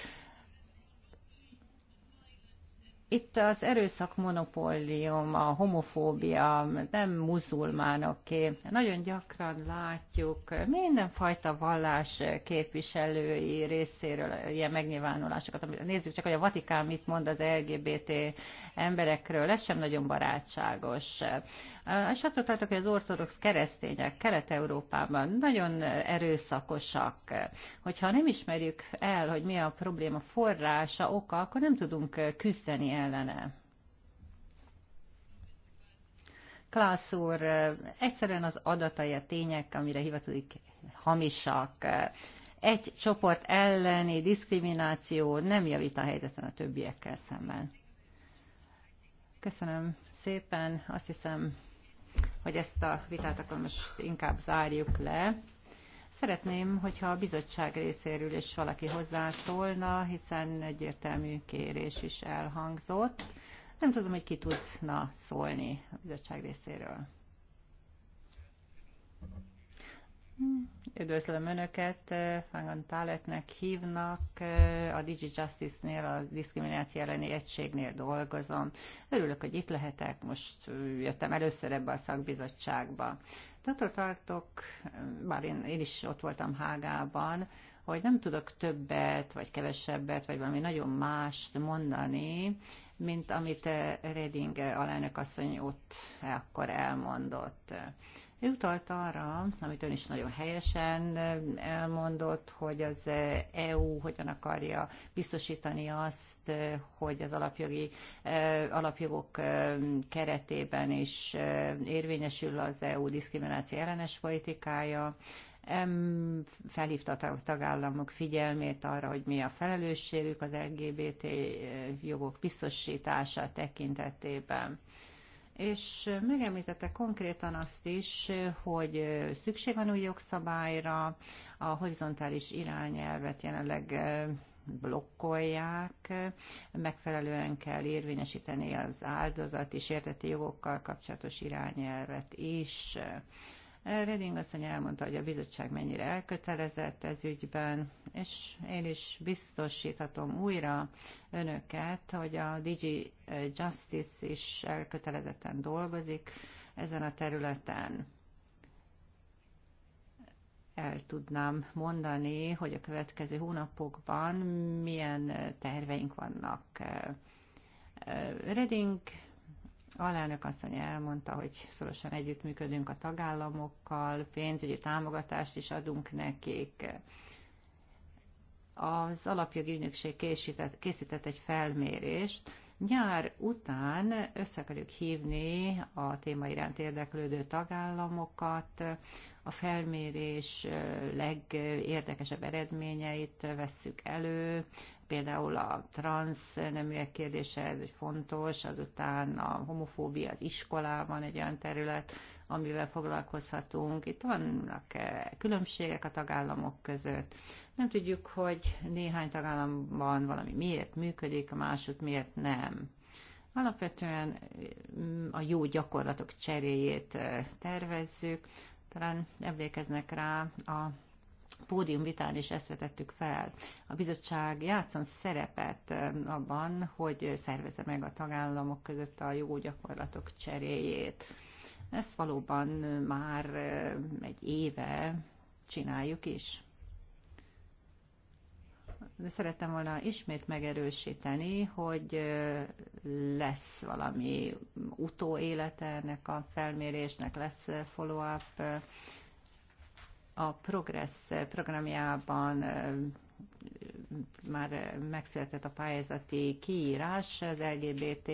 Itt az erőszak monopólium, a homofóbia nem muzulmánoké. Nagyon gyakran látjuk mindenfajta vallás képviselői részéről ilyen megnyilvánulásokat. Nézzük csak, hogy a Vatikán mit mond az LGBT emberekről, ez sem nagyon barátságos. És azt tartok, hogy az ortodox keresztények Kelet-Európában nagyon erőszakosak. Hogyha nem ismerjük el, hogy mi a probléma forrása, oka, akkor nem tudunk küzdeni ellene. Klász úr, egyszerűen az adatai, a tények, amire hivatkozik, hamisak. Egy csoport elleni diszkrimináció nem javít a helyzeten a többiekkel szemben. Köszönöm szépen. Azt hiszem, hogy ezt a vitát akkor most inkább zárjuk le. Szeretném, hogyha a bizottság részéről is valaki hozzászólna, hiszen egyértelmű kérés is elhangzott. Nem tudom, hogy ki tudna szólni a bizottság részéről. Üdvözlöm Önöket, eh, Fangan Táletnek hívnak, eh, a Digi Justice-nél, a diszkrimináció elleni egységnél dolgozom. Örülök, hogy itt lehetek, most eh, jöttem először ebbe a szakbizottságba. Attól tartok, bár én, én is ott voltam Hágában, hogy nem tudok többet, vagy kevesebbet, vagy valami nagyon mást mondani, mint amit eh, Reding eh, alelnök asszony ott akkor elmondott. Ő utalt arra, amit ön is nagyon helyesen eh, elmondott, hogy az EU e hogyan akarja biztosítani azt, hogy az alapjogi, alapjogok keretében is érvényesül az EU diszkrimináció ellenes politikája, felhívta a tagállamok figyelmét arra, hogy mi a felelősségük az LGBT eh, jogok biztosítása tekintetében. És megemlítette konkrétan azt is, hogy eh, szükség van új jogszabályra, a horizontális irányelvet jelenleg eh, blokkolják, megfelelően kell érvényesíteni az áldozat és érteti jogokkal kapcsolatos irányelvet is. Reding asszony elmondta, hogy a bizottság mennyire elkötelezett ez ügyben, és én is biztosíthatom újra önöket, hogy a Digi Justice is elkötelezetten dolgozik ezen a területen el tudnám mondani, hogy a következő hónapokban milyen terveink vannak. Reding alelnök asszony elmondta, hogy szorosan együttműködünk a tagállamokkal, pénzügyi támogatást is adunk nekik. Az alapjogi ügynökség készített, készített egy felmérést, Nyár után össze akarjuk hívni a téma iránt érdeklődő tagállamokat, a felmérés legérdekesebb eredményeit vesszük elő, például a transz neműek kérdése, ez egy fontos, azután a homofóbia az iskolában egy olyan terület, amivel foglalkozhatunk. Itt vannak eh, különbségek a tagállamok között. Nem tudjuk, hogy néhány tagállamban valami miért működik, a másod miért nem. Alapvetően mm, a jó gyakorlatok cseréjét eh, tervezzük. Talán emlékeznek rá a pódiumvitán is ezt vetettük fel. A bizottság játszon szerepet eh, abban, hogy szervezze meg a tagállamok között a jó gyakorlatok cseréjét. Ezt valóban eh, már eh, egy éve csináljuk is. De szerettem volna ismét megerősíteni, hogy lesz valami utóélete ennek a felmérésnek, lesz follow-up, a Progress programjában már megszületett a pályázati kiírás, az LGBT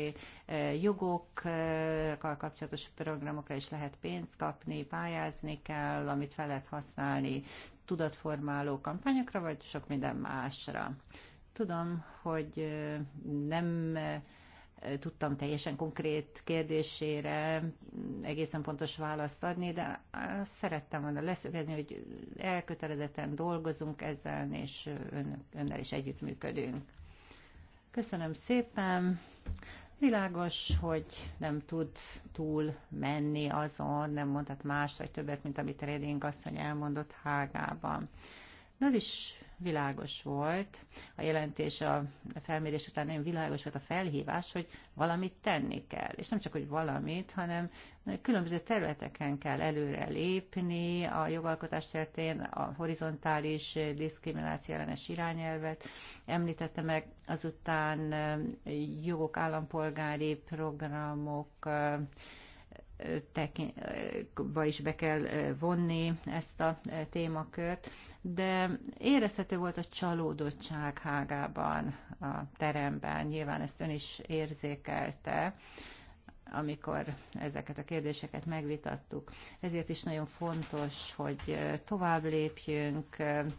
jogokkal kapcsolatos programokra is lehet pénzt kapni, pályázni kell, amit fel lehet használni tudatformáló kampányokra, vagy sok minden másra. Tudom, hogy nem tudtam teljesen konkrét kérdésére egészen pontos választ adni, de szerettem volna leszögezni, hogy elkötelezetten dolgozunk ezzel, és ön, önnel is együttműködünk. Köszönöm szépen! Világos, hogy nem tud túl menni azon, nem mondhat más vagy többet, mint amit Reding asszony elmondott Hágában az is világos volt, a jelentés a felmérés után nagyon világos volt a felhívás, hogy valamit tenni kell. És nem csak, hogy valamit, hanem különböző területeken kell előre lépni a jogalkotás területén, a horizontális diszkrimináció ellenes irányelvet említette meg, azután eh, jogok állampolgári programok, eh, eh, ba is be kell vonni ezt a témakört de érezhető volt a csalódottság hágában a teremben, nyilván ezt ön is érzékelte amikor ezeket a kérdéseket megvitattuk. Ezért is nagyon fontos, hogy tovább lépjünk,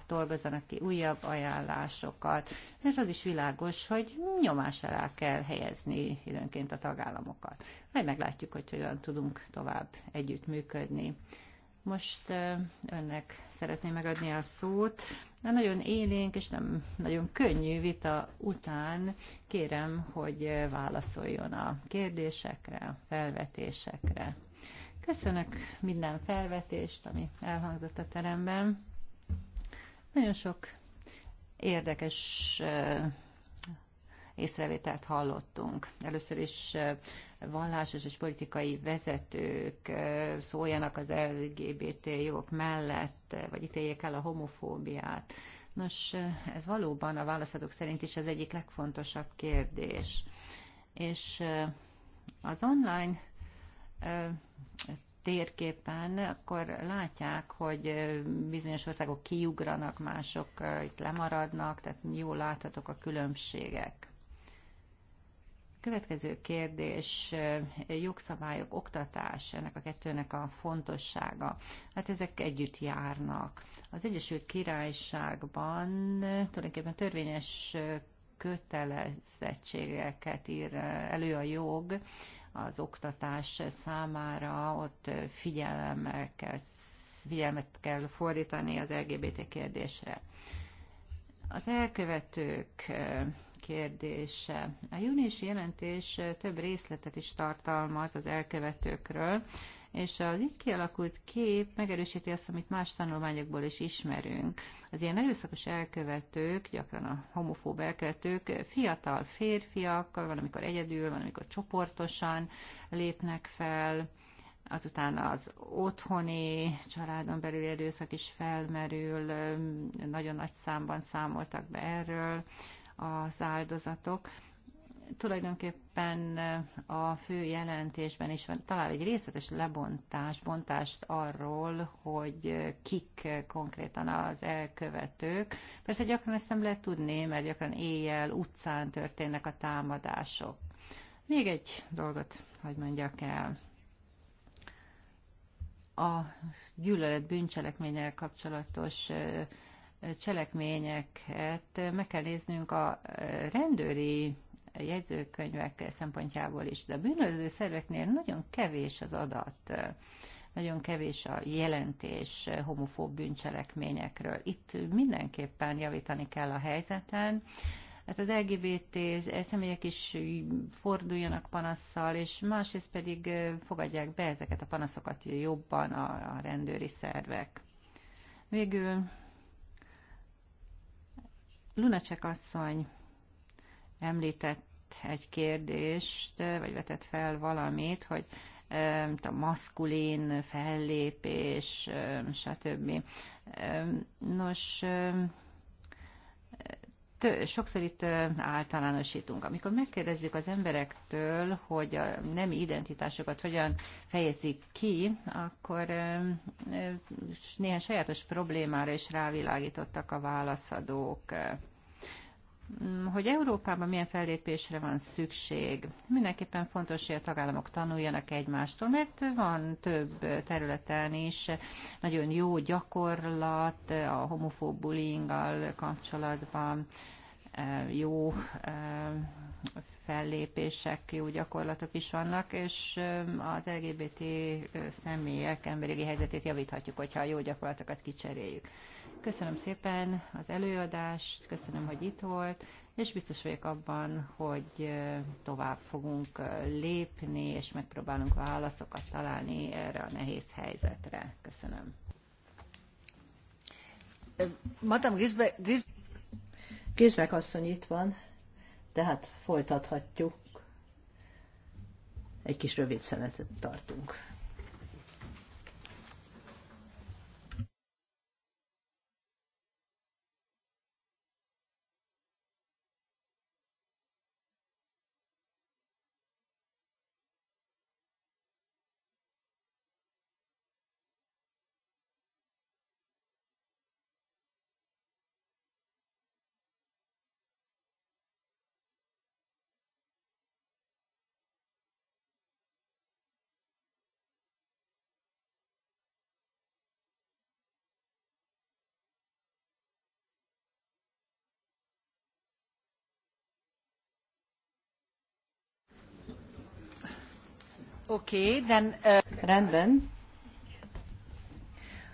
dolgozzanak ki újabb ajánlásokat, és az is világos, hogy nyomás alá kell helyezni időnként a tagállamokat. Majd meglátjuk, hogy hogyan tudunk tovább együttműködni. Most önnek szeretném megadni a szót. De nagyon élénk és nem nagyon könnyű vita után kérem, hogy válaszoljon a kérdésekre, a felvetésekre. Köszönök minden felvetést, ami elhangzott a teremben. Nagyon sok érdekes észrevételt hallottunk. Először is vallásos és politikai vezetők szóljanak az LGBT jogok mellett, vagy ítéljék el a homofóbiát. Nos, ez valóban a válaszadók szerint is az egyik legfontosabb kérdés. És az online térképen, akkor látják, hogy bizonyos országok kiugranak, mások itt lemaradnak, tehát jól láthatók a különbségek. Következő kérdés, eh, jogszabályok, oktatás, ennek a kettőnek a fontossága. Hát ezek együtt járnak. Az Egyesült Királyságban tulajdonképpen törvényes eh, kötelezettségeket ír eh, elő a jog az oktatás számára, ott figyelemmel kell, figyelmet kell fordítani az LGBT kérdésre. Az elkövetők kérdése. A júniusi jelentés több részletet is tartalmaz az elkövetőkről, és az itt kialakult kép megerősíti azt, amit más tanulmányokból is ismerünk. Az ilyen erőszakos elkövetők, gyakran a homofób elkövetők, fiatal férfiak, valamikor egyedül, valamikor csoportosan lépnek fel, azután az otthoni családon belüli erőszak is felmerül, nagyon nagy számban számoltak be erről, az áldozatok. Tulajdonképpen eh, a fő jelentésben is van, talál egy részletes lebontás, bontást arról, hogy eh, kik eh, konkrétan az elkövetők. Persze gyakran ezt nem lehet tudni, mert gyakran éjjel, utcán történnek a támadások. Még egy dolgot, hogy mondjak el a gyűlölet bűncselekménnyel kapcsolatos cselekményeket meg kell néznünk a rendőri jegyzőkönyvek szempontjából is, de a bűnöző szerveknél nagyon kevés az adat, nagyon kevés a jelentés homofób bűncselekményekről. Itt mindenképpen javítani kell a helyzeten, hát az LGBT személyek is forduljanak panasszal, és másrészt pedig fogadják be ezeket a panaszokat jobban a, a rendőri szervek. Végül Lunacek asszony említett egy kérdést, vagy vetett fel valamit, hogy a maszkulin fellépés, stb. Nos, sokszor itt általánosítunk. Amikor megkérdezzük az emberektől, hogy a nem identitásokat hogyan fejezik ki, akkor néhány sajátos problémára is rávilágítottak a válaszadók. Mm, hogy Európában milyen fellépésre van szükség. Mindenképpen fontos, hogy a tagállamok tanuljanak egymástól, mert van több területen is nagyon jó gyakorlat a homofób bullyinggal kapcsolatban, e, jó e, fellépések, jó gyakorlatok is vannak, és e, az LGBT személyek emberi helyzetét javíthatjuk, hogyha a jó gyakorlatokat kicseréljük. Köszönöm szépen az előadást, köszönöm, hogy itt volt, és biztos vagyok abban, hogy tovább fogunk lépni, és megpróbálunk válaszokat találni erre a nehéz helyzetre. Köszönöm. Madame Grisbeck, Grisbeck asszony itt van, tehát folytathatjuk. Egy kis rövid szenetet tartunk. Rendben.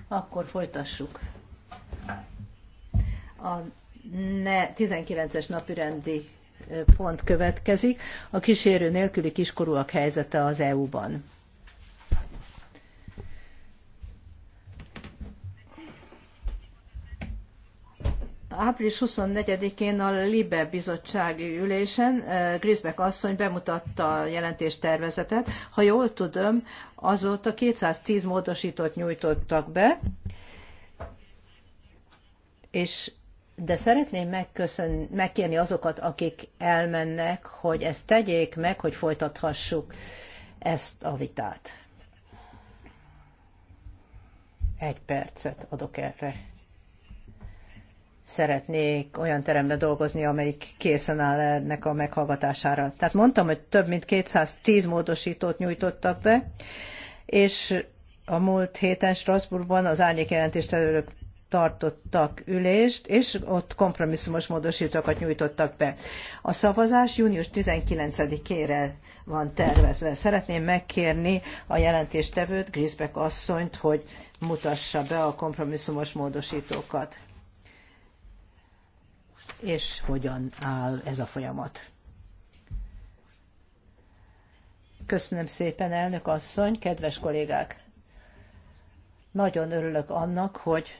Akkor folytassuk. A ne 19-es napirendi pont következik, a kísérő nélküli kiskorúak helyzete az EU-ban. Április 24-én a LIBE bizottsági ülésen eh, Grisbeck asszony bemutatta a jelentéstervezetet. Ha jól tudom, azóta 210 módosítót nyújtottak be, és de szeretném megköszön, megkérni azokat, akik elmennek, hogy ezt tegyék meg, hogy folytathassuk ezt a vitát. Egy percet adok erre szeretnék olyan teremben dolgozni, amelyik készen áll ennek a meghallgatására. Tehát mondtam, hogy több mint 210 módosítót nyújtottak be, és a múlt héten Strasbourgban az előrök tartottak ülést, és ott kompromisszumos módosítókat nyújtottak be. A szavazás június 19-ére van tervezve. Szeretném megkérni a jelentéstevőt, Grisbeck asszonyt, hogy mutassa be a kompromisszumos módosítókat és hogyan áll ez a folyamat. Köszönöm szépen, elnök asszony, kedves kollégák! Nagyon örülök annak, hogy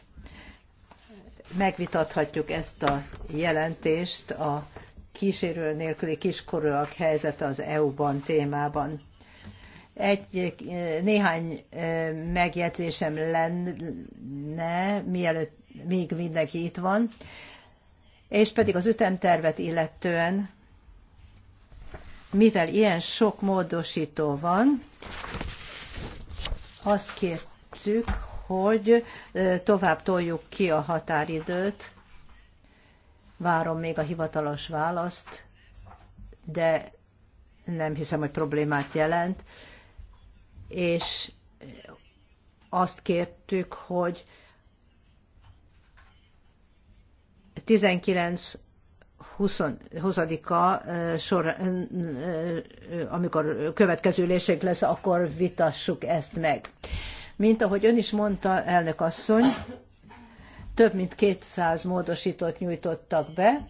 megvitathatjuk ezt a jelentést a kísérő nélküli kiskorúak helyzete az EU-ban témában. Egy, néhány megjegyzésem lenne, mielőtt még mindenki itt van és pedig az ütemtervet illetően, mivel ilyen sok módosító van, azt kértük, hogy tovább toljuk ki a határidőt, várom még a hivatalos választ, de nem hiszem, hogy problémát jelent, és azt kértük, hogy 19 20-a sor, amikor következő ülésünk lesz, akkor vitassuk ezt meg. Mint ahogy ön is mondta, elnök asszony, több mint 200 módosítót nyújtottak be,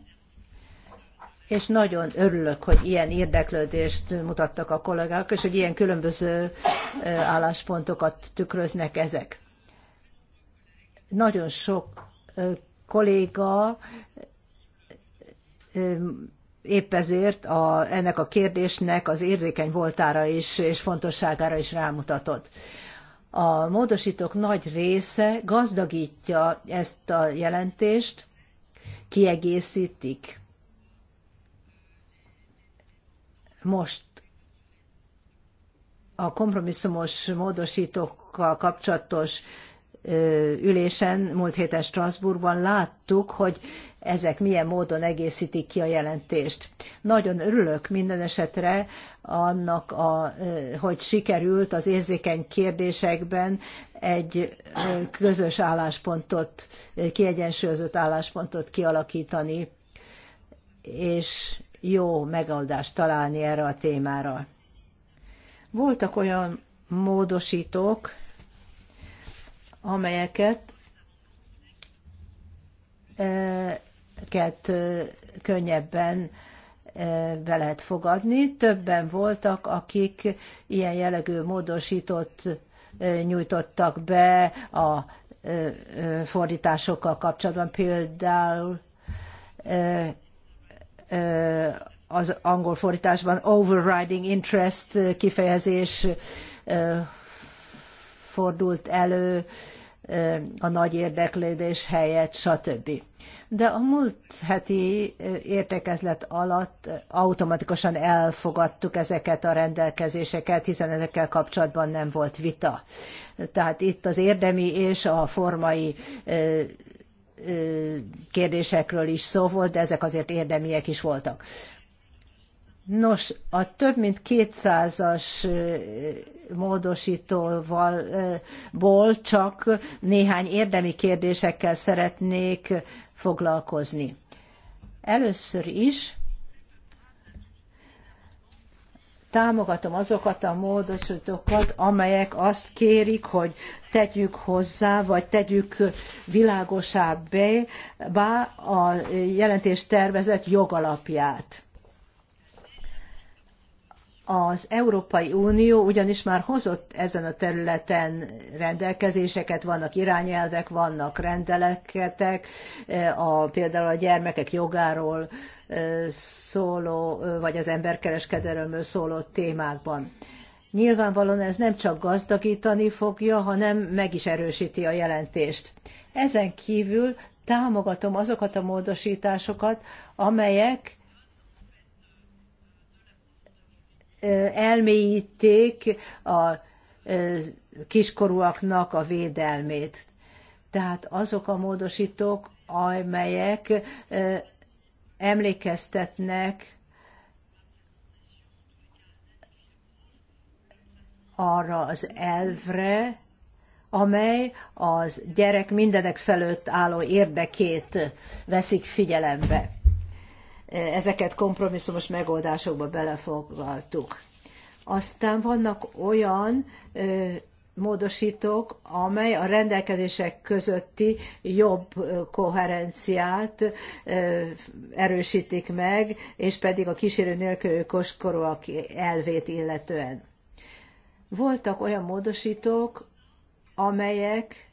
és nagyon örülök, hogy ilyen érdeklődést mutattak a kollégák, és hogy ilyen különböző álláspontokat tükröznek ezek. Nagyon sok kolléga épp ezért a, ennek a kérdésnek az érzékeny voltára is és fontosságára is rámutatott. A módosítók nagy része gazdagítja ezt a jelentést, kiegészítik. Most a kompromisszumos módosítókkal kapcsolatos ülésen múlt héten Strasbourgban láttuk, hogy ezek milyen módon egészítik ki a jelentést. Nagyon örülök minden esetre annak, a, hogy sikerült az érzékeny kérdésekben egy közös álláspontot, kiegyensúlyozott álláspontot kialakítani, és jó megoldást találni erre a témára. Voltak olyan módosítók, amelyeket e, ket e, könnyebben e, be lehet fogadni. Többen voltak, akik ilyen jellegű módosított nyújtottak be a fordításokkal kapcsolatban, például az angol fordításban overriding interest kifejezés fordult elő a nagy érdeklődés helyett, stb. De a múlt heti értekezlet alatt automatikusan elfogadtuk ezeket a rendelkezéseket, hiszen ezekkel kapcsolatban nem volt vita. Tehát itt az érdemi és a formai kérdésekről is szó volt, de ezek azért érdemiek is voltak. Nos, a több mint 200-as módosítóval csak néhány érdemi kérdésekkel szeretnék foglalkozni. Először is támogatom azokat a módosítókat, amelyek azt kérik, hogy tegyük hozzá, vagy tegyük világosabbá a jelentés tervezett jogalapját az Európai Unió ugyanis már hozott ezen a területen rendelkezéseket, vannak irányelvek, vannak rendeleketek, eh, a, például a gyermekek jogáról eh, szóló, eh, vagy az emberkereskedelemről szóló témákban. Nyilvánvalóan ez nem csak gazdagítani fogja, hanem meg is erősíti a jelentést. Ezen kívül támogatom azokat a módosításokat, amelyek elmélyíték a kiskorúaknak a védelmét. Tehát azok a módosítók, amelyek emlékeztetnek arra az elvre, amely az gyerek mindenek felőtt álló érdekét veszik figyelembe ezeket kompromisszumos megoldásokba belefoglaltuk. Aztán vannak olyan módosítók, amely a rendelkezések közötti jobb koherenciát erősítik meg, és pedig a kísérő nélkülő koskorúak elvét illetően. Voltak olyan módosítók, amelyek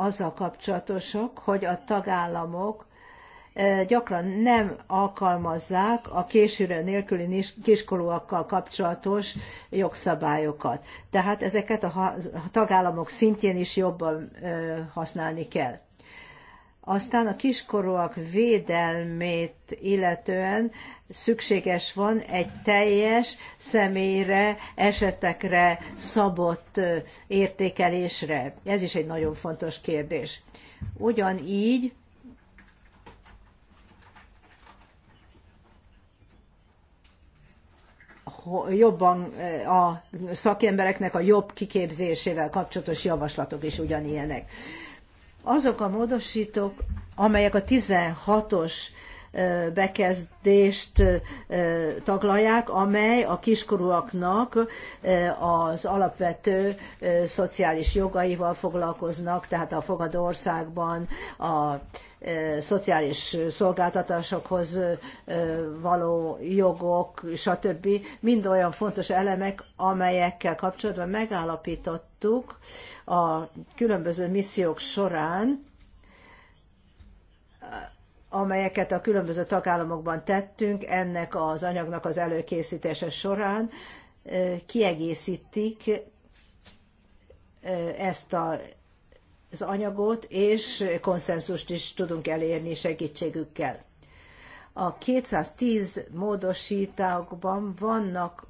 azzal kapcsolatosak, hogy a tagállamok eh, gyakran nem alkalmazzák a későre nélküli kiskorúakkal kapcsolatos jogszabályokat. Tehát ezeket a tagállamok szintjén is jobban eh, használni kell. Aztán a kiskorúak védelmét illetően szükséges van egy teljes személyre, esetekre szabott értékelésre. Ez is egy nagyon fontos kérdés. Ugyanígy jobban a szakembereknek a jobb kiképzésével kapcsolatos javaslatok is ugyanilyenek. Azok a módosítók, amelyek a 16-os bekezdést taglalják, amely a kiskorúaknak az alapvető szociális jogaival foglalkoznak, tehát a fogadó országban a szociális szolgáltatásokhoz való jogok, stb. mind olyan fontos elemek, amelyekkel kapcsolatban megállapítottuk a különböző missziók során, amelyeket a különböző tagállamokban tettünk ennek az anyagnak az előkészítése során, kiegészítik ezt a, az anyagot, és konszenzust is tudunk elérni segítségükkel. A 210 módosítókban vannak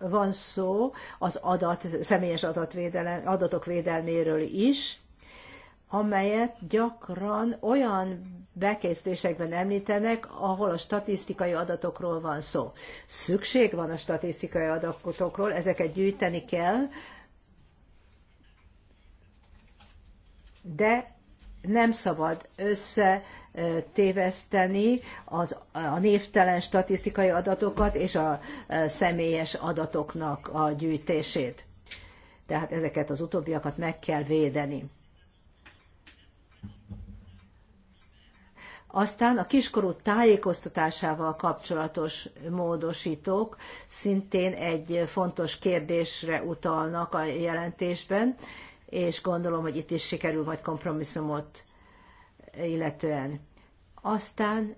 van szó az adat, személyes adatvédelem, adatok védelméről is, amelyet gyakran olyan bekészítésekben említenek, ahol a statisztikai adatokról van szó. Szükség van a statisztikai adatokról, ezeket gyűjteni kell, de nem szabad összetéveszteni az, a névtelen statisztikai adatokat és a e, személyes adatoknak a gyűjtését. Tehát ezeket az utóbbiakat meg kell védeni. Aztán a kiskorú tájékoztatásával kapcsolatos módosítók szintén egy fontos kérdésre utalnak a jelentésben, és gondolom, hogy itt is sikerül majd kompromisszumot illetően. Aztán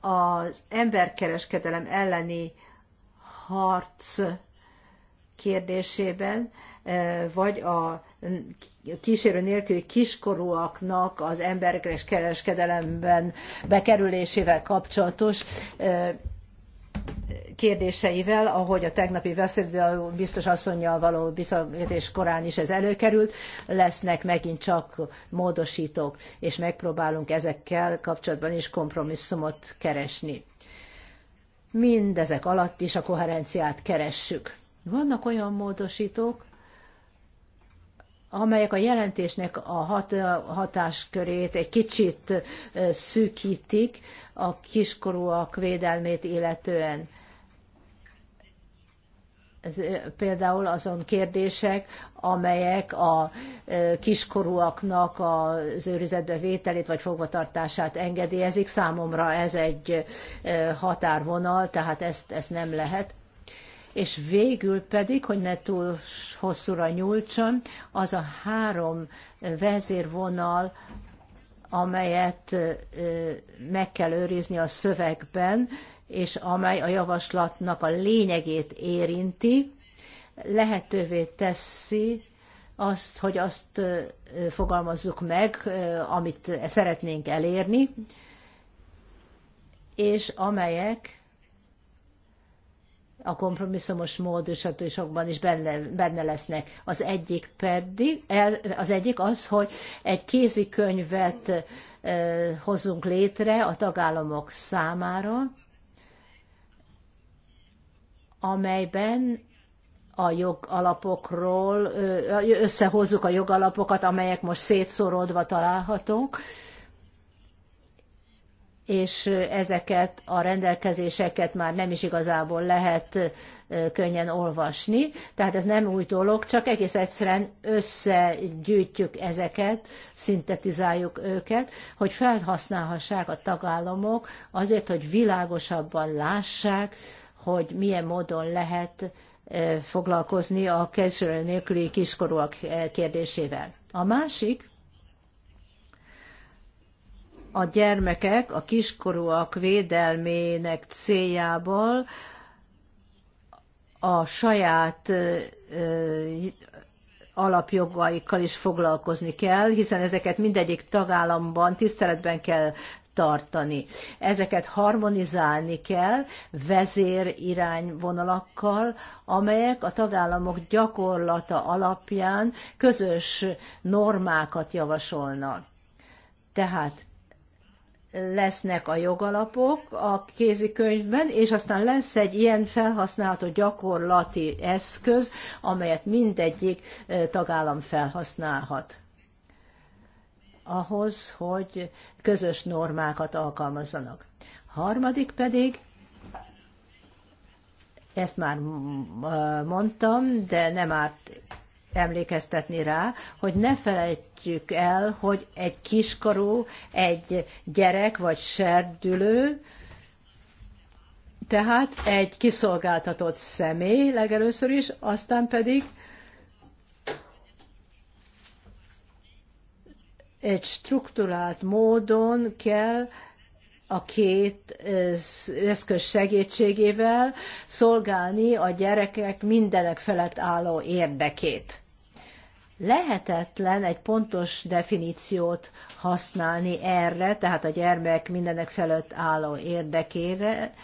az emberkereskedelem elleni harc kérdésében, vagy a kísérő nélkül kiskorúaknak az emberekes kereskedelemben bekerülésével kapcsolatos kérdéseivel, ahogy a tegnapi beszédő biztos asszonynal való beszélgetés korán is ez előkerült, lesznek megint csak módosítók, és megpróbálunk ezekkel kapcsolatban is kompromisszumot keresni. Mindezek alatt is a koherenciát keressük. Vannak olyan módosítók, amelyek a jelentésnek a hat, hatáskörét egy kicsit szűkítik a kiskorúak védelmét illetően. Például azon kérdések, amelyek a kiskorúaknak az őrizetbe vételét vagy fogvatartását engedélyezik. Számomra ez egy határvonal, tehát ezt, ezt nem lehet és végül pedig, hogy ne túl hosszúra nyúltson, az a három vezérvonal, amelyet meg kell őrizni a szövegben, és amely a javaslatnak a lényegét érinti, lehetővé teszi azt, hogy azt fogalmazzuk meg, amit szeretnénk elérni, és amelyek a kompromisszumos a is benne, benne lesznek. Az egyik, pedig, az egyik az, hogy egy kézikönyvet hozzunk létre a tagállamok számára, amelyben a jogalapokról, összehozzuk a jogalapokat, amelyek most szétszorodva találhatók, és ezeket a rendelkezéseket már nem is igazából lehet könnyen olvasni. Tehát ez nem új dolog, csak egész egyszerűen összegyűjtjük ezeket, szintetizáljuk őket, hogy felhasználhassák a tagállamok azért, hogy világosabban lássák, hogy milyen módon lehet foglalkozni a kezdőről nélküli kiskorúak kérdésével. A másik, a gyermekek, a kiskorúak védelmének céljából a saját alapjogaikkal is foglalkozni kell, hiszen ezeket mindegyik tagállamban tiszteletben kell tartani. Ezeket harmonizálni kell vezérirányvonalakkal, amelyek a tagállamok gyakorlata alapján közös normákat javasolnak. Tehát lesznek a jogalapok a kézikönyvben, és aztán lesz egy ilyen felhasználható gyakorlati eszköz, amelyet mindegyik tagállam felhasználhat ahhoz, hogy közös normákat alkalmazzanak. Harmadik pedig, ezt már mondtam, de nem árt emlékeztetni rá, hogy ne felejtjük el, hogy egy kiskorú, egy gyerek vagy serdülő, tehát egy kiszolgáltatott személy legelőször is, aztán pedig egy strukturált módon kell a két eszköz segítségével szolgálni a gyerekek mindenek felett álló érdekét. Lehetetlen egy pontos definíciót használni erre, tehát a gyermek mindenek felett álló érdekére,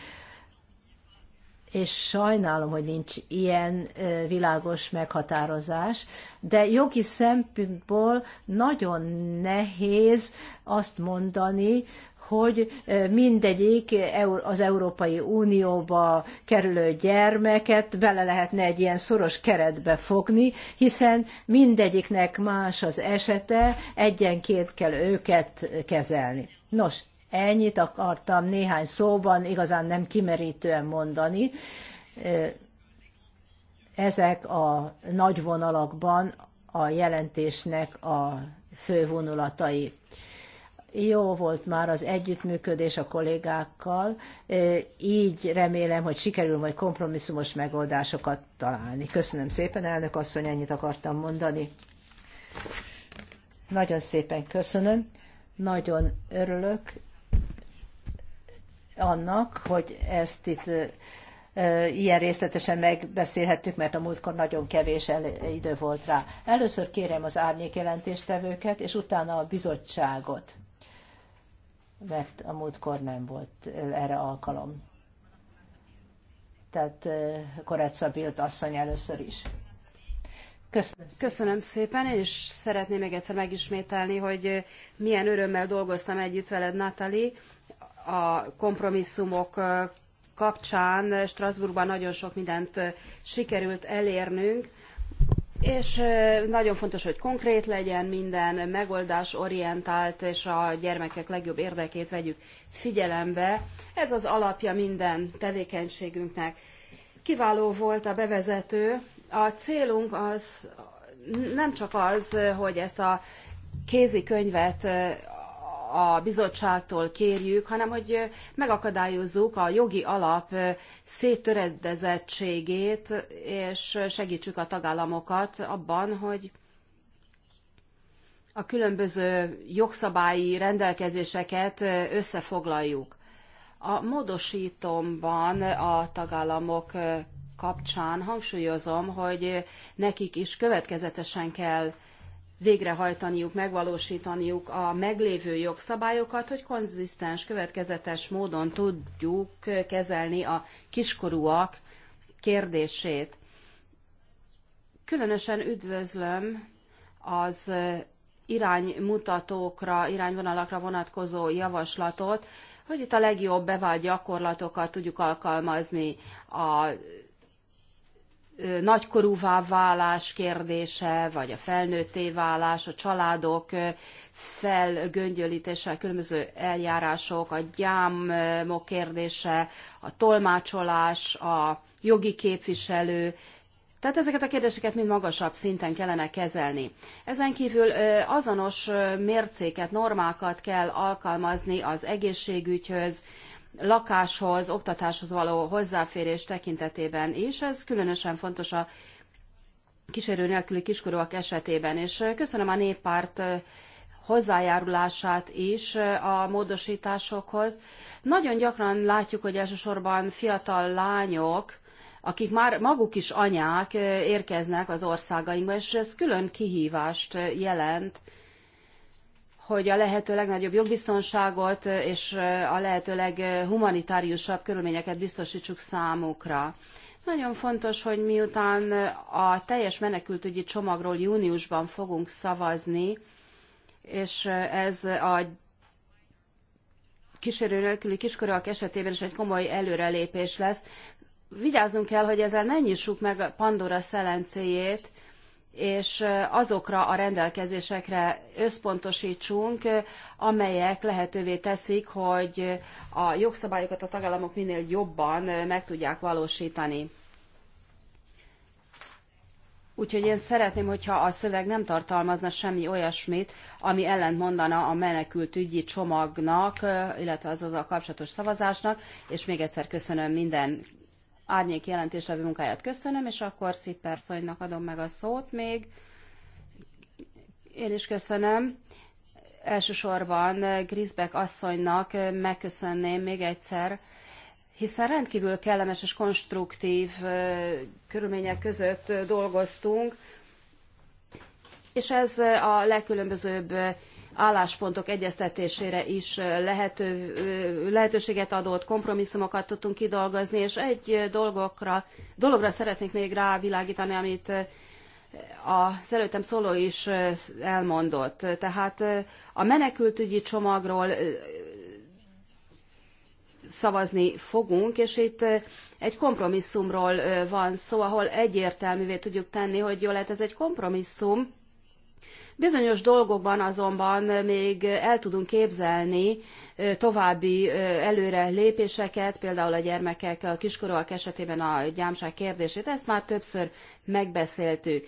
és sajnálom, hogy nincs ilyen világos meghatározás, de jogi szempontból nagyon nehéz azt mondani, hogy eh, mindegyik az Európai Unióba kerülő gyermeket bele lehetne egy ilyen szoros keretbe fogni, hiszen mindegyiknek más az esete, egyenként kell őket kezelni. Nos, ennyit akartam néhány szóban, igazán nem kimerítően mondani. Eh, ezek a nagy vonalakban a jelentésnek a fő vonulatai jó volt már az együttműködés a kollégákkal, e, így remélem, hogy sikerül majd kompromisszumos megoldásokat találni. Köszönöm szépen, elnök asszony, ennyit akartam mondani. Nagyon szépen köszönöm, nagyon örülök annak, hogy ezt itt e, e, ilyen részletesen megbeszélhettük, mert a múltkor nagyon kevés idő volt rá. Először kérem az árnyék jelentéstevőket, és utána a bizottságot mert a múltkor nem volt erre alkalom. Tehát Koretsa Bilt asszony először is. Köszönöm. Köszönöm szépen, és szeretném még egyszer megismételni, hogy milyen örömmel dolgoztam együtt veled, Natali, a kompromisszumok kapcsán Strasbourgban nagyon sok mindent sikerült elérnünk, és nagyon fontos, hogy konkrét legyen minden, megoldás orientált, és a gyermekek legjobb érdekét vegyük figyelembe. Ez az alapja minden tevékenységünknek. Kiváló volt a bevezető. A célunk az nem csak az, hogy ezt a kézikönyvet a bizottságtól kérjük, hanem hogy megakadályozzuk a jogi alap széttöredezettségét, és segítsük a tagállamokat abban, hogy a különböző jogszabályi rendelkezéseket összefoglaljuk. A módosítomban a tagállamok kapcsán hangsúlyozom, hogy nekik is következetesen kell végrehajtaniuk, megvalósítaniuk a meglévő jogszabályokat, hogy konzisztens, következetes módon tudjuk kezelni a kiskorúak kérdését. Különösen üdvözlöm az iránymutatókra, irányvonalakra vonatkozó javaslatot, hogy itt a legjobb bevált gyakorlatokat tudjuk alkalmazni a nagykorúvá válás kérdése, vagy a felnőtté válás, a családok felgöngyölítése, a különböző eljárások, a gyámok kérdése, a tolmácsolás, a jogi képviselő, tehát ezeket a kérdéseket mind magasabb szinten kellene kezelni. Ezen kívül azonos mércéket, normákat kell alkalmazni az egészségügyhöz, lakáshoz, oktatáshoz való hozzáférés tekintetében is. Ez különösen fontos a kísérő nélküli kiskorúak esetében, és köszönöm a néppárt hozzájárulását is a módosításokhoz. Nagyon gyakran látjuk, hogy elsősorban fiatal lányok, akik már maguk is anyák érkeznek az országainkba, és ez külön kihívást jelent hogy a lehető legnagyobb jogbiztonságot és a lehető leghumanitáriusabb körülményeket biztosítsuk számukra. Nagyon fontos, hogy miután a teljes menekültügyi csomagról júniusban fogunk szavazni, és ez a kísérő nélküli kiskorúak esetében is egy komoly előrelépés lesz. Vigyáznunk kell, hogy ezzel ne nyissuk meg a Pandora szelencéjét, és azokra a rendelkezésekre összpontosítsunk, amelyek lehetővé teszik, hogy a jogszabályokat a tagállamok minél jobban meg tudják valósítani. Úgyhogy én szeretném, hogyha a szöveg nem tartalmazna semmi olyasmit, ami ellent mondana a menekült ügyi csomagnak, illetve az azzal kapcsolatos szavazásnak, és még egyszer köszönöm minden árnyék jelentéslevő munkáját köszönöm, és akkor Szipperszonynak adom meg a szót még. Én is köszönöm. Elsősorban Grisbeck asszonynak megköszönném még egyszer, hiszen rendkívül kellemes és konstruktív körülmények között dolgoztunk, és ez a legkülönbözőbb álláspontok egyeztetésére is lehető, lehetőséget adott, kompromisszumokat tudtunk kidolgozni, és egy dolgokra, dologra szeretnék még rávilágítani, amit az előttem szóló is elmondott. Tehát a menekültügyi csomagról szavazni fogunk, és itt egy kompromisszumról van szó, ahol egyértelművé tudjuk tenni, hogy jó lehet ez egy kompromisszum, Bizonyos dolgokban azonban még el tudunk képzelni további előre lépéseket, például a gyermekek, a kiskorúak esetében a gyámság kérdését, ezt már többször megbeszéltük.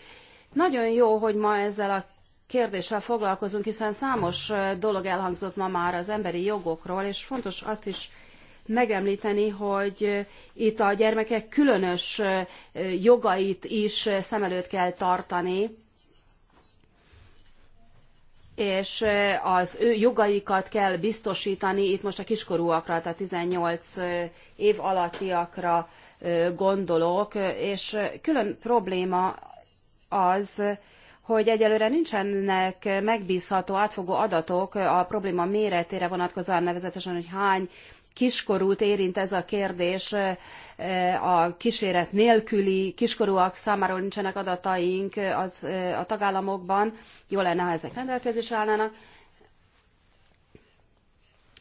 Nagyon jó, hogy ma ezzel a kérdéssel foglalkozunk, hiszen számos dolog elhangzott ma már az emberi jogokról, és fontos azt is megemlíteni, hogy itt a gyermekek különös jogait is szem előtt kell tartani, és az ő jogaikat kell biztosítani, itt most a kiskorúakra, tehát 18 év alattiakra gondolok, és külön probléma az, hogy egyelőre nincsenek megbízható, átfogó adatok a probléma méretére vonatkozóan, nevezetesen, hogy hány kiskorút érint ez a kérdés, a kíséret nélküli kiskorúak számáról nincsenek adataink az, a tagállamokban, jó lenne, ha ezek rendelkezésre állnának.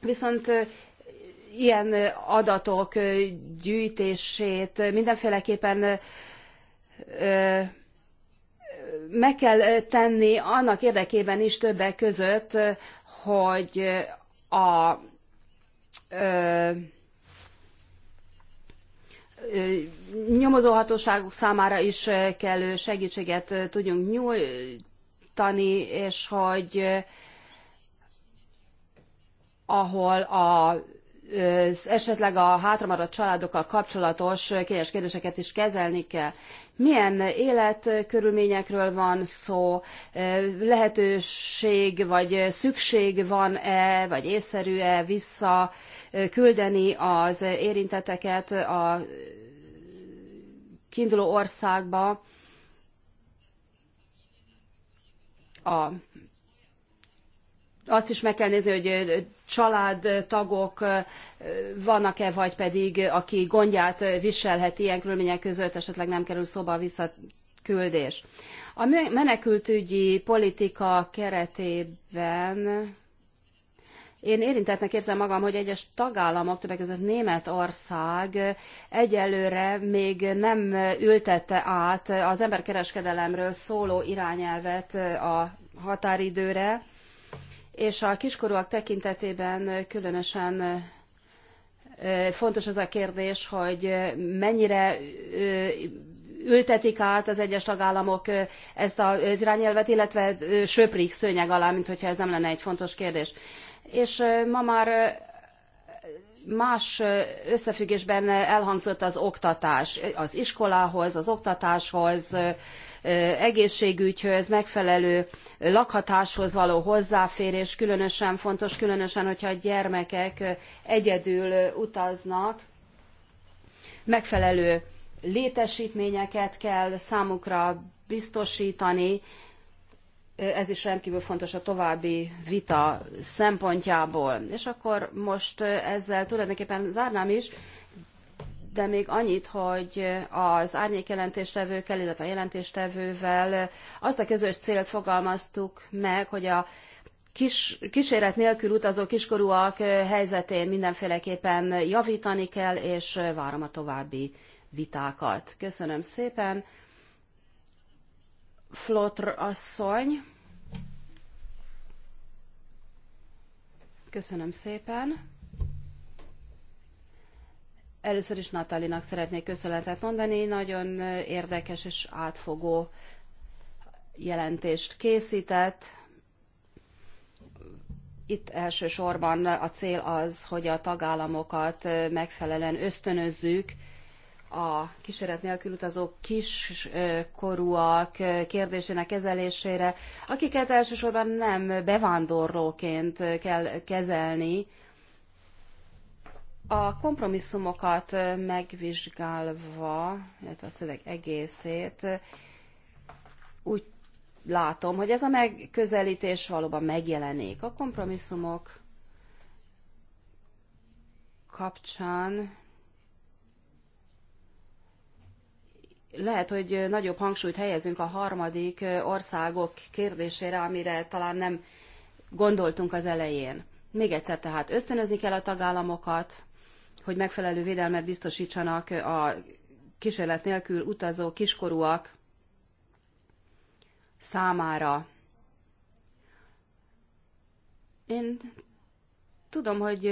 Viszont ilyen adatok gyűjtését mindenféleképpen meg kell tenni annak érdekében is többek között, hogy a nyomozóhatóságok számára is kellő segítséget tudjunk nyújtani, és hogy ahol a esetleg a hátramaradt családokkal kapcsolatos kényes kérdéseket is kezelni kell. Milyen életkörülményekről van szó, lehetőség vagy szükség van-e, vagy észszerű-e vissza küldeni az érintetteket a kiinduló országba a azt is meg kell nézni, hogy családtagok vannak-e, vagy pedig aki gondját viselhet ilyen körülmények között, esetleg nem kerül szóba a visszaküldés. A menekültügyi politika keretében én érintetnek érzem magam, hogy egyes tagállamok, többek között Németország egyelőre még nem ültette át az emberkereskedelemről szóló irányelvet a határidőre, és a kiskorúak tekintetében különösen fontos az a kérdés, hogy mennyire ültetik át az egyes tagállamok ezt az irányelvet, illetve söprik szőnyeg alá, mint hogyha ez nem lenne egy fontos kérdés és ma már más összefüggésben elhangzott az oktatás, az iskolához, az oktatáshoz, egészségügyhöz, megfelelő lakhatáshoz való hozzáférés különösen fontos, különösen, hogyha a gyermekek egyedül utaznak, megfelelő létesítményeket kell számukra biztosítani, ez is rendkívül fontos a további vita szempontjából. És akkor most ezzel tulajdonképpen zárnám is, de még annyit, hogy az árnyék jelentéstevőkkel, illetve a jelentéstevővel azt a közös célt fogalmaztuk meg, hogy a kis, kíséret nélkül utazó kiskorúak helyzetén mindenféleképpen javítani kell, és várom a további vitákat. Köszönöm szépen! Flotr asszony. Köszönöm szépen. Először is Natalinak szeretnék köszönetet mondani. Nagyon érdekes és átfogó jelentést készített. Itt elsősorban a cél az, hogy a tagállamokat megfelelően ösztönözzük, a kíséret nélkül utazók kiskorúak eh, kérdésének kezelésére, akiket elsősorban nem bevándorlóként kell kezelni. A kompromisszumokat megvizsgálva, illetve a szöveg egészét, úgy látom, hogy ez a megközelítés valóban megjelenik. A kompromisszumok kapcsán lehet, hogy nagyobb hangsúlyt helyezünk a harmadik országok kérdésére, amire talán nem gondoltunk az elején. Még egyszer tehát ösztönözni kell a tagállamokat, hogy megfelelő védelmet biztosítsanak a kísérlet nélkül utazó kiskorúak számára. Én tudom, hogy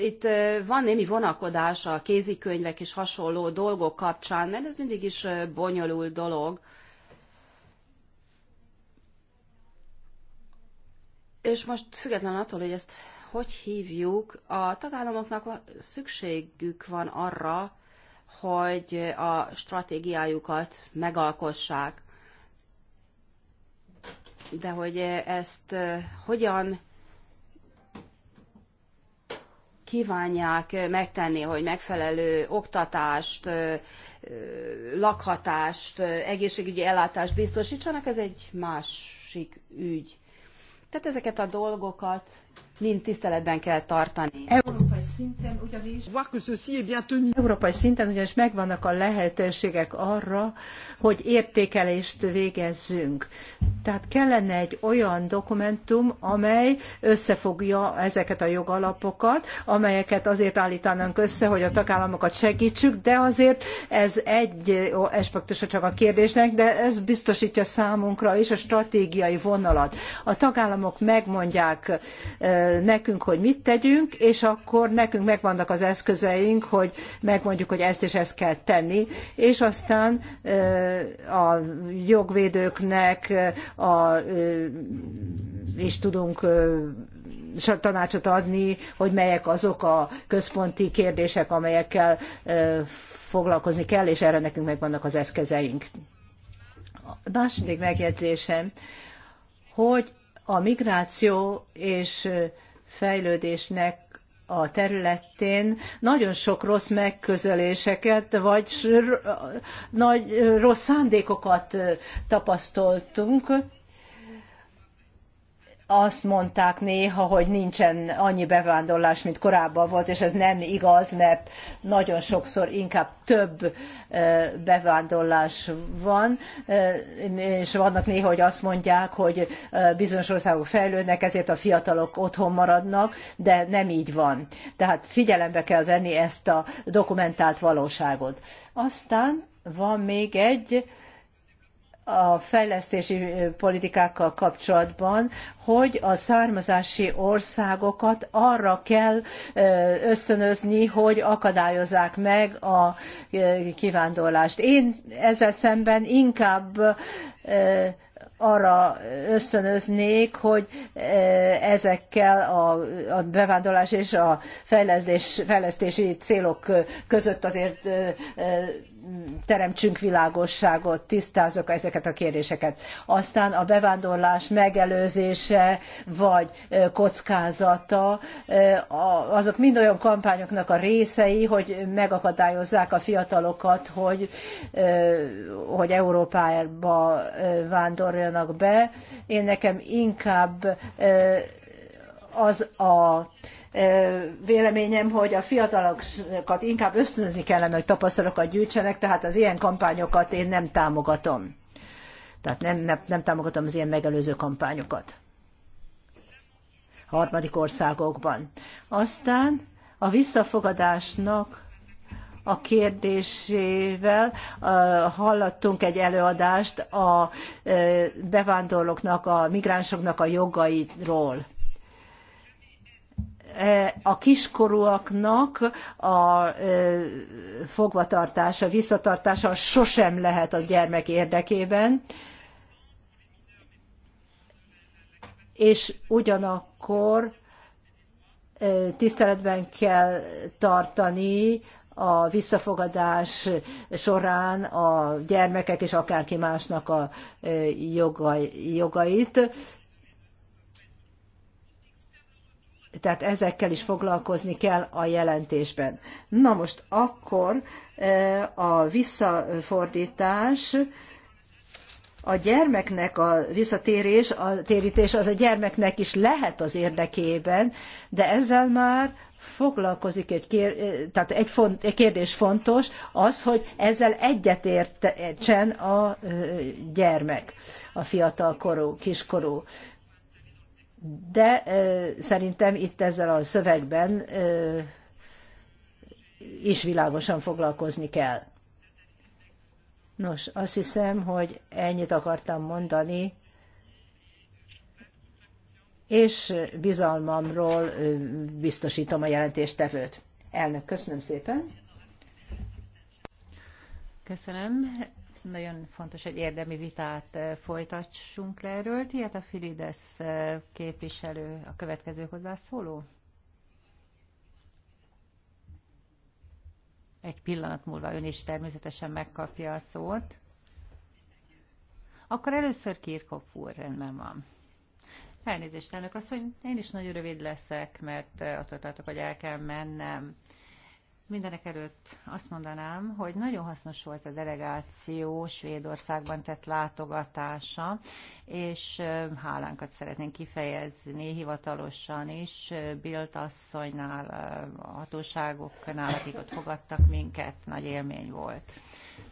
itt van némi vonakodás a kézikönyvek és hasonló dolgok kapcsán, mert ez mindig is bonyolult dolog. És most független attól, hogy ezt hogy hívjuk, a tagállamoknak szükségük van arra, hogy a stratégiájukat megalkossák. De hogy ezt hogyan kívánják megtenni, hogy megfelelő oktatást, lakhatást, egészségügyi ellátást biztosítsanak, ez egy másik ügy. Tehát ezeket a dolgokat mind tiszteletben kell tartani. Európa Európai szinten ugyanis, Európai szinten ugyanis megvannak a lehetőségek arra, hogy értékelést végezzünk. Tehát kellene egy olyan dokumentum, amely összefogja ezeket a jogalapokat, amelyeket azért állítanánk össze, hogy a tagállamokat segítsük, de azért ez egy aspektusa csak a kérdésnek, de ez biztosítja számunkra is a stratégiai vonalat. A tagállamok megmondják eh, nekünk, hogy mit tegyünk, és akkor akkor nekünk megvannak az eszközeink, hogy megmondjuk, hogy ezt és ezt kell tenni, és aztán a jogvédőknek a, is tudunk tanácsot adni, hogy melyek azok a központi kérdések, amelyekkel foglalkozni kell, és erre nekünk megvannak az eszközeink. A második megjegyzésem, hogy a migráció és fejlődésnek a területén nagyon sok rossz megközeléseket, vagy nagy rossz szándékokat tapasztaltunk, azt mondták néha, hogy nincsen annyi bevándorlás, mint korábban volt, és ez nem igaz, mert nagyon sokszor inkább több bevándorlás van, és vannak néha, hogy azt mondják, hogy bizonyos országok fejlődnek, ezért a fiatalok otthon maradnak, de nem így van. Tehát figyelembe kell venni ezt a dokumentált valóságot. Aztán van még egy a fejlesztési politikákkal kapcsolatban, hogy a származási országokat arra kell ösztönözni, hogy akadályozzák meg a kivándorlást. Én ezzel szemben inkább arra ösztönöznék, hogy ezekkel a, a bevándorlás és a fejlesztés, fejlesztési célok között azért teremtsünk világosságot, tisztázzuk ezeket a kérdéseket. Aztán a bevándorlás megelőzése vagy kockázata, azok mind olyan kampányoknak a részei, hogy megakadályozzák a fiatalokat, hogy, hogy Európába vándoroljanak be. Én nekem inkább az a véleményem, hogy a fiatalokat inkább ösztönözni kellene, hogy tapasztalatokat gyűjtsenek, tehát az ilyen kampányokat én nem támogatom. Tehát nem, nem, nem támogatom az ilyen megelőző kampányokat harmadik országokban. Aztán a visszafogadásnak a kérdésével hallottunk egy előadást a bevándorlóknak, a migránsoknak a jogairól a kiskorúaknak a fogvatartása, visszatartása sosem lehet a gyermek érdekében, és ugyanakkor tiszteletben kell tartani a visszafogadás során a gyermekek és akárki másnak a jogait, Tehát ezekkel is foglalkozni kell a jelentésben. Na most akkor e, a visszafordítás, a gyermeknek a visszatérés, a térítés az a gyermeknek is lehet az érdekében, de ezzel már foglalkozik egy, kérdés, e, tehát egy, font, egy kérdés fontos, az, hogy ezzel egyetértsen a e, gyermek, a fiatalkorú, kiskorú de szerintem itt ezzel a szövegben is világosan foglalkozni kell. Nos, azt hiszem, hogy ennyit akartam mondani, és bizalmamról biztosítom a jelentéstevőt. Elnök, köszönöm szépen. Köszönöm nagyon fontos egy érdemi vitát eh, folytassunk le erről. Tiet a Filides eh, képviselő a következő hozzászóló. Egy pillanat múlva ön is természetesen megkapja a szót. Akkor először Kirkop úr, rendben van. Elnézést, elnök asszony, én is nagyon rövid leszek, mert eh, attól tartok, hogy el kell mennem. Mindenek előtt azt mondanám, hogy nagyon hasznos volt a delegáció Svédországban tett látogatása, és hálánkat szeretnénk kifejezni hivatalosan is Bilt asszonynál, hatóságoknál, akik ott fogadtak minket, nagy élmény volt.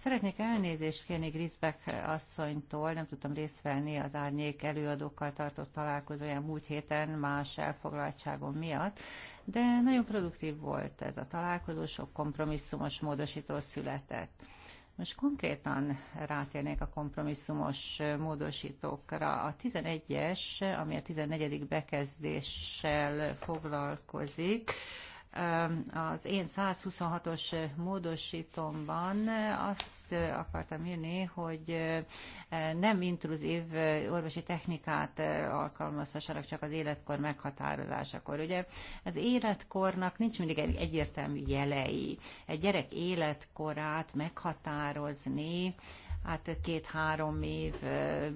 Szeretnék elnézést kérni Grisbeck asszonytól, nem tudtam részt venni az árnyék előadókkal tartott találkozóján múlt héten más elfoglaltságom miatt, de nagyon produktív volt ez a találkozó, sok kompromisszumos módosító született. Most konkrétan rátérnék a kompromisszumos módosítókra. A 11-es, ami a 14. bekezdéssel foglalkozik, az én 126-os módosítomban azt akartam írni, hogy nem intruzív orvosi technikát alkalmazhassanak csak az életkor meghatározásakor. Ugye az életkornak nincs mindig egy egyértelmű jelei. Egy gyerek életkorát meghatározni, hát két-három év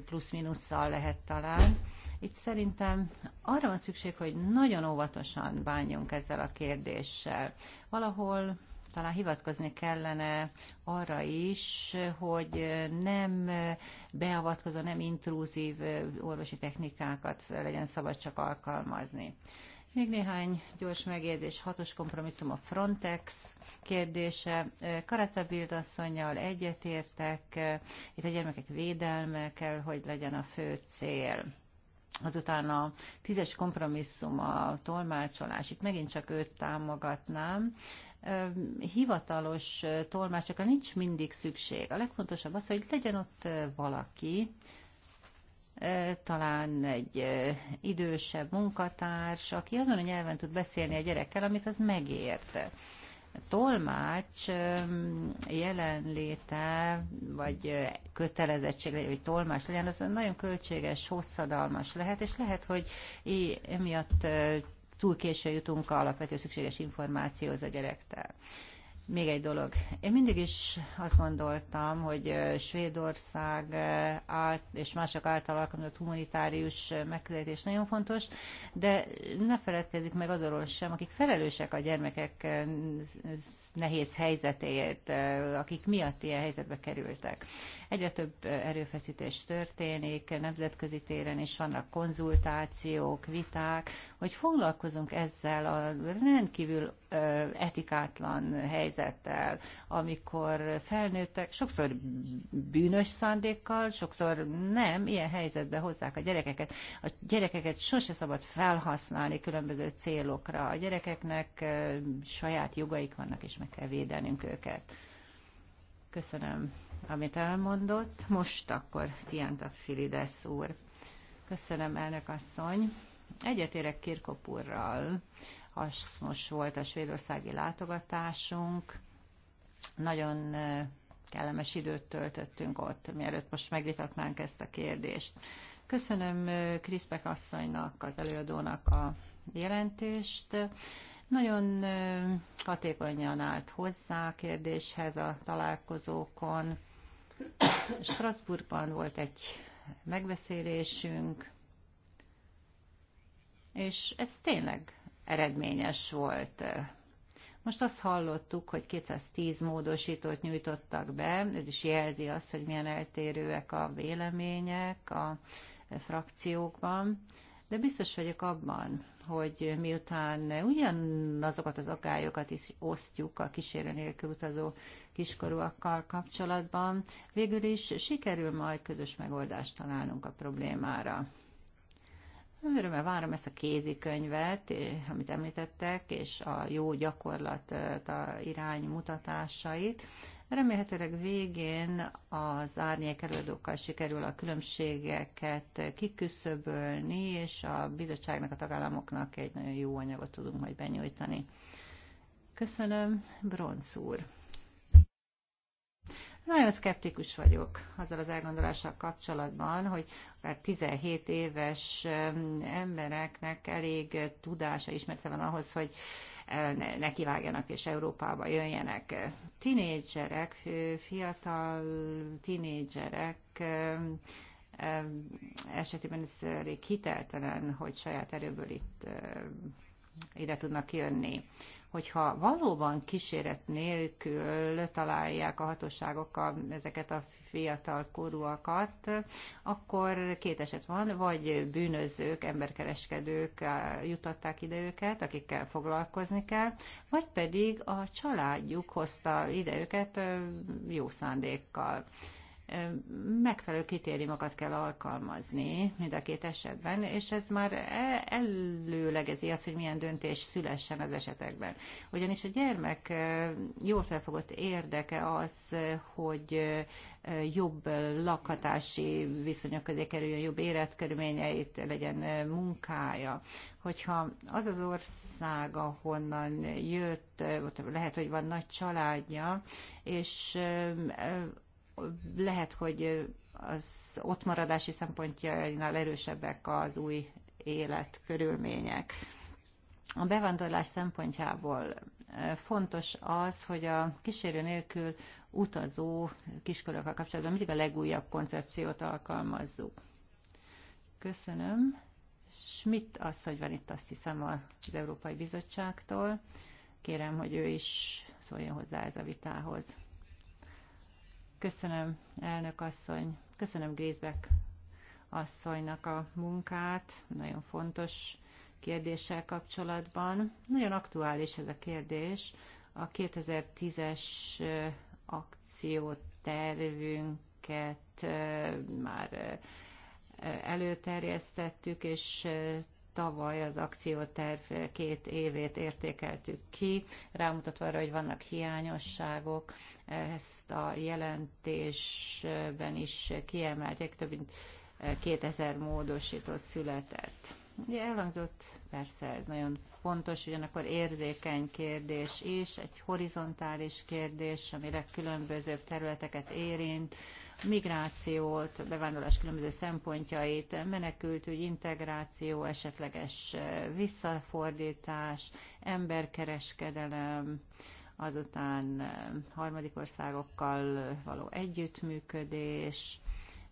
plusz-minusszal lehet talán, itt szerintem arra van szükség, hogy nagyon óvatosan bánjunk ezzel a kérdéssel. Valahol talán hivatkozni kellene arra is, hogy nem beavatkozó, nem intrúzív orvosi technikákat legyen szabad csak alkalmazni. Még néhány gyors megjegyzés, hatos kompromisszum a Frontex kérdése. Karaca Bildasszonynal egyetértek, itt a gyermekek védelme kell, hogy legyen a fő cél. Azután a tízes kompromisszum, a tolmácsolás, itt megint csak őt támogatnám. Hivatalos tolmácsokra nincs mindig szükség. A legfontosabb az, hogy legyen ott valaki, talán egy idősebb munkatárs, aki azon a nyelven tud beszélni a gyerekkel, amit az megért tolmács jelenléte, vagy kötelezettség, hogy tolmács legyen, az nagyon költséges, hosszadalmas lehet, és lehet, hogy emiatt túl későn jutunk alapvető szükséges információhoz a gyerektel. Még egy dolog. Én mindig is azt gondoltam, hogy Svédország ált, és mások által alkalmazott humanitárius megközelítés nagyon fontos, de ne feledkezzük meg azról sem, akik felelősek a gyermekek nehéz helyzetéért, akik miatt ilyen helyzetbe kerültek. Egyre több erőfeszítés történik, nemzetközi téren is vannak konzultációk, viták, hogy foglalkozunk ezzel a rendkívül etikátlan helyzettel, helyzettel, amikor felnőttek, sokszor bűnös szándékkal, sokszor nem, ilyen helyzetbe hozzák a gyerekeket. A gyerekeket sose szabad felhasználni különböző célokra. A gyerekeknek saját jogaik vannak, és meg kell védenünk őket. Köszönöm, amit elmondott. Most akkor Tianta Filides úr. Köszönöm, elnök asszony. Egyetérek Kirkop úrral hasznos volt a svédországi látogatásunk. Nagyon kellemes időt töltöttünk ott, mielőtt most megvitatnánk ezt a kérdést. Köszönöm Kriszpek asszonynak, az előadónak a jelentést. Nagyon hatékonyan állt hozzá a kérdéshez a találkozókon. Strasbourgban volt egy megbeszélésünk, és ez tényleg eredményes volt. Most azt hallottuk, hogy 210 módosítót nyújtottak be, ez is jelzi azt, hogy milyen eltérőek a vélemények a frakciókban, de biztos vagyok abban, hogy miután ugyanazokat az akályokat is osztjuk a kísérő nélkül utazó kiskorúakkal kapcsolatban, végül is sikerül majd közös megoldást találnunk a problémára. Örömmel várom ezt a kézikönyvet, eh, amit említettek, és a jó gyakorlat eh, a irány mutatásait. Remélhetőleg végén az árnyék előadókkal sikerül a különbségeket kiküszöbölni, és a bizottságnak, a tagállamoknak egy nagyon jó anyagot tudunk majd benyújtani. Köszönöm, Bronz úr! Nagyon szkeptikus vagyok azzal az elgondolással kapcsolatban, hogy akár 17 éves embereknek elég tudása, ismerete van ahhoz, hogy kivágjanak és Európába jöjjenek. Tinédzserek, fiatal tinédzserek esetében ez elég hiteltelen, hogy saját erőből itt ide tudnak jönni hogyha valóban kíséret nélkül találják a hatóságok a, ezeket a fiatal korúakat, akkor két eset van, vagy bűnözők, emberkereskedők jutották ide őket, akikkel foglalkozni kell, vagy pedig a családjuk hozta ide őket jó szándékkal megfelelő kritériumokat kell alkalmazni mind a két esetben, és ez már e, előlegezi azt, hogy milyen döntés szülessen az esetekben. Ugyanis a gyermek jól felfogott érdeke az, hogy jobb lakhatási viszonyok közé kerüljön, jobb életkörülményeit, legyen munkája. Hogyha az az ország, ahonnan jött, ott lehet, hogy van nagy családja, és lehet, hogy az ott maradási szempontjainál erősebbek az új életkörülmények. A bevándorlás szempontjából fontos az, hogy a kísérő nélkül utazó kiskorokkal kapcsolatban mindig a legújabb koncepciót alkalmazzuk. Köszönöm. Schmidt hogy van itt, azt hiszem, az Európai Bizottságtól. Kérem, hogy ő is szóljon hozzá ez a vitához. Köszönöm, elnök asszony. Köszönöm Grészbek asszonynak a munkát. Nagyon fontos kérdéssel kapcsolatban. Nagyon aktuális ez a kérdés. A 2010-es akciótervünket már előterjesztettük, és tavaly az akcióterv két évét értékeltük ki, rámutatva arra, hogy vannak hiányosságok, ezt a jelentésben is kiemelték, több mint 2000 módosító született. Ugye elhangzott, persze ez nagyon fontos, ugyanakkor érzékeny kérdés is, egy horizontális kérdés, amire különböző területeket érint, migrációt, bevándorlás különböző szempontjait, menekültügy, integráció, esetleges eh, visszafordítás, emberkereskedelem, azután eh, harmadik országokkal való együttműködés,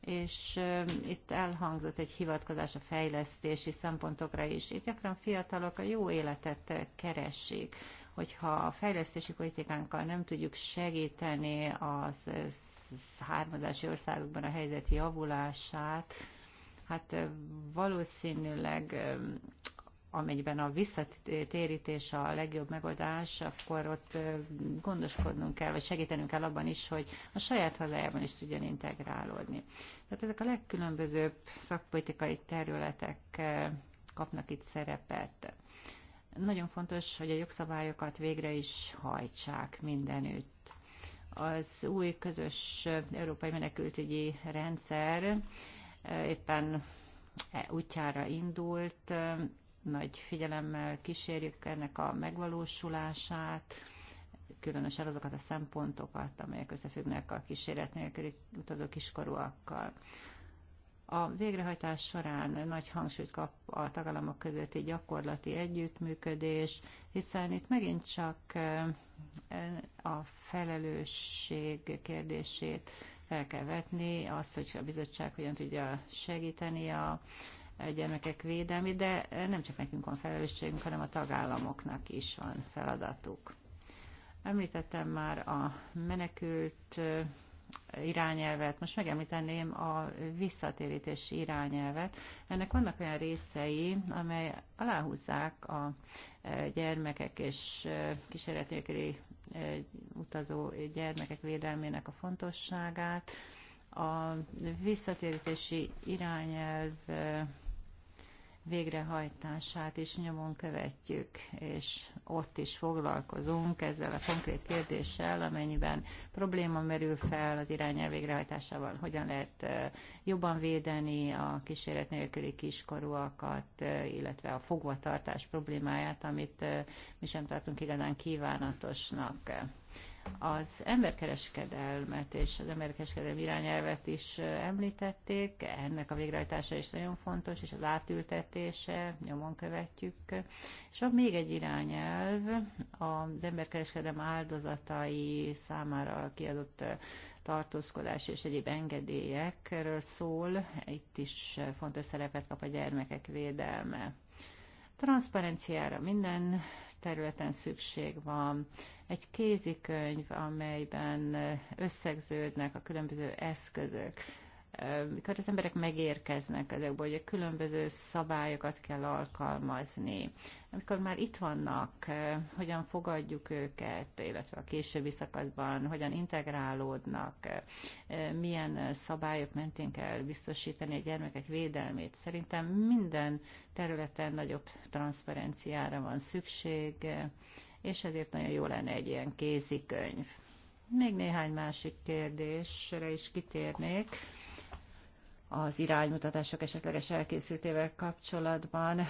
és eh, itt elhangzott egy hivatkozás a fejlesztési szempontokra is. Itt gyakran fiatalok a jó életet keresik hogyha a fejlesztési politikánkkal nem tudjuk segíteni az származási országokban a helyzet javulását, hát valószínűleg amelyben a visszatérítés a legjobb megoldás, akkor ott gondoskodnunk kell, vagy segítenünk kell abban is, hogy a saját hazájában is tudjon integrálódni. Tehát ezek a legkülönbözőbb szakpolitikai területek kapnak itt szerepet. Nagyon fontos, hogy a jogszabályokat végre is hajtsák mindenütt az új közös európai menekültügyi rendszer e, éppen e útjára indult, e, nagy figyelemmel kísérjük ennek a megvalósulását, különösen azokat a szempontokat, amelyek összefüggnek a kísérlet nélküli utazó kiskorúakkal. A végrehajtás során nagy hangsúlyt kap a tagállamok közötti gyakorlati együttműködés, hiszen itt megint csak eh, a felelősség kérdését fel kell vetni, azt, hogy a bizottság hogyan tudja segíteni a gyermekek védelmét, de nem csak nekünk van felelősségünk, hanem a tagállamoknak is van feladatuk. Említettem már a menekült irányelvet, most megemlíteném a visszatérítési irányelvet. Ennek vannak olyan részei, amely aláhúzzák a e, gyermekek és e, kísérletékeli e, utazó gyermekek védelmének a fontosságát. A visszatérítési irányelv végrehajtását is nyomon követjük, és ott is foglalkozunk ezzel a konkrét kérdéssel, amennyiben probléma merül fel az irányelv végrehajtásával, hogyan lehet jobban védeni a kísérlet nélküli kiskorúakat, illetve a fogvatartás problémáját, amit mi sem tartunk igazán kívánatosnak. Az emberkereskedelmet és az emberkereskedelem irányelvet is említették, ennek a végrehajtása is nagyon fontos, és az átültetése, nyomon követjük. És van még egy irányelv, az emberkereskedelem áldozatai számára kiadott tartózkodás és egyéb engedélyekről szól, itt is fontos szerepet kap a gyermekek védelme. Transzparenciára minden területen szükség van. Egy kézikönyv, amelyben összegződnek a különböző eszközök mikor az emberek megérkeznek ezekből, hogy a különböző szabályokat kell alkalmazni, amikor már itt vannak, eh, hogyan fogadjuk őket, illetve a későbbi szakaszban, hogyan integrálódnak, eh, milyen szabályok mentén kell biztosítani a gyermekek védelmét. Szerintem minden területen nagyobb transzferenciára van szükség, eh, és ezért nagyon jó lenne egy ilyen kézikönyv. Még néhány másik kérdésre is kitérnék az iránymutatások esetleges elkészültével kapcsolatban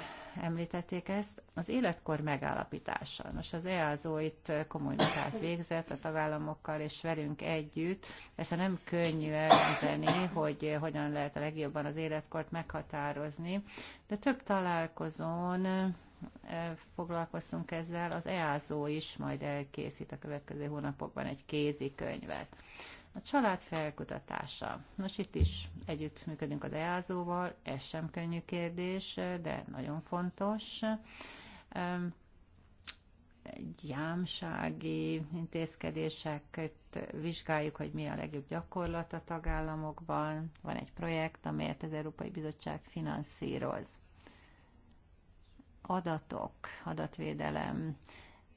említették ezt. Az életkor megállapítása. Most az EASO itt komoly munkát végzett a tagállamokkal és velünk együtt. Ezt nem könnyű eldönteni, hogy hogyan lehet a legjobban az életkort meghatározni, de több találkozón eh, foglalkoztunk ezzel, az EASO is majd elkészít a következő hónapokban egy kézikönyvet. A család felkutatása. Most itt is együttműködünk az EASO-val, ez sem könnyű kérdés, de nagyon fontos gyámsági intézkedéseket vizsgáljuk, hogy mi a legjobb gyakorlat a tagállamokban. Van egy projekt, amelyet az Európai Bizottság finanszíroz. Adatok, adatvédelem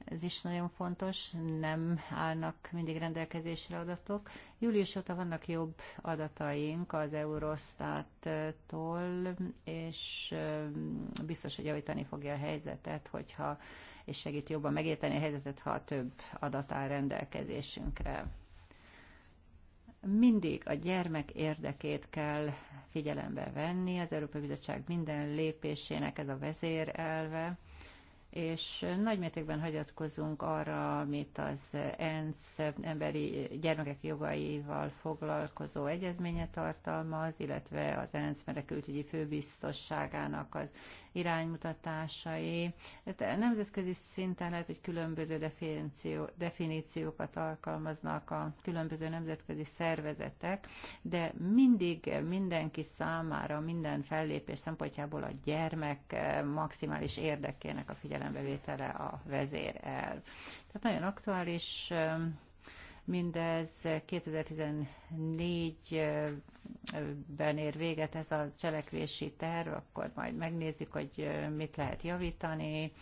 ez is nagyon fontos, nem állnak mindig rendelkezésre adatok. Július óta vannak jobb adataink az Eurostat-tól, és biztos, hogy javítani fogja a helyzetet, hogyha, és segít jobban megérteni a helyzetet, ha több adat áll rendelkezésünkre. Mindig a gyermek érdekét kell figyelembe venni, az Európai Bizottság minden lépésének ez a vezérelve és nagymértékben hagyatkozunk arra, amit az ENSZ emberi gyermekek jogaival foglalkozó egyezménye tartalmaz, illetve az ENSZ menekültügyi főbiztosságának az iránymutatásai. Tehát nemzetközi szinten lehet, hogy különböző definíció, definíciókat alkalmaznak a különböző nemzetközi szervezetek, de mindig mindenki számára, minden fellépés szempontjából a gyermek maximális érdekének a figyelembevétele a vezérelv. Tehát nagyon aktuális Mindez 2014-ben ér véget ez a cselekvési terv, akkor majd megnézzük, hogy mit lehet javítani.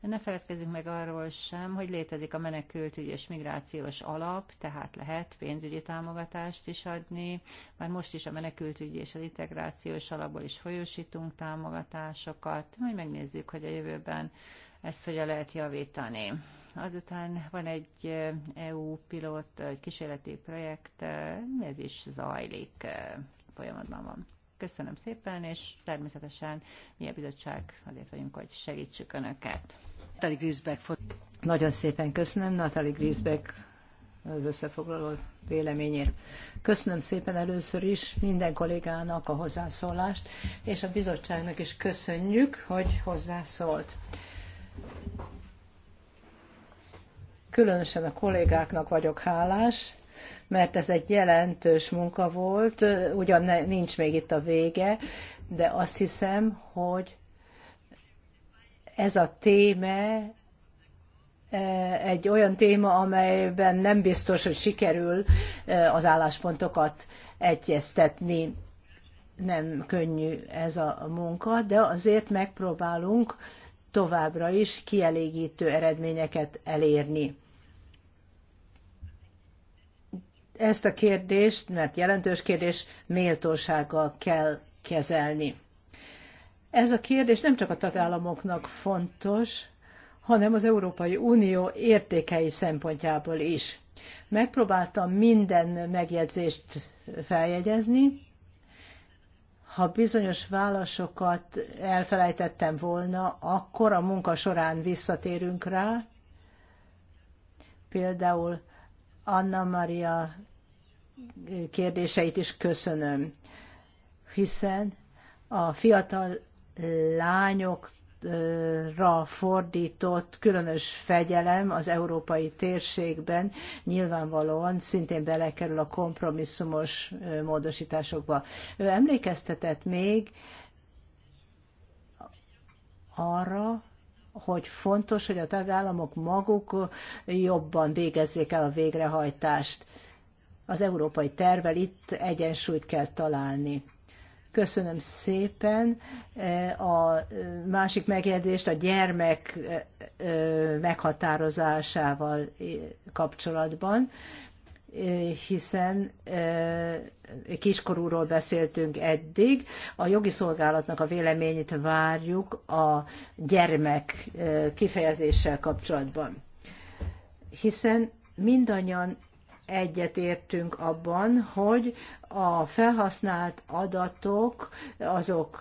Ne feledkezzünk meg arról sem, hogy létezik a menekültügy és migrációs alap, tehát lehet pénzügyi támogatást is adni. Már most is a menekültügy és az integrációs alapból is folyósítunk támogatásokat. Majd megnézzük, hogy a jövőben ezt hogyan lehet javítani. Azután van egy EU eh, e pilot, egy kísérleti projekt, eh, ez is zajlik, eh, folyamatban van. Köszönöm szépen, és természetesen mi a bizottság azért vagyunk, hogy segítsük Önöket. Nagyon szépen köszönöm, Natalie Griesbeck az összefoglaló véleményért. Köszönöm szépen először is minden kollégának a hozzászólást, és a bizottságnak is köszönjük, hogy hozzászólt. Különösen a kollégáknak vagyok hálás, mert ez egy jelentős munka volt, ugyan nincs még itt a vége, de azt hiszem, hogy ez a téma e, egy olyan téma, amelyben nem biztos, hogy sikerül e, az álláspontokat egyeztetni. Nem könnyű ez a munka, de azért megpróbálunk továbbra is kielégítő eredményeket elérni. Ezt a kérdést, mert jelentős kérdés, méltósággal kell kezelni. Ez a kérdés nem csak a tagállamoknak fontos, hanem az Európai Unió értékei szempontjából is. Megpróbáltam minden megjegyzést feljegyezni, ha bizonyos válaszokat elfelejtettem volna, akkor a munka során visszatérünk rá. Például Anna Maria kérdéseit is köszönöm, hiszen a fiatal lányok ra fordított különös fegyelem az európai térségben nyilvánvalóan szintén belekerül a kompromisszumos módosításokba. Ő emlékeztetett még arra, hogy fontos, hogy a tagállamok maguk jobban végezzék el a végrehajtást. Az európai tervel itt egyensúlyt kell találni Köszönöm szépen. Eh, a eh, másik megjegyzést a gyermek eh, meghatározásával kapcsolatban, hiszen kiskorúról beszéltünk eddig. A jogi szolgálatnak a véleményét várjuk a gyermek kifejezéssel kapcsolatban. Hiszen mindannyian egyetértünk abban, hogy a felhasznált adatok azok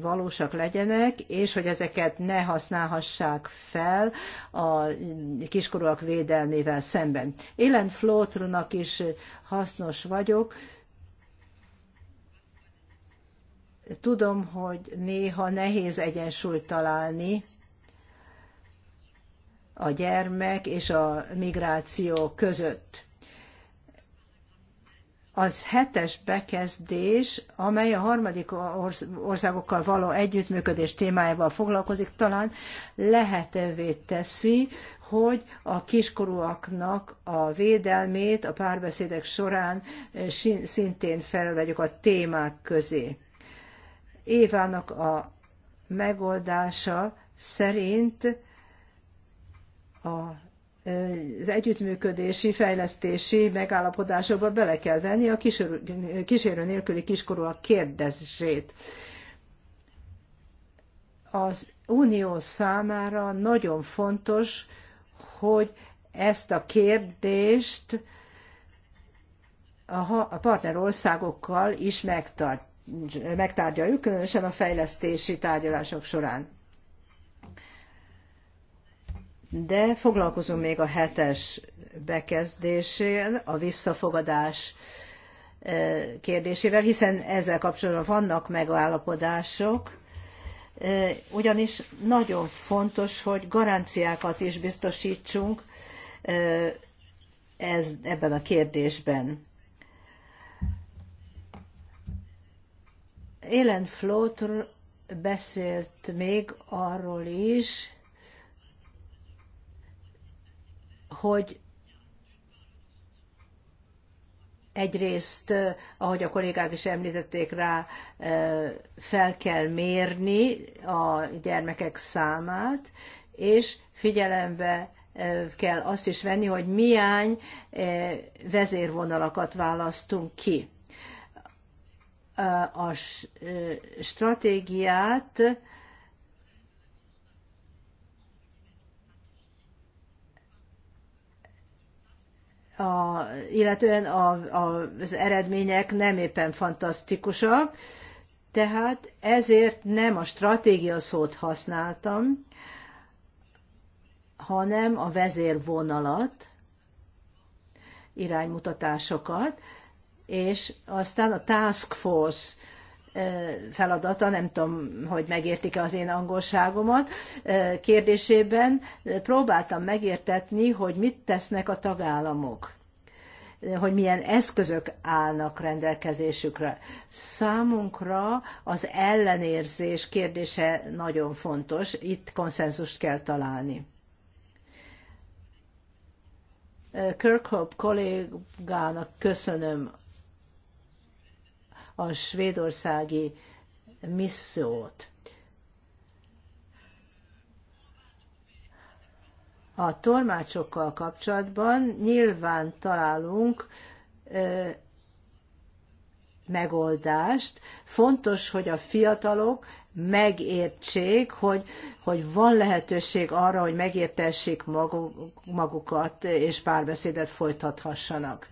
valósak legyenek, és hogy ezeket ne használhassák fel a kiskorúak védelmével szemben. Élen Flótrunak is hasznos vagyok. Tudom, hogy néha nehéz egyensúlyt találni, a gyermek és a migráció között az hetes bekezdés, amely a harmadik országokkal való együttműködés témájával foglalkozik, talán lehetővé teszi, hogy a kiskorúaknak a védelmét a párbeszédek során eh, szintén felvegyük a témák közé. Évának a megoldása szerint a az együttműködési, fejlesztési megállapodásokba bele kell venni a kísérő, nélküli kiskorúak kérdését Az unió számára nagyon fontos, hogy ezt a kérdést a partnerországokkal is megtart, megtárgyaljuk, különösen a fejlesztési tárgyalások során de foglalkozunk még a hetes bekezdésén, a visszafogadás e, kérdésével, hiszen ezzel kapcsolatban vannak megállapodások, e, ugyanis nagyon fontos, hogy garanciákat is biztosítsunk e, ez, ebben a kérdésben. Élen Flótr beszélt még arról is, hogy egyrészt, eh, ahogy a kollégák is említették rá, eh, fel kell mérni a gyermekek számát, és figyelembe eh, kell azt is venni, hogy milyen vezérvonalakat választunk ki. A stratégiát a, illetően a, a, az eredmények nem éppen fantasztikusak, tehát ezért nem a stratégia szót használtam, hanem a vezérvonalat, iránymutatásokat, és aztán a task force feladata, nem tudom, hogy megértik-e az én angolságomat, kérdésében próbáltam megértetni, hogy mit tesznek a tagállamok hogy milyen eszközök állnak rendelkezésükre. Számunkra az ellenérzés kérdése nagyon fontos, itt konszenzust kell találni. Kirkhope kollégának köszönöm a svédországi missziót. A tolmácsokkal kapcsolatban nyilván találunk ö, megoldást. Fontos, hogy a fiatalok megértsék, hogy, hogy van lehetőség arra, hogy megértessék maguk, magukat, és párbeszédet folytathassanak.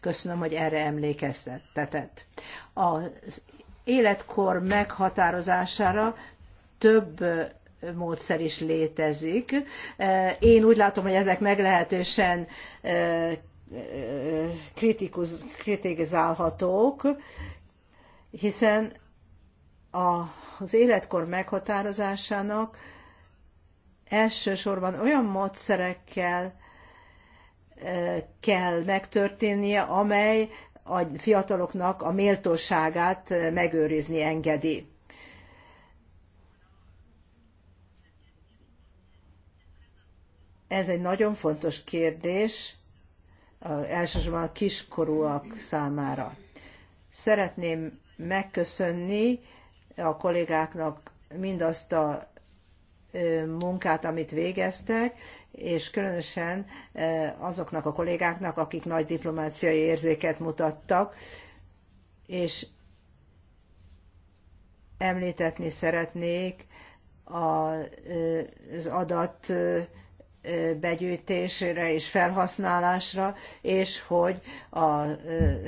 Köszönöm, hogy erre emlékeztetett. Az életkor meghatározására több módszer is létezik. Én úgy látom, hogy ezek meglehetősen kritikus, kritikizálhatók, hiszen az életkor meghatározásának elsősorban olyan módszerekkel kell megtörténnie, amely a fiataloknak a méltóságát megőrizni engedi. Ez egy nagyon fontos kérdés, elsősorban a kiskorúak számára. Szeretném megköszönni a kollégáknak mindazt a munkát, amit végeztek, és különösen azoknak a kollégáknak, akik nagy diplomáciai érzéket mutattak, és említetni szeretnék az adat begyűjtésére és felhasználásra, és hogy a,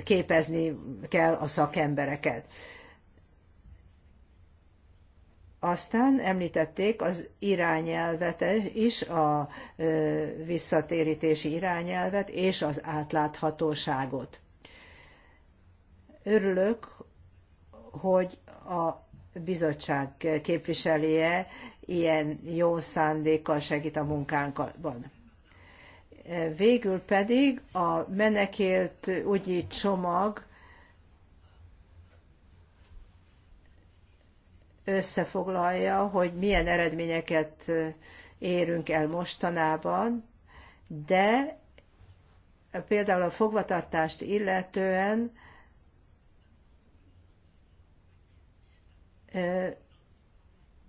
képezni kell a szakembereket. Aztán említették az irányelvet is, a visszatérítési irányelvet és az átláthatóságot. Örülök, hogy a bizottság képviselője ilyen jó szándékkal segít a munkánkban. Végül pedig a menekült ügyi csomag összefoglalja, hogy milyen eredményeket érünk el mostanában, de például a fogvatartást illetően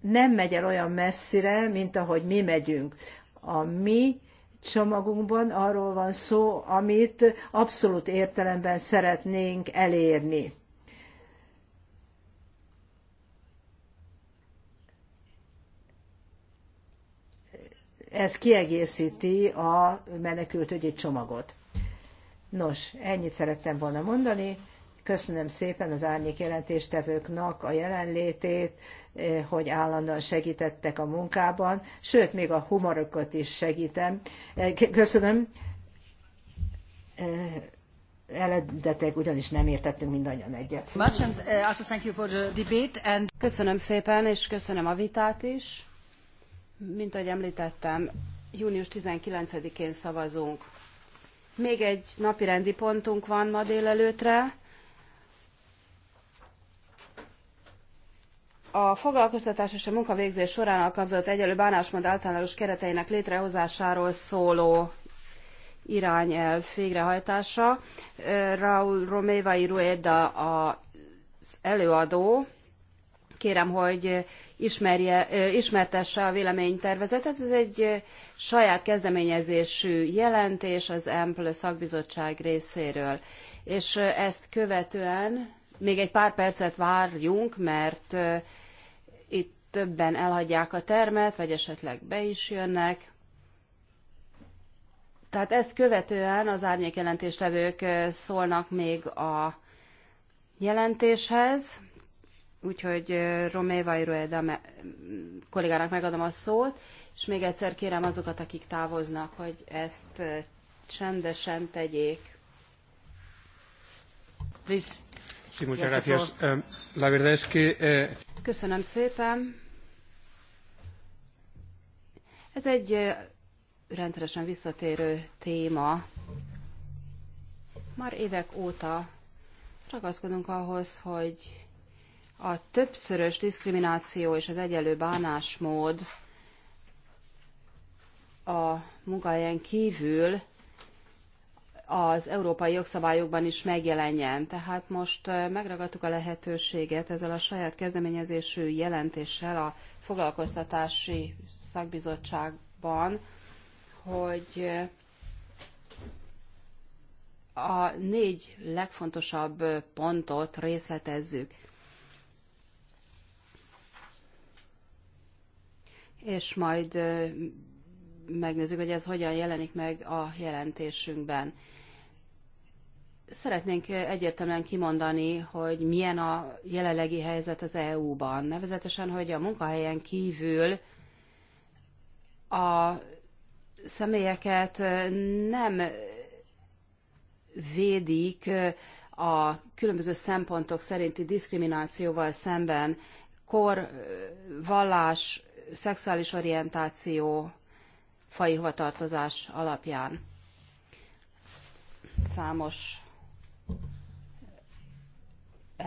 nem megy el olyan messzire, mint ahogy mi megyünk. A mi csomagunkban arról van szó, amit abszolút értelemben szeretnénk elérni. ez kiegészíti a menekültügyi csomagot. Nos, ennyit szerettem volna mondani. Köszönöm szépen az árnyék jelentéstevőknak a jelenlétét, eh, hogy állandóan segítettek a munkában, sőt, még a humorokat is segítem. Eh, köszönöm. Eledetek, eh, ugyanis nem értettünk mindannyian egyet. Köszönöm szépen, és köszönöm a vitát is. Mint ahogy említettem, június 19-én szavazunk. Még egy napi rendi pontunk van ma délelőtre. A foglalkoztatás és a munkavégzés során alkalmazott egyelő bánásmód általános kereteinek létrehozásáról szóló irányelv végrehajtása. Raúl Romeva Irueda az előadó. Kérem, hogy ismerje, ismertesse a véleménytervezetet. Ez egy saját kezdeményezésű jelentés az EMPL szakbizottság részéről. És ezt követően még egy pár percet várjunk, mert itt többen elhagyják a termet, vagy esetleg be is jönnek. Tehát ezt követően az árnyékjelentéstevők szólnak még a jelentéshez. Úgyhogy Roméva Irueda kollégának megadom a szót, és még egyszer kérem azokat, akik távoznak, hogy ezt csendesen tegyék. Please. Eh, Köszönöm szépen. Ez egy rendszeresen visszatérő téma. Már évek óta ragaszkodunk ahhoz, hogy a többszörös diszkrimináció és az egyenlő bánásmód a munkahelyen kívül az európai jogszabályokban is megjelenjen. Tehát most megragadtuk a lehetőséget ezzel a saját kezdeményezésű jelentéssel a foglalkoztatási szakbizottságban, hogy a négy legfontosabb pontot részletezzük. és majd megnézzük, hogy ez hogyan jelenik meg a jelentésünkben. Szeretnénk egyértelműen kimondani, hogy milyen a jelenlegi helyzet az EU-ban. Nevezetesen, hogy a munkahelyen kívül a személyeket nem védik a különböző szempontok szerinti diszkriminációval szemben kor, vallás, szexuális orientáció, fai hovatartozás alapján. Számos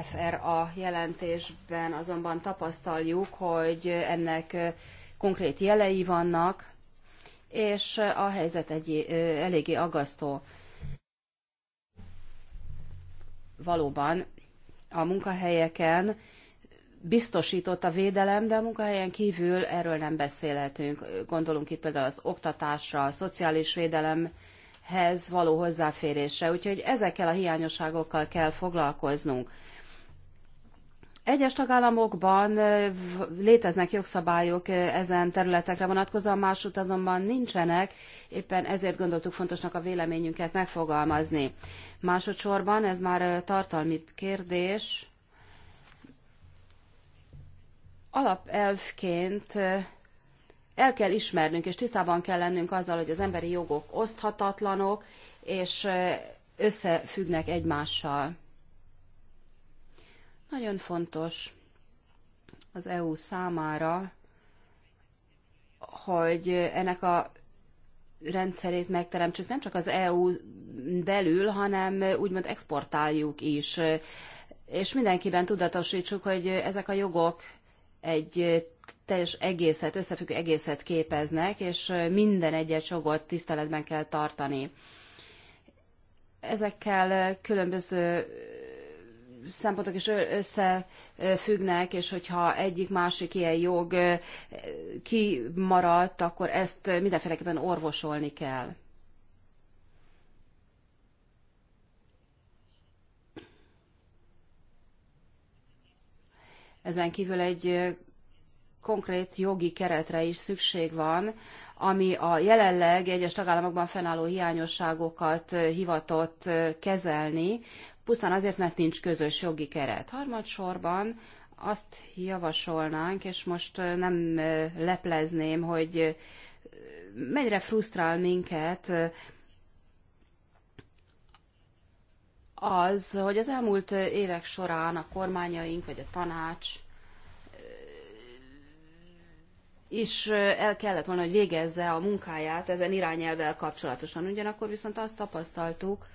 FRA jelentésben azonban tapasztaljuk, hogy ennek konkrét jelei vannak, és a helyzet egy, eléggé aggasztó. Valóban a munkahelyeken biztosított a védelem, de a munkahelyen kívül erről nem beszélhetünk. Gondolunk itt például az oktatásra, a szociális védelemhez való hozzáférésre, úgyhogy ezekkel a hiányosságokkal kell foglalkoznunk. Egyes tagállamokban léteznek jogszabályok ezen területekre vonatkozóan, másút azonban nincsenek, éppen ezért gondoltuk fontosnak a véleményünket megfogalmazni. Másodszorban ez már tartalmi kérdés, alapelvként el kell ismernünk, és tisztában kell lennünk azzal, hogy az emberi jogok oszthatatlanok, és összefüggnek egymással. Nagyon fontos az EU számára, hogy ennek a rendszerét megteremtsük nem csak az EU belül, hanem úgymond exportáljuk is, és mindenkiben tudatosítsuk, hogy ezek a jogok egy teljes egészet, összefüggő egészet képeznek, és minden egyes jogot tiszteletben kell tartani. Ezekkel különböző szempontok is összefüggnek, és hogyha egyik másik ilyen jog kimaradt, akkor ezt mindenféleképpen orvosolni kell. Ezen kívül egy konkrét jogi keretre is szükség van, ami a jelenleg egyes tagállamokban fennálló hiányosságokat hivatott kezelni, pusztán azért, mert nincs közös jogi keret. Harmadsorban azt javasolnánk, és most nem leplezném, hogy mennyire frusztrál minket az, hogy az elmúlt évek során a kormányaink vagy a tanács is el kellett volna, hogy végezze a munkáját ezen irányelvel kapcsolatosan. Ugyanakkor viszont azt tapasztaltuk,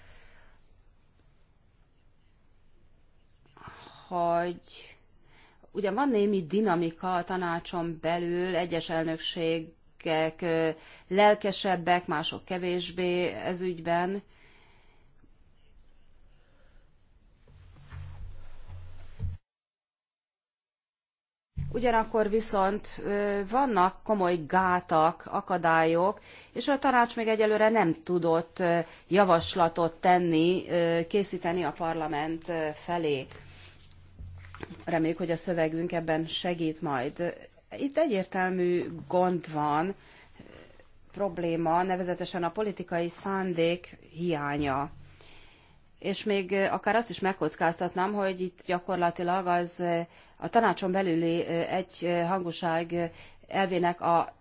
hogy ugyan van némi dinamika a tanácson belül, egyes elnökségek lelkesebbek, mások kevésbé ez ügyben, Ugyanakkor viszont vannak komoly gátak, akadályok, és a tanács még egyelőre nem tudott javaslatot tenni, készíteni a parlament felé. Reméljük, hogy a szövegünk ebben segít majd. Itt egyértelmű gond van, probléma, nevezetesen a politikai szándék hiánya és még akár azt is megkockáztatnám, hogy itt gyakorlatilag az a tanácson belüli egyhangúság elvének a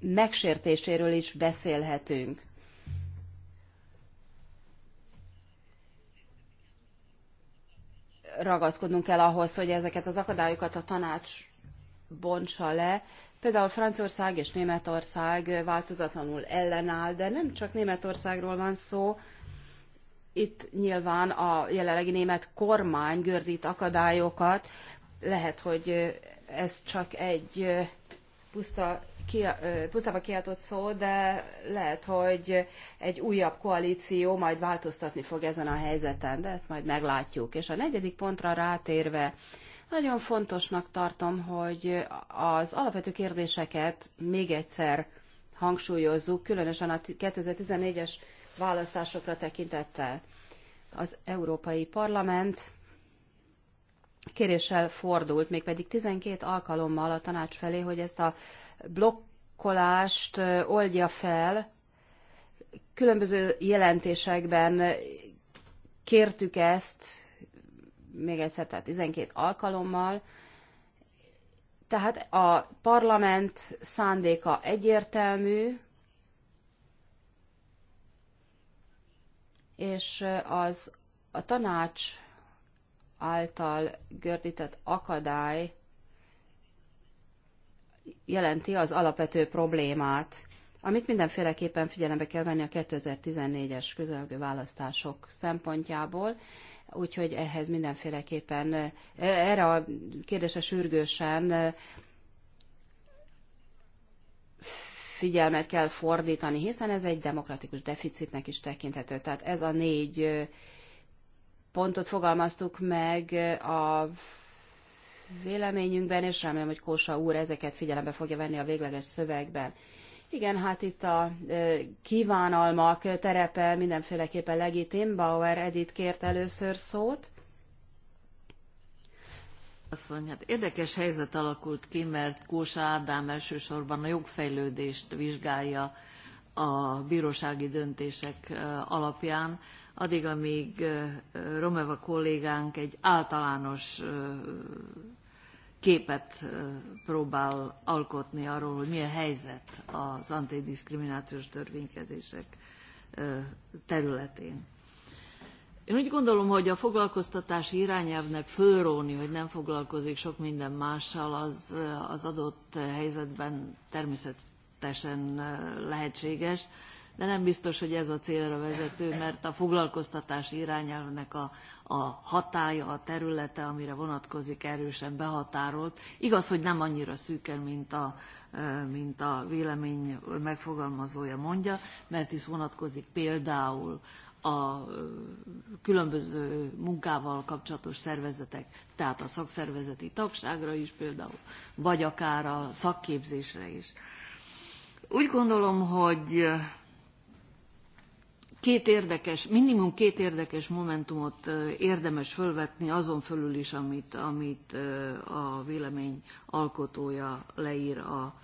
megsértéséről is beszélhetünk. Ragaszkodnunk kell ahhoz, hogy ezeket az akadályokat a tanács bontsa le. Például Franciaország és Németország változatlanul ellenáll, de nem csak Németországról van szó, itt nyilván a jelenlegi német kormány gördít akadályokat. Lehet, hogy ez csak egy puszta kia, pusztában kiáltott szó, de lehet, hogy egy újabb koalíció majd változtatni fog ezen a helyzeten, de ezt majd meglátjuk. És a negyedik pontra rátérve, nagyon fontosnak tartom, hogy az alapvető kérdéseket még egyszer hangsúlyozzuk, különösen a 2014-es választásokra tekintettel. Az Európai Parlament kéréssel fordult, mégpedig 12 alkalommal a tanács felé, hogy ezt a blokkolást oldja fel. Különböző jelentésekben kértük ezt, még egyszer, tehát 12 alkalommal. Tehát a parlament szándéka egyértelmű, és az a tanács által gördített akadály jelenti az alapvető problémát, amit mindenféleképpen figyelembe kell venni a 2014-es közelgő választások szempontjából, úgyhogy ehhez mindenféleképpen, erre a kérdésre sürgősen figyelmet kell fordítani, hiszen ez egy demokratikus deficitnek is tekinthető. Tehát ez a négy pontot fogalmaztuk meg a véleményünkben, és remélem, hogy Kósa úr ezeket figyelembe fogja venni a végleges szövegben. Igen, hát itt a kívánalmak terepe mindenféleképpen legitim. Bauer Edith kért először szót. Asszony, hát érdekes helyzet alakult ki, mert Kósa Ádám elsősorban a jogfejlődést vizsgálja a bírósági döntések alapján, addig, amíg Romeva kollégánk egy általános képet próbál alkotni arról, hogy mi a helyzet az antidiszkriminációs törvénykezések területén. Én úgy gondolom, hogy a foglalkoztatási irányelvnek fölróni, hogy nem foglalkozik sok minden mással, az, az adott helyzetben természetesen lehetséges, de nem biztos, hogy ez a célra vezető, mert a foglalkoztatási irányelvnek a, a hatája, a területe, amire vonatkozik, erősen behatárolt. Igaz, hogy nem annyira szűken, mint a, mint a vélemény megfogalmazója mondja, mert hisz vonatkozik például a különböző munkával kapcsolatos szervezetek, tehát a szakszervezeti tagságra is például, vagy akár a szakképzésre is. Úgy gondolom, hogy két érdekes, minimum két érdekes momentumot érdemes fölvetni azon fölül is, amit, amit a vélemény alkotója leír a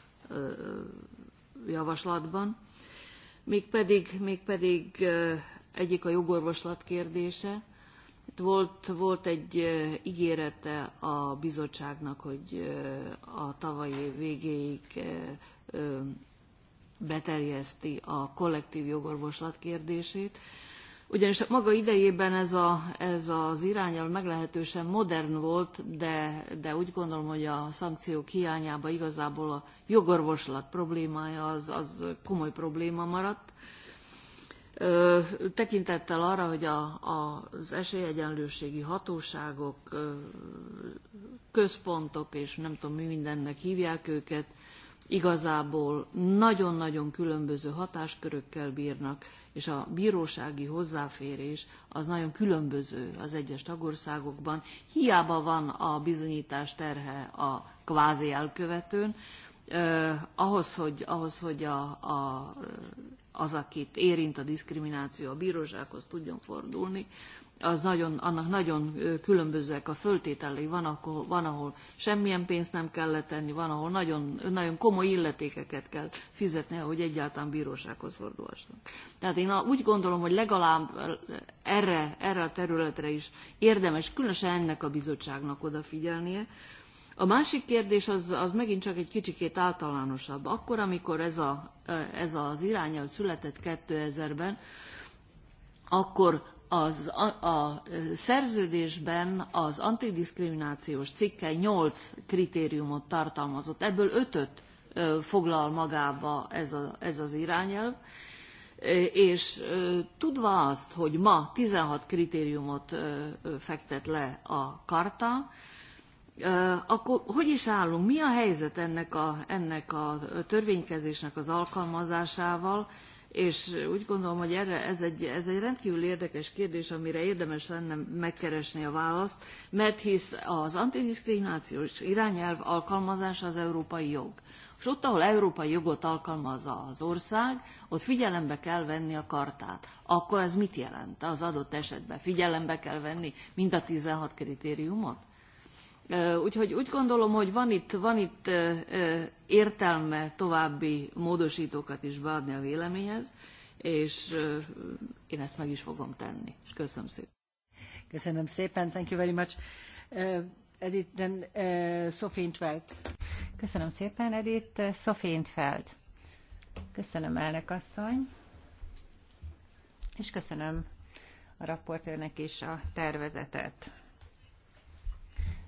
javaslatban. Mégpedig, mégpedig egyik a jogorvoslat kérdése. Itt volt, volt egy ígérete a bizottságnak, hogy a tavalyi év végéig beterjeszti a kollektív jogorvoslat kérdését. Ugyanis maga idejében ez, a, ez az irányal meglehetősen modern volt, de, de úgy gondolom, hogy a szankciók hiányában igazából a jogorvoslat problémája az, az komoly probléma maradt. Tekintettel arra, hogy a, a, az esélyegyenlőségi hatóságok, központok, és nem tudom mi mindennek hívják őket, igazából nagyon-nagyon különböző hatáskörökkel bírnak, és a bírósági hozzáférés az nagyon különböző az egyes tagországokban. Hiába van a bizonyítás terhe a kvázi elkövetőn, eh, ahhoz, hogy, ahhoz, hogy a, a az, akit érint a diszkrimináció, a bírósághoz tudjon fordulni, az nagyon, annak nagyon különbözőek a föltételei. Van, van, ahol semmilyen pénzt nem kell letenni, van, ahol nagyon, nagyon komoly illetékeket kell fizetni, hogy egyáltalán bírósághoz fordulhassanak. Tehát én úgy gondolom, hogy legalább erre, erre a területre is érdemes, különösen ennek a bizottságnak odafigyelnie, a másik kérdés az, az megint csak egy kicsikét általánosabb. Akkor, amikor ez, a, ez az irányel született 2000-ben, akkor az, a, a szerződésben az antidiszkriminációs cikke 8 kritériumot tartalmazott, ebből 5 foglal magába ez, a, ez az irányelv, és tudva azt, hogy ma 16 kritériumot fektet le a karta, akkor hogy is állunk? Mi a helyzet ennek a, ennek a törvénykezésnek az alkalmazásával? És úgy gondolom, hogy erre ez egy, ez egy rendkívül érdekes kérdés, amire érdemes lenne megkeresni a választ, mert hisz az antidiszkriminációs irányelv alkalmazása az európai jog. És ott, ahol európai jogot alkalmaz az ország, ott figyelembe kell venni a kartát. Akkor ez mit jelent az adott esetben? Figyelembe kell venni mind a 16 kritériumot? Úgyhogy úgy gondolom, hogy van itt, van itt értelme további módosítókat is beadni a véleményhez, és én ezt meg is fogom tenni. És köszönöm szépen. Köszönöm szépen. Thank you very much. Edith, then, uh, Sophie Intveld. Köszönöm szépen, Edith. Sophie Intveld. Köszönöm, elnök asszony. És köszönöm a raportőrnek is a tervezetet.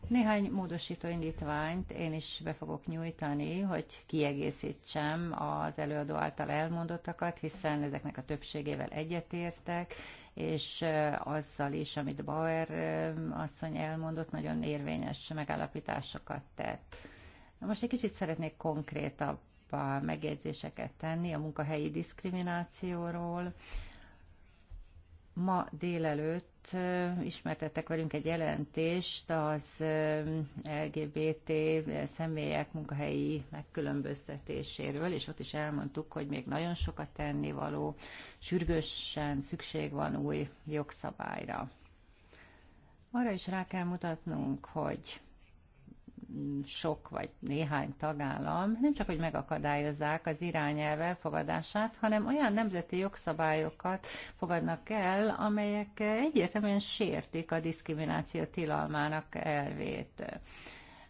Néhány módosító indítványt én is be fogok nyújtani, hogy kiegészítsem az előadó által elmondottakat, hiszen ezeknek a többségével egyetértek, és azzal is, amit Bauer asszony elmondott, nagyon érvényes megállapításokat tett. Most egy kicsit szeretnék konkrétabb megjegyzéseket tenni a munkahelyi diszkriminációról, Ma délelőtt ismertettek velünk egy jelentést az LGBT személyek munkahelyi megkülönböztetéséről, és ott is elmondtuk, hogy még nagyon sokat tennivaló, sürgősen szükség van új jogszabályra. Arra is rá kell mutatnunk, hogy sok vagy néhány tagállam nem csak, hogy megakadályozzák az irányelv elfogadását, hanem olyan nemzeti jogszabályokat fogadnak el, amelyek egyértelműen sértik a diszkrimináció tilalmának elvét.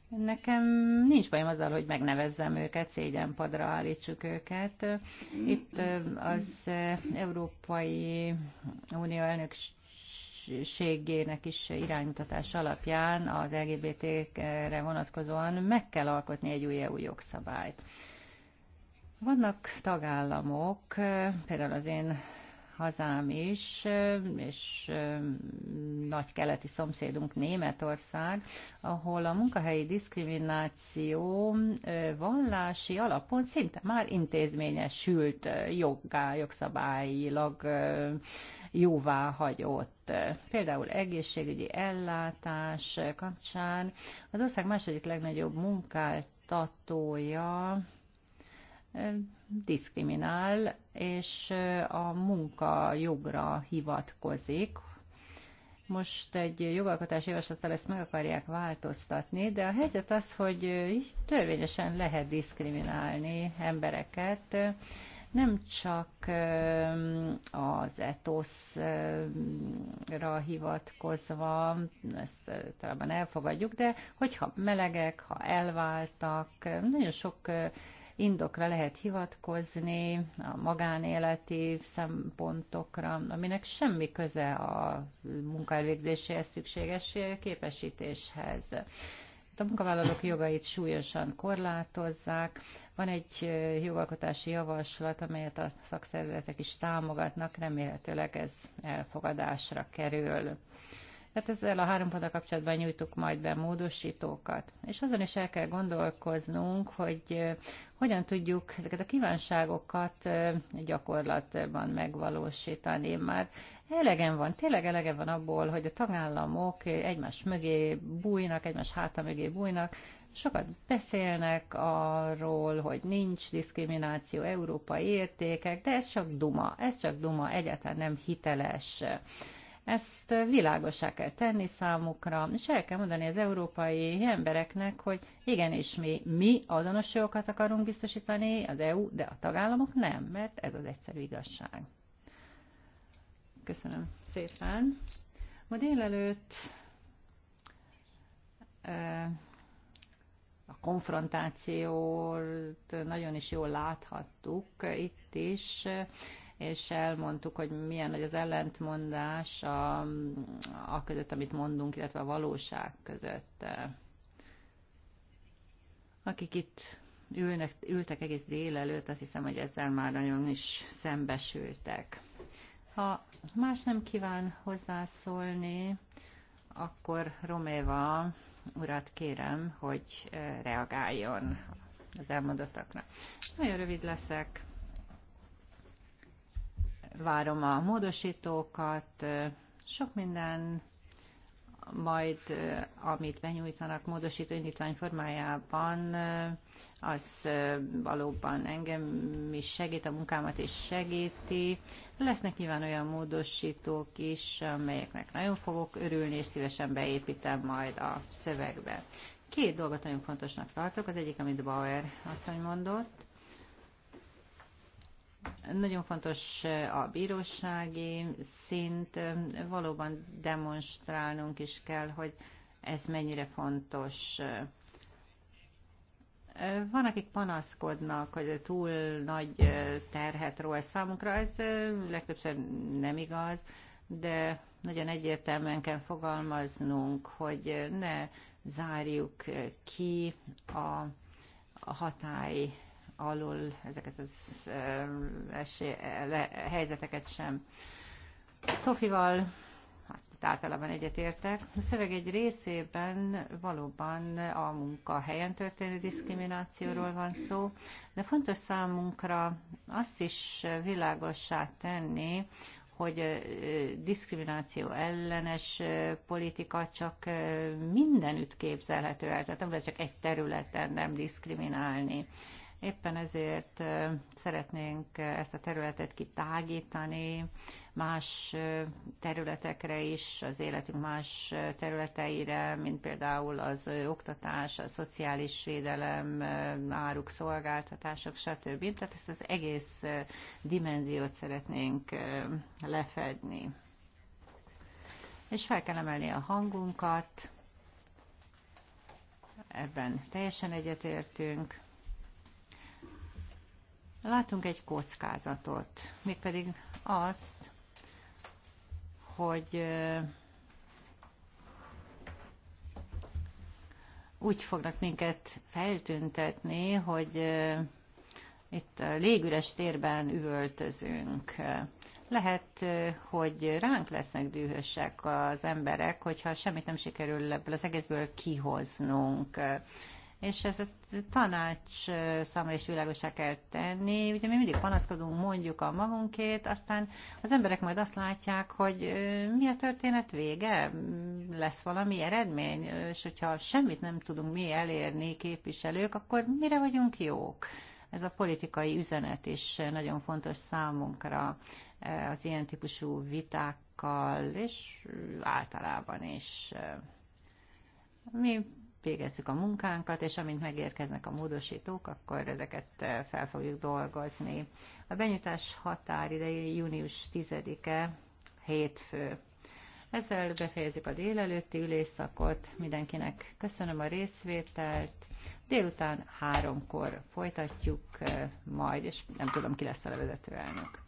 Nekem nincs bajom azzal, hogy megnevezzem őket, szégyenpadra állítsuk őket. Itt az Európai Unió elnök közösségének is iránymutatás alapján az LGBT-re vonatkozóan meg kell alkotni egy új EU jogszabályt. Vannak tagállamok, például az én hazám is, és nagy keleti szomszédunk Németország, ahol a munkahelyi diszkrimináció vallási alapon szinte már intézményesült joggá, jogszabályilag jóvá hagyott. Például egészségügyi ellátás kapcsán az ország második legnagyobb munkáltatója diszkriminál, és a munka jogra hivatkozik, most egy jogalkotási javaslattal ezt meg akarják változtatni, de a helyzet az, hogy törvényesen lehet diszkriminálni embereket nem csak az etoszra hivatkozva, ezt talán elfogadjuk, de hogyha melegek, ha elváltak, nagyon sok indokra lehet hivatkozni, a magánéleti szempontokra, aminek semmi köze a munkaelvégzéséhez szükséges képesítéshez a munkavállalók jogait súlyosan korlátozzák. Van egy jogalkotási javaslat, amelyet a szakszervezetek is támogatnak, remélhetőleg ez elfogadásra kerül. Tehát ezzel a három ponttal kapcsolatban nyújtuk majd be módosítókat. És azon is el kell gondolkoznunk, hogy hogyan tudjuk ezeket a kívánságokat gyakorlatban megvalósítani. Már Elegem van, tényleg elegem van abból, hogy a tagállamok egymás mögé bújnak, egymás háta mögé bújnak, sokat beszélnek arról, hogy nincs diszkrimináció, európai értékek, de ez csak duma, ez csak duma, egyáltalán nem hiteles. Ezt világosá kell tenni számukra, és el kell mondani az európai embereknek, hogy igenis mi, mi azonos jogokat akarunk biztosítani, az EU, de a tagállamok nem, mert ez az egyszerű igazság. Köszönöm szépen. Ma délelőtt a konfrontációt nagyon is jól láthattuk itt is, és elmondtuk, hogy milyen nagy az ellentmondás a, a között, amit mondunk, illetve a valóság között. Akik itt ülnek, ültek egész délelőtt, azt hiszem, hogy ezzel már nagyon is szembesültek. Ha más nem kíván hozzászólni, akkor Roméva urat kérem, hogy eh, reagáljon az elmondottaknak. Nagyon rövid leszek. Várom a módosítókat. Eh, sok minden majd amit benyújtanak módosító indítvány formájában, az valóban engem is segít, a munkámat is segíti. Lesznek nyilván olyan módosítók is, amelyeknek nagyon fogok örülni, és szívesen beépítem majd a szövegbe. Két dolgot nagyon fontosnak tartok, az egyik, amit Bauer asszony mondott, nagyon fontos eh, a bírósági szint, eh, valóban demonstrálnunk is kell, hogy ez mennyire fontos. Eh, van, akik panaszkodnak, hogy túl nagy terhet ez számunkra, ez legtöbbször nem igaz, de nagyon egyértelműen kell fogalmaznunk, hogy ne zárjuk ki a, a hatály alul ezeket az esé le, helyzeteket sem. Szofival hát általában egyetértek. A szöveg egy részében valóban a munkahelyen történő diszkriminációról van szó, de fontos számunkra azt is világossá tenni, hogy diszkrimináció ellenes politika csak mindenütt képzelhető el, tehát nem lehet csak egy területen nem diszkriminálni. Éppen ezért szeretnénk ezt a területet kitágítani más területekre is, az életünk más területeire, mint például az oktatás, a szociális védelem, áruk, szolgáltatások, stb. Tehát ezt az egész dimenziót szeretnénk lefedni. És fel kell emelni a hangunkat, ebben teljesen egyetértünk. Látunk egy kockázatot, mégpedig azt, hogy úgy fognak minket feltüntetni, hogy itt légüres térben üvöltözünk. Lehet, hogy ránk lesznek dühösek az emberek, hogyha semmit nem sikerül ebből az egészből kihoznunk és ez a tanács számára is világosá kell tenni. Ugye mi mindig panaszkodunk, mondjuk a magunkét, aztán az emberek majd azt látják, hogy mi a történet vége, lesz valami eredmény, és hogyha semmit nem tudunk mi elérni képviselők, akkor mire vagyunk jók? Ez a politikai üzenet is nagyon fontos számunkra az ilyen típusú vitákkal, és általában is. Mi végezzük a munkánkat, és amint megérkeznek a módosítók, akkor ezeket eh, fel fogjuk dolgozni. A benyújtás határideje június 10-e, hétfő. Ezzel befejezzük a délelőtti ülésszakot. Mindenkinek köszönöm a részvételt. Délután háromkor folytatjuk eh, majd, és nem tudom, ki lesz a levezető elnök.